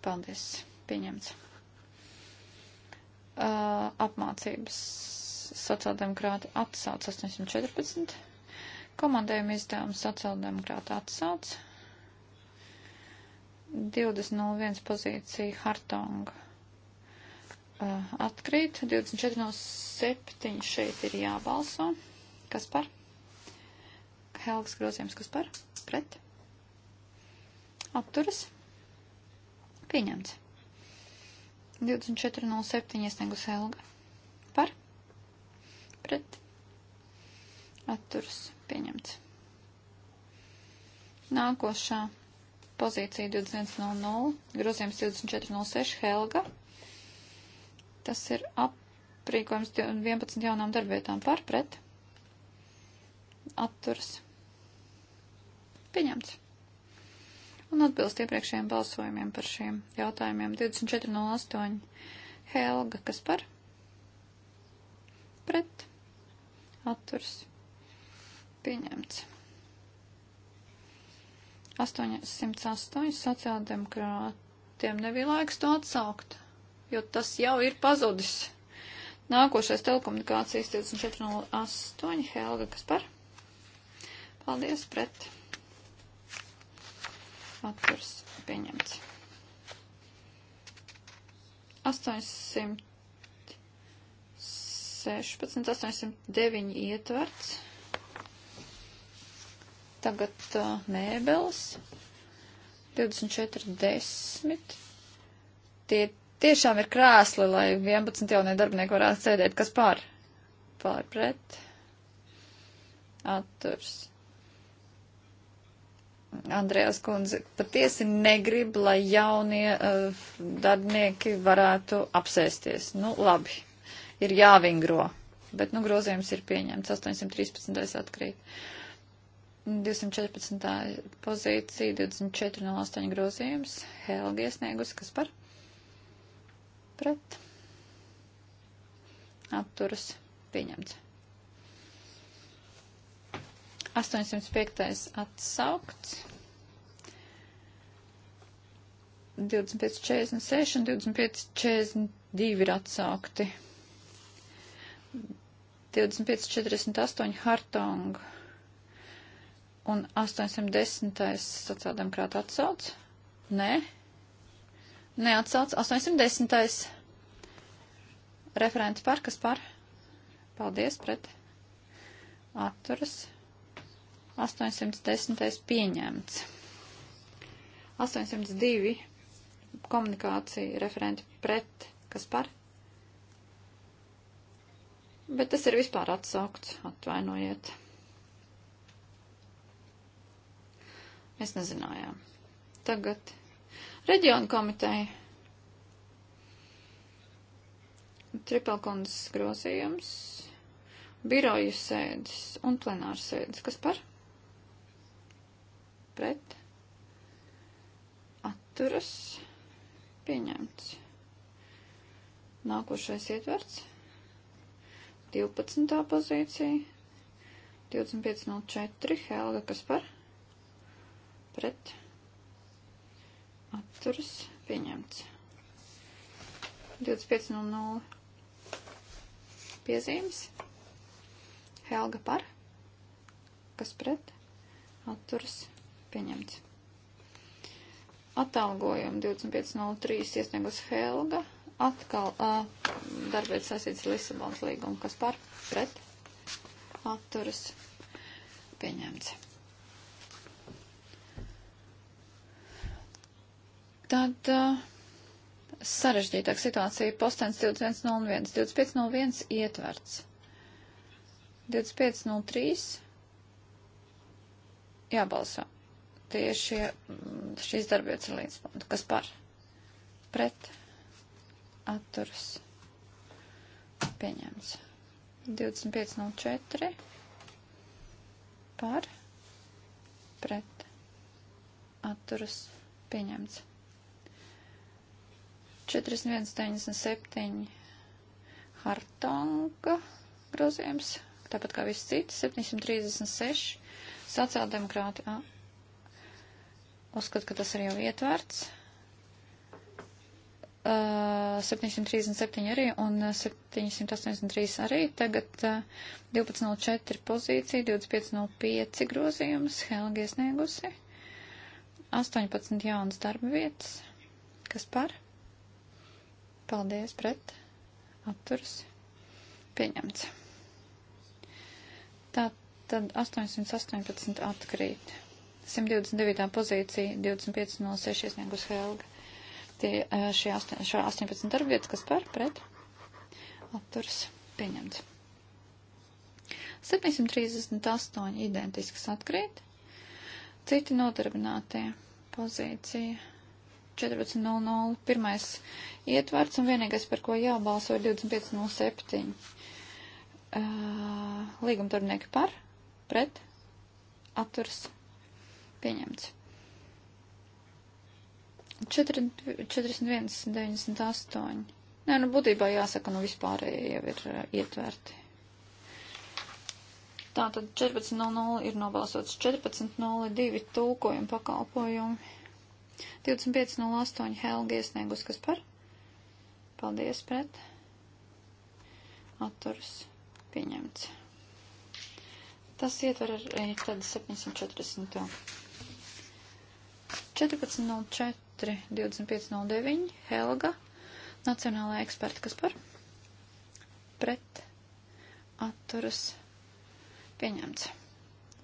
Paldies, pieņemts. Uh, apmācības sociāldemokrāti atsauc 814. Komandējuma izdevums sociāldemokrāta atsauc. 20.01 pozīcija Hartonga uh, atkrīt. 24.07 šeit ir jābalso. Kas par? Helgas grozījums, kas par? Pret? Atturas? Pieņemts. 24.07 iesniegus Helga. Par? Pret? Atturas? pieņemts. Nākošā pozīcija 21.00, grozījums 24.06, Helga. Tas ir aprīkojums 11 jaunām darbvietām par pret. Atturs. Pieņemts. Un atbilst iepriekšējiem balsojumiem par šiem jautājumiem 24.08, Helga, kas par? Pret. Atturs. Pieņemts. 808 sociāldemokrātiem nebija laiks to atsaukt, jo tas jau ir pazudis. Nākošais telekomunikācijas 2408 Helga, kas par? Paldies pret. Atturs pieņemts. 816, 809 ietverts. Tagad uh, mēbeles 24.10. Tie tiešām ir krēsli, lai 11 jaunie darbinieki varētu sēdēt, kas pār, pārpret atturs. Andrejās kundze patiesi negrib, lai jaunie uh, darbinieki varētu apsēsties. Nu, labi, ir jāvingro, bet, nu, grozījums ir pieņemts, 813. atkrīt. 214. pozīcija, 24 no 8 grozījums, Helga iesniegus, kas par pret apturas pieņemts. 805. atsaukts. 25.46 un 25.42 ir atsaukti. 25.48 Hartonga Un 810. sociāldemokrāta atsauc? Nē. Neatsauc. 810. Referents par, kas par? Paldies, pret. Atturas. 810. pieņemts. 802. komunikācija referenti pret, kas par? Bet tas ir vispār atsaukts, atvainojiet. Mēs nezinājām. Tagad reģionu komiteja. Tripelkundas grozījums, biroju sēdes un plenāru sēdes. Kas par? Pret. Atturas. Pieņemts. Nākošais ietverts. 12. pozīcija. 25.04. Helga, kas par? pret atturas pieņemts. 25.00 piezīmes. Helga par, kas pret atturas pieņemts. Atalgojumu 25.03 iesniegus Helga. Atkal uh, darbvietas saistīts Lisabonas līgumu, kas par pret atturas pieņemts. tad uh, sarežģītāk situācija postens 2101, 2501 ietverts. 2503 jābalso. Tieši mm, šīs darbības ir līdzpunkti. Kas par? Pret. Atturas. Pieņemts. 2504. Par. Pret. Atturas. Pieņemts. 41,97 Hartonga grozījums, tāpat kā viss cits, 736 sociāldemokrāti. Uzskat, ka tas ir jau ietverts. Uh, 737 arī un 783 arī. Tagad uh, 12.04 pozīcija, 25.05 grozījums, Helga iesniegusi. 18 jaunas darba vietas. Kas par? Paldies pret. Atturs. Pieņemts. Tā tad 818 atkrīt. 129. pozīcija 25.06 iesniegus Helga. Tie šie 18 darbvietas, kas par pret. Atturs. Pieņemts. 738 identisks atkrīt. Citi nodarbinātie pozīcija 14.00 pirmais ietvarts un vienīgais, par ko jābalso, ir 25.07. Uh, līgumdarbnieki par, pret, atturs, pieņemts. 41.98. Nē, nu būtībā jāsaka, nu vispārējie jau ir uh, ietverti. Tātad 14.00 ir nobalsots 14.02 tulkojumi pakalpojumi. 25.08 Helga iesniegus, kas par? Paldies pret. Atturs pieņemts. Tas ietver arī tad 740. 14.04 25.09 Helga Nacionālā eksperta, kas par? Pret. Atturas pieņemts.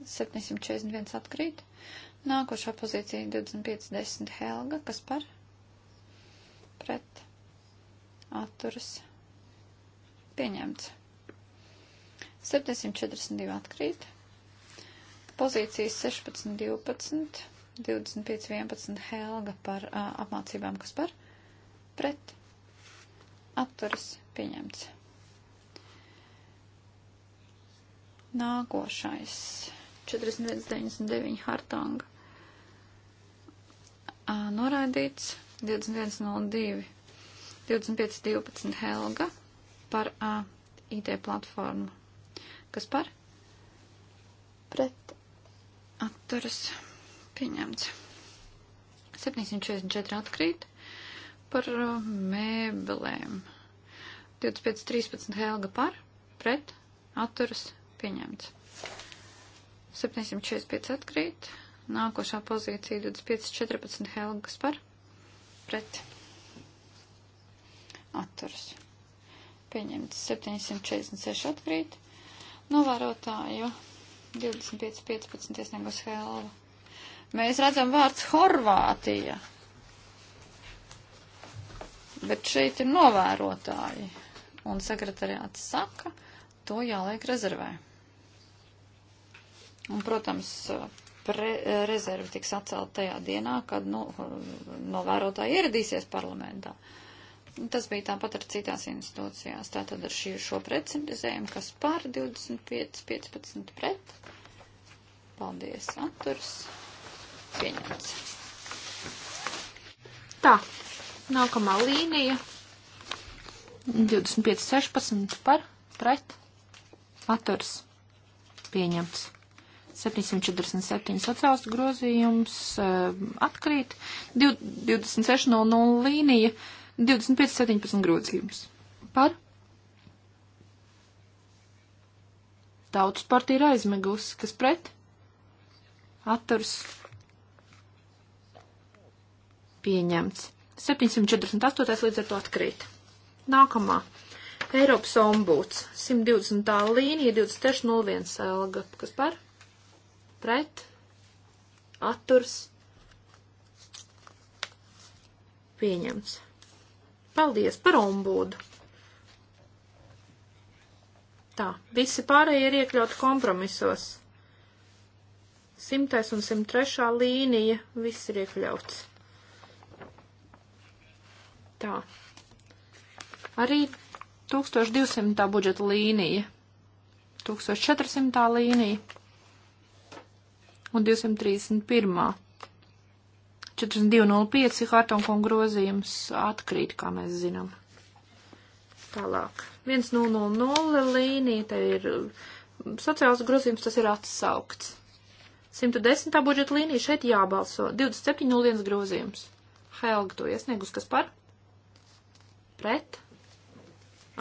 741 atkrīt. 25.09 Nākošā pozīcija 25.10 Helga, kas par pret atturas pieņemts. 742 atkrīt. Pozīcijas 16.12, 25.11 Helga par uh, apmācībām, kas par pret atturas pieņemts. Nākošais 41.99 Hartanga noraidīts 21.02. 25.12. Helga par a, IT platformu. Kas par? Pret atturas pieņemts. 744 atkrīt par a, mēbelēm. 25.13. Helga par? Pret atturas pieņemts. 745 atkrīt. Nākošā pozīcija 25.14 Helgas par pret atturs. Pieņemts 746 atkrīt. Novērotāju 25.15 iesniegos Helga. Mēs redzam vārds Horvātija. Bet šeit ir novērotāji. Un sekretariāts saka, to jāliek rezervē. Un, protams, pre, rezervi tiks atcelt tajā dienā, kad nu, novērotāji ieradīsies parlamentā. Tas bija tāpat ar citās institūcijās. Tātad ar šī, šo precizējumu, kas par 25, 15 pret. Paldies, atturs. Pieņemts. Tā, nākamā līnija. 25, 16 par, pret, atturs. Pieņemts. 747 sociālistu grozījums eh, atkrīt, 26.00 līnija, 25.17 grozījums. Par? Tautas partija ir aizmegusi, kas pret? Atturs pieņemts. 748. līdz ar to atkrīt. Nākamā. Eiropas ombuds 120. līnija 2601 elga. Kas par? pret, atturs, pieņemts. Paldies par ombudu. Tā, visi pārējie ir iekļauti kompromisos. 100. un 103. līnija, viss ir iekļauts. Tā. Arī 1200. budžeta līnija, 1400. līnija un 231. 42.05 Hartonkunga grozījums atkrīt, kā mēs zinām. Tālāk. 1.000 līnija, te ir mm, sociāls grozījums, tas ir atsaukts. 110. budžeta līnija šeit jābalso. 27.01 grozījums. Helga to iesniegus, kas par? Pret?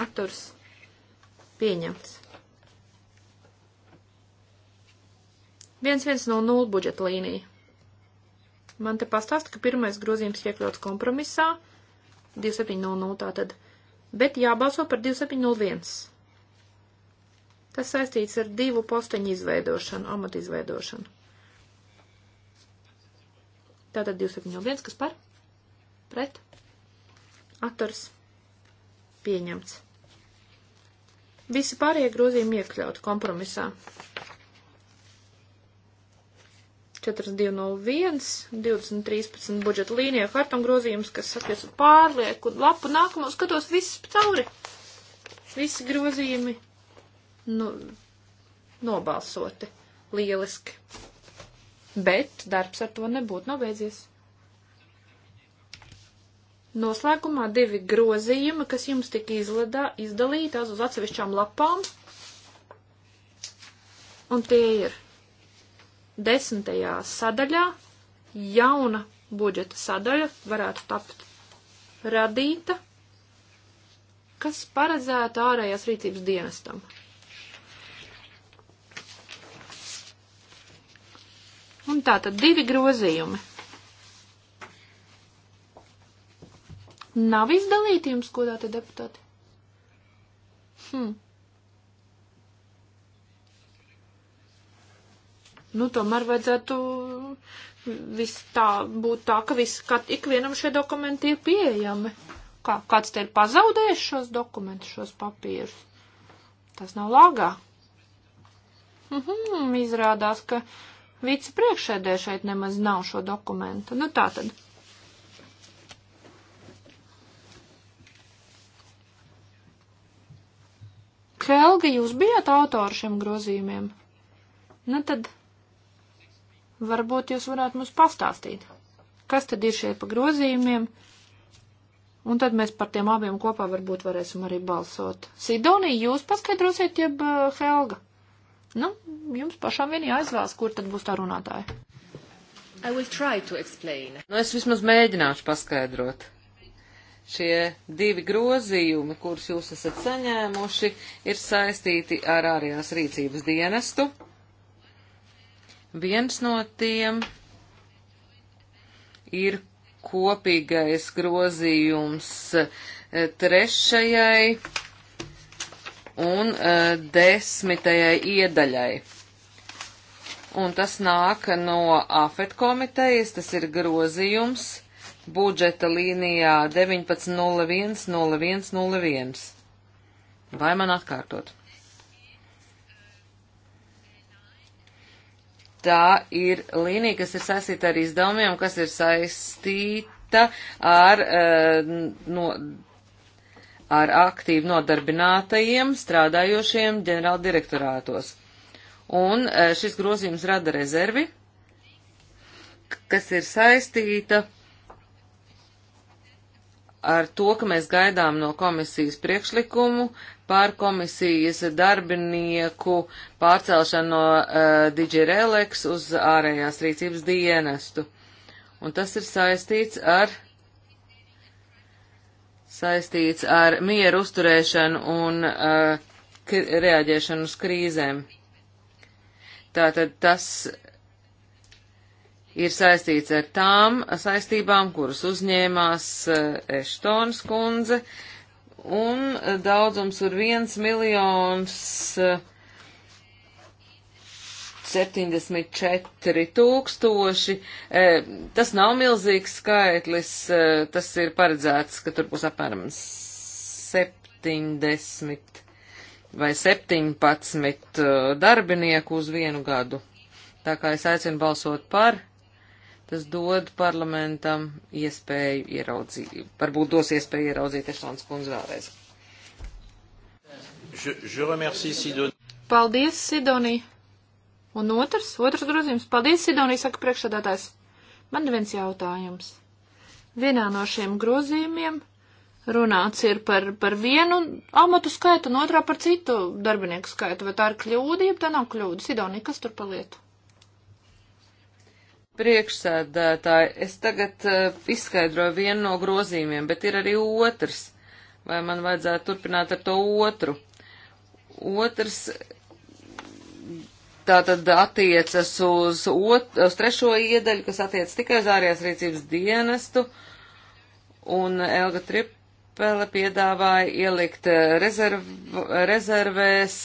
Atturs. Pieņemts. 1100 budžeta līnija. Man te pastāsta, ka pirmais grozījums iekļauts kompromisā 2700 tātad, bet jābalso par 2701. Tas saistīts ar divu posteņu izveidošanu, amatu izveidošanu. Tātad 271, kas par? Pret? Atturs? Pieņemts. Visi pārējie grozījumi iekļaut kompromisā. 4201, 2013 budžeta līnijā kartam grozījums, kas sakies pārlieku lapu nākamo, skatos viss cauri. Visi grozījumi nu, nobalsoti. Lieliski. Bet darbs ar to nebūtu nobeidzies. Noslēgumā divi grozījumi, kas jums tika izledā, izdalītās uz atsevišķām lapām. Un tie ir desmitajā sadaļā jauna budžeta sadaļa varētu tapt radīta, kas paredzēta ārējās rīcības dienestam. Un tā tad divi grozījumi. Nav izdalīti jums, kodā te deputāti? Hmm. nu, tomēr vajadzētu vis tā būt tā, ka vis, ka ikvienam šie dokumenti ir pieejami. Kā, kāds te ir pazaudējis šos dokumentus, šos papīrus? Tas nav lagā. Mhm, uh -huh, izrādās, ka vicepriekšēdē šeit nemaz nav šo dokumentu. Nu, tā tad. Helga, jūs bijat autori šiem grozījumiem? Nu tad Varbūt jūs varētu mums pastāstīt, kas tad ir šie pa grozījumiem, un tad mēs par tiem abiem kopā varbūt varēsim arī balsot. Sidonija, jūs paskaidrosiet, jeb uh, Helga? Nu, jums pašām vien jāizvēlas, kur tad būs tā runātāja. Nu, es vismaz mēģināšu paskaidrot. Šie divi grozījumi, kurus jūs esat saņēmuši, ir saistīti ar ārējās rīcības dienestu Viens no tiem ir kopīgais grozījums eh, trešajai un eh, desmitajai iedaļai. Un tas nāk no AFET komitejas, tas ir grozījums budžeta līnijā 19.01.01.01. Vai man atkārtot? tā ir līnija, kas ir saistīta ar izdevumiem, kas ir saistīta ar, eh, no, ar aktīvi nodarbinātajiem strādājošiem ģenerāla direktorātos. Un eh, šis grozījums rada rezervi, kas ir saistīta ar to, ka mēs gaidām no komisijas priekšlikumu par komisijas darbinieku pārcelšanu no uh, DigiRelex uz ārējās rīcības dienestu. Un tas ir saistīts ar, saistīts ar mieru uzturēšanu un uh, reaģēšanu uz krīzēm. Tātad tas ir saistīts ar tām saistībām, kuras uzņēmās eh, Eštons kundze, uh, un daudzums ir 1 miljons 74 eh, tūkstoši. Eh, tas nav milzīgs skaitlis, eh, tas ir paredzēts, ka tur būs apmēram 70 vai 17 darbinieku uz vienu gadu. Tā kā es aicinu balsot par. Tas dod parlamentam iespēju ieraudzīt, varbūt dos iespēju ieraudzīt Ešlāns kundzi vēlreiz. Je, je remercie Sidoni. Paldies, Sidoni. Un otrs, otrs grozījums. Paldies, Sidoni, saka priekšsādātājs. Man viens jautājums. Vienā no šiem grozījumiem runāts ir par, par vienu amatu skaitu un otrā par citu darbinieku skaitu. Vai tā ir kļūda, ja tā nav kļūda? Sidoni, kas tur palietu? Priekšsēdētāji, es tagad uh, izskaidroju vienu no grozījumiem, bet ir arī otrs. Vai man vajadzētu turpināt ar to otru? Otrs tātad attiecas uz, ot, uz trešo iedaļu, kas attiecas tikai uz ārējās rīcības dienestu, un Elga Tripele piedāvāja ielikt eh, rezerv, rezervēs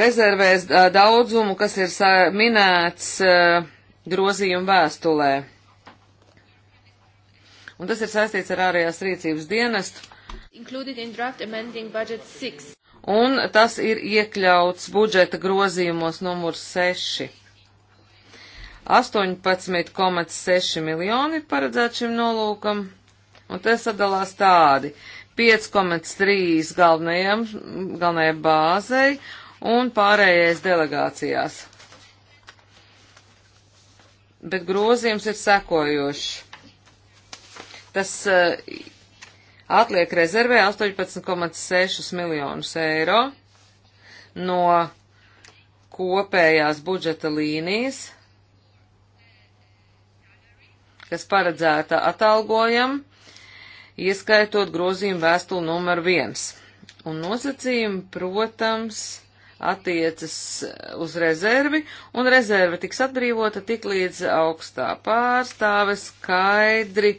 rezervēs daudzumu, kas ir minēts grozījumu vēstulē. Un tas ir saistīts ar ārējās rīcības dienestu. Un tas ir iekļauts budžeta grozījumos numur 6. 18,6 miljoni ir paredzēts šim nolūkam, un te sadalās tādi 5,3 galvenajai bāzei un pārējais delegācijās. Bet grozījums ir sekojošs. Tas uh, atliek rezervē 18,6 miljonus eiro no kopējās budžeta līnijas, kas paredzēta atalgojam, ieskaitot grozījumu vēstuli numur viens. Un nosacījumi, protams, attiecas uz rezervi, un rezerve tiks atbrīvota tik līdz augstā pārstāve skaidri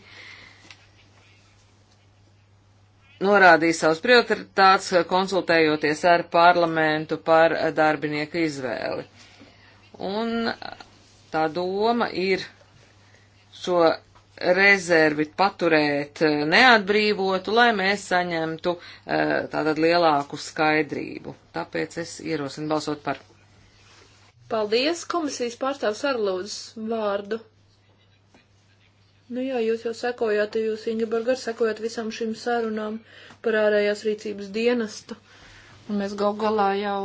norādīja savus prioritātus, konsultējoties ar parlamentu par darbinieku izvēli. Un tā doma ir šo rezervi paturēt eh, neatbrīvotu, lai mēs saņemtu eh, tātad lielāku skaidrību. Tāpēc es ierosinu balsot par. Paldies, komisijas pārstāvs ar lūdzu vārdu. Nu jā, jūs jau sekojāt, jūs, Ingeborg, sekojāt visam šim sarunām par ārējās rīcības dienestu. Un mēs gal galā jau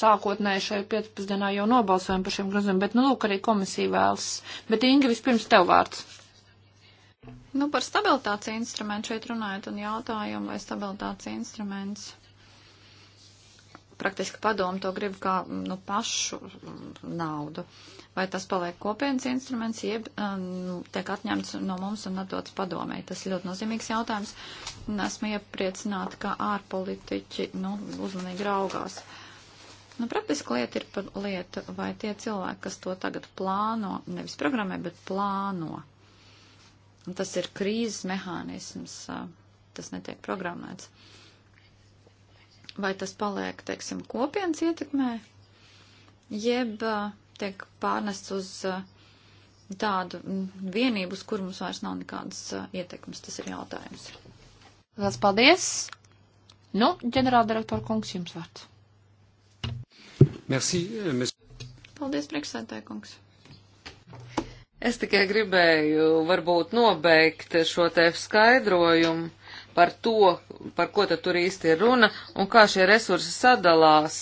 sākotnēji šai 15 dienā jau nobalsojam par šiem grozījumiem, bet, nu, lūk, arī komisija vēlas. Bet, Inga, vispirms tev vārds. Nu, par stabilitātes instrumentu šeit runājot un jautājumu, vai stabilitātes instruments praktiski padomu to grib kā nu, pašu naudu. Vai tas paliek kopienas instruments, jeb nu, tiek atņemts no mums un atdots padomē? Tas ir ļoti nozīmīgs jautājums. Un esmu iepriecināta, ka ārpolitiķi nu, uzmanīgi raugās. Nu, praktiski lieta ir par lietu, vai tie cilvēki, kas to tagad plāno, nevis programmē, bet plāno. Un tas ir krīzes mehānisms, tas netiek programmēts. Uh, vai tas paliek, teiksim, kopienas ietekmē, jeb tiek pārnests uz tādu vienību, uz kur mums vairs nav nekādas ietekmes. Tas ir jautājums. Lielas paldies! Nu, ģenerāldirektora kungs, jums vārds. Merci, mēs... Paldies, priekšsētāja kungs. Es tikai gribēju varbūt nobeigt šo te skaidrojumu par to, par ko tad tur īsti ir runa un kā šie resursi sadalās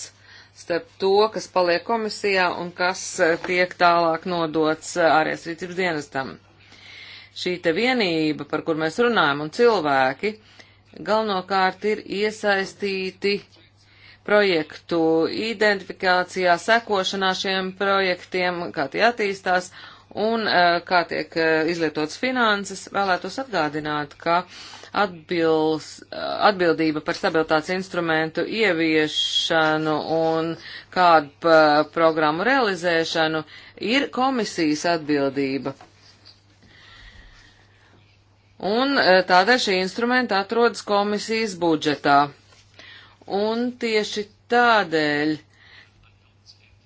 starp to, kas paliek komisijā un kas eh, tiek tālāk nodots eh, ārējās rīcības dienestam. Šī te vienība, par kur mēs runājam, un cilvēki galvenokārt ir iesaistīti projektu identifikācijā, sekošanā šiem projektiem, kā tie attīstās, un eh, kā tiek eh, izlietots finanses, vēlētos atgādināt, ka atbils, eh, atbildība par stabilitātes instrumentu ieviešanu un kādu programmu realizēšanu ir komisijas atbildība. Un tādēļ šī instrumenta atrodas komisijas budžetā. Un tieši tādēļ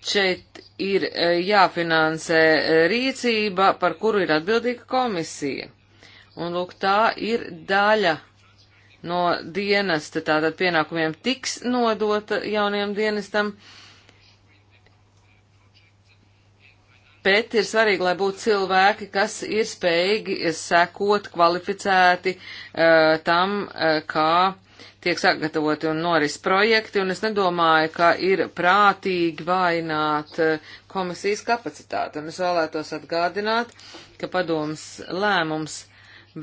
šeit ir e, jāfinansē e, rīcība, par kuru ir atbildīga komisija. Un lūk, tā ir daļa no dienesta, tātad pienākumiem tiks nodota jaunajam dienestam, bet ir svarīgi, lai būtu cilvēki, kas ir spējīgi sekot kvalificēti uh, tam, uh, kā tiek sagatavoti un noris projekti, un es nedomāju, ka ir prātīgi vainot eh, komisijas kapacitāti. Un es vēlētos atgādināt, ka padoms lēmums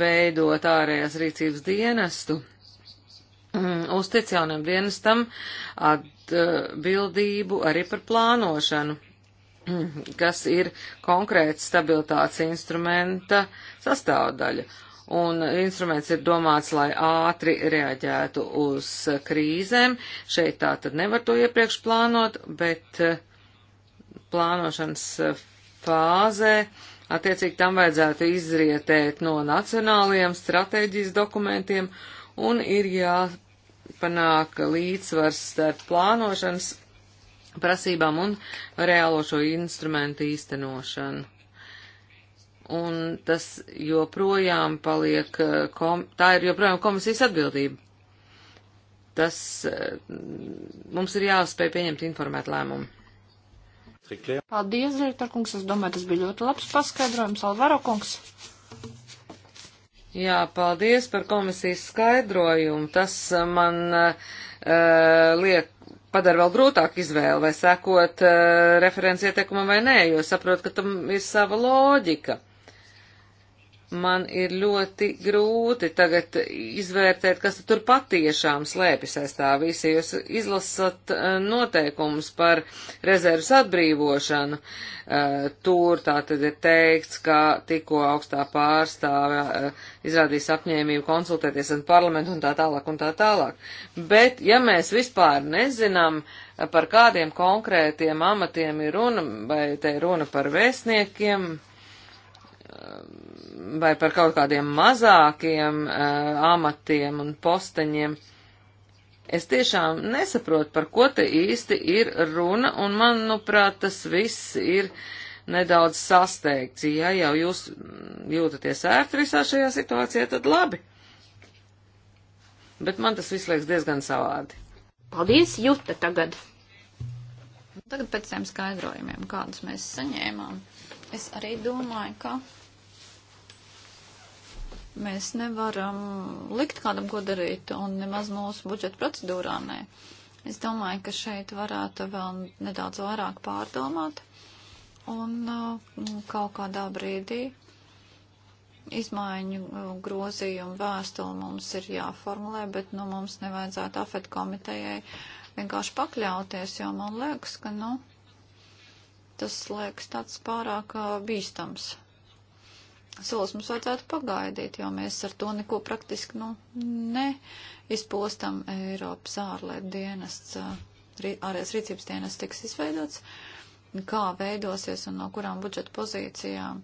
veidot ārējās rīcības dienestu mm, uztic jauniem dienestam atbildību arī par plānošanu mm, kas ir konkrēts stabilitātes instrumenta sastāvdaļa un instruments ir domāts, lai ātri reaģētu uz krīzēm. Šeit tā tad nevar to iepriekš plānot, bet eh, plānošanas eh, fāzē attiecīgi tam vajadzētu izrietēt no nacionālajiem stratēģijas dokumentiem un ir jāpanāk līdzsvars starp plānošanas prasībām un reālo šo instrumentu īstenošanu un tas joprojām paliek, eh, kom, tā ir joprojām komisijas atbildība. Tas eh, mums ir jāspēj pieņemt informēt lēmumu. Paldies, direktor kungs, es domāju, tas bija ļoti labs paskaidrojums, Alvaro kungs. Jā, paldies par komisijas skaidrojumu. Tas eh, man uh, liek padara vēl grūtāk izvēli, vai sekot uh, referents ieteikumam vai nē, jo saprot, ka tam ir sava loģika man ir ļoti grūti tagad izvērtēt, kas tur patiešām slēpjas aiz tā visa, jūs izlasat eh, noteikumus par rezervas atbrīvošanu. Eh, tur tā tad ir teikts, ka tikko augstā pārstāve eh, izrādīs apņēmību konsultēties ar parlamentu un tā tālāk un tā tālāk. Bet, ja mēs vispār nezinām, par kādiem konkrētiem amatiem ir runa, vai te ir runa par vēstniekiem, Ehm, vai par kaut kādiem mazākiem uh, amatiem un posteņiem. Es tiešām nesaprotu, par ko te īsti ir runa, un manuprāt, nu, tas viss ir nedaudz sasteigts. Ja jau jūs jūtaties ērti visā šajā situācijā, tad labi. Bet man tas viss liekas diezgan savādi. Paldies, Juta, tagad! Tagad pēc tiem skaidrojumiem, kādus mēs saņēmām es arī domāju, ka mēs nevaram likt kādam ko darīt, un nemaz mūsu budžeta procedūrā nē. Es domāju, ka šeit varētu vēl nedaudz vairāk pārdomāt, un uh, kaut kādā brīdī izmaiņu uh, grozījumu vēstuli mums ir jāformulē, bet nu, mums nevajadzētu afet komitejai vienkārši pakļauties, jo man liekas, ka, nu, tas liekas tāds pārāk bīstams. Solis mums vajadzētu pagaidīt, jo mēs ar to neko praktiski, nu, neizpostam Eiropas ārlietu dienests, ārējais rīcības dienests tiks izveidots, kā veidosies un no kurām budžeta pozīcijām.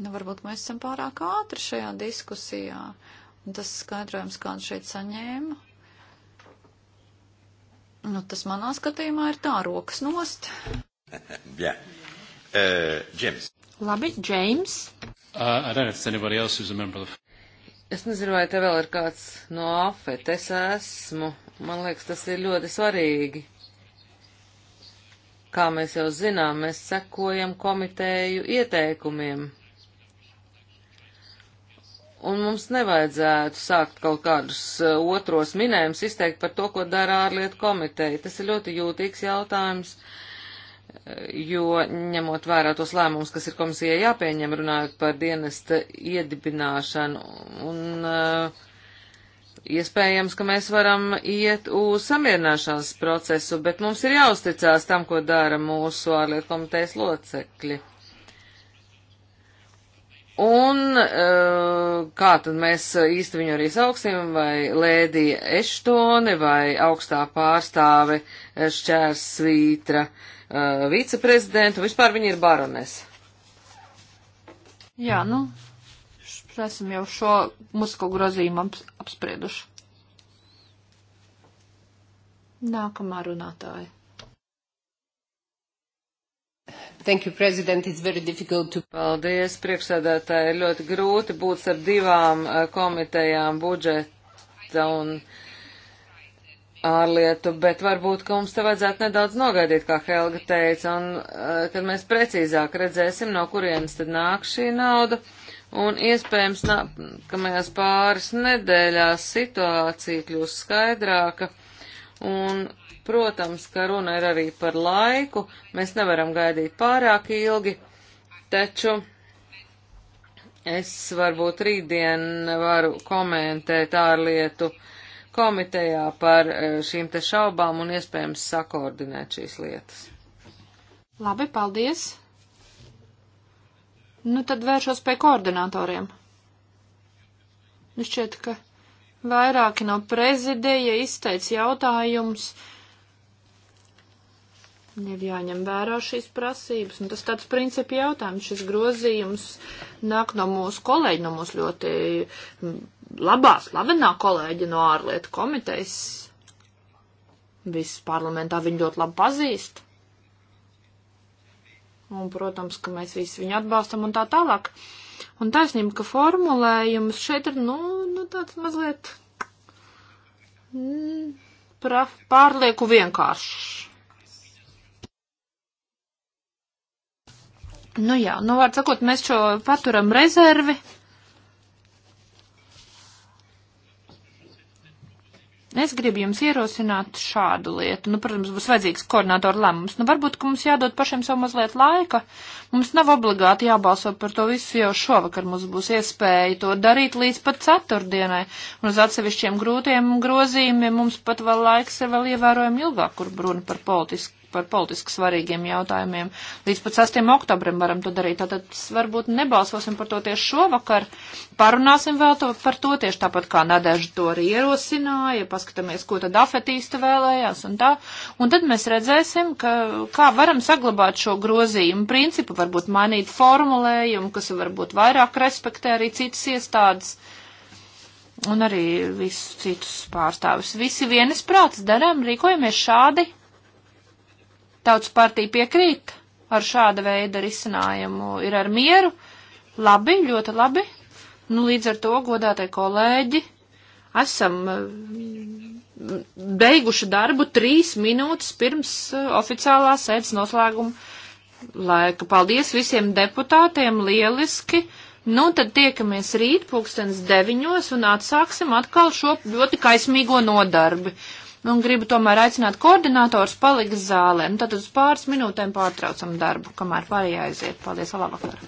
Nu, varbūt mēs esam pārāk ātri šajā diskusijā, un tas skaidrojums, kādu šeit saņēmu, Nu, tas manā skatījumā ir tā rokas nost. yeah. uh, James. Labi, James. Uh, of... Es nezinu, vai te vēl ir kāds no AFET. Es esmu. Man liekas, tas ir ļoti svarīgi. Kā mēs jau zinām, mēs sekojam komiteju ieteikumiem. Un mums nevajadzētu sākt kaut kādus uh, otros minējumus izteikt par to, ko dara ārlietu komiteja. Tas ir ļoti jūtīgs jautājums. Uh, jo ņemot vērā tos lēmumus, kas ir komisijai jāpieņem, runājot par dienesta iedibināšanu, un uh, iespējams, ka mēs varam iet uz samierināšanas procesu, bet mums ir jāuzticās tam, ko dara mūsu ārlietu komitejas locekļi. Un uh, kā tad mēs īsti viņu arī sauksim, vai Lēdija Eštone, vai augstā pārstāve Šķērs Svītra. Uh, uh, viceprezidentu, vispār viņa ir baronese. Jā, nu, esam jau šo muskulu grozījumu apsprieduši. Nākamā runātāja. Thank you, President. It's very difficult to... Paldies, priekšsēdētāji. Ļoti grūti būt ar divām uh, komitejām budžeta un uh, ārlietu, bet varbūt, ka mums te vajadzētu nedaudz nogaidīt, kā Helga teica, un uh, kad mēs precīzāk redzēsim, no kurienes tad nāk šī nauda, un iespējams, nā, ka mēs pāris nedēļās situācija kļūs skaidrāka, un, protams, ka runa ir arī par laiku, mēs nevaram gaidīt pārāk ilgi, taču es varbūt rītdien varu komentēt ārlietu, uh, komitejā par e, šīm te šaubām un iespējams sakoordinēt šīs lietas. Labi, paldies. Nu tad vēršos pie koordinatoriem. Nu šķiet, ka vairāki no prezidēja izteica jautājumus ir jāņem vērā šīs prasības. Un tas tāds principi jautājums. Šis grozījums nāk no mūsu kolēģi, no mūsu ļoti labās, labenā kolēģi no ārlietu komitejas. Viss parlamentā viņu ļoti labi pazīst. Un, protams, ka mēs visi viņu atbalstam un tā tālāk. Un taisnība, ka formulējums šeit ir, nu, nu tāds mazliet mm, pra, pārlieku vienkāršs Nu jā, nu vārds sakot, mēs šo paturam rezervi. Es gribu jums ierosināt šādu lietu. Nu, protams, būs vajadzīgs koordinātoru lēmums. Nu, varbūt, ka mums jādod pašiem savu mazliet laika. Mums nav obligāti jābalso par to visu jau šovakar. Mums būs iespēja to darīt līdz pat ceturtdienai. Un uz atsevišķiem grūtiem grozījumiem mums pat vēl laiks ir vēl ievērojami ilgāk, kur runa par politisku par politiski svarīgiem jautājumiem. Līdz pat 6. oktobrim varam to darīt. Tātad varbūt nebalsosim par to tieši šovakar. Parunāsim vēl to, par to tieši tāpat kā Nadeža to arī ierosināja. Paskatāmies, ko tad afetīsta vēlējās un tā. Un tad mēs redzēsim, ka, kā varam saglabāt šo grozījumu principu, varbūt mainīt formulējumu, kas varbūt vairāk respektē arī citas iestādes un arī visus citus pārstāvis. Visi vienas prāts darām, rīkojamies šādi. Tautas partija piekrīt ar šāda veida risinājumu, ir ar mieru. Labi, ļoti labi. Nu, līdz ar to, godātie kolēģi, esam eh, beiguši darbu trīs minūtes pirms eh, oficiālā sēdes noslēguma laika. Paldies visiem deputātiem, lieliski! Nu, tad tiekamies rīt pulkstens deviņos un atsāksim atkal šo ļoti kaismīgo nodarbi un gribu tomēr aicināt koordinātors palikt zālē. Nu, tad uz pāris minūtēm pārtraucam darbu, kamēr pārējā aiziet. Paldies, labvakar!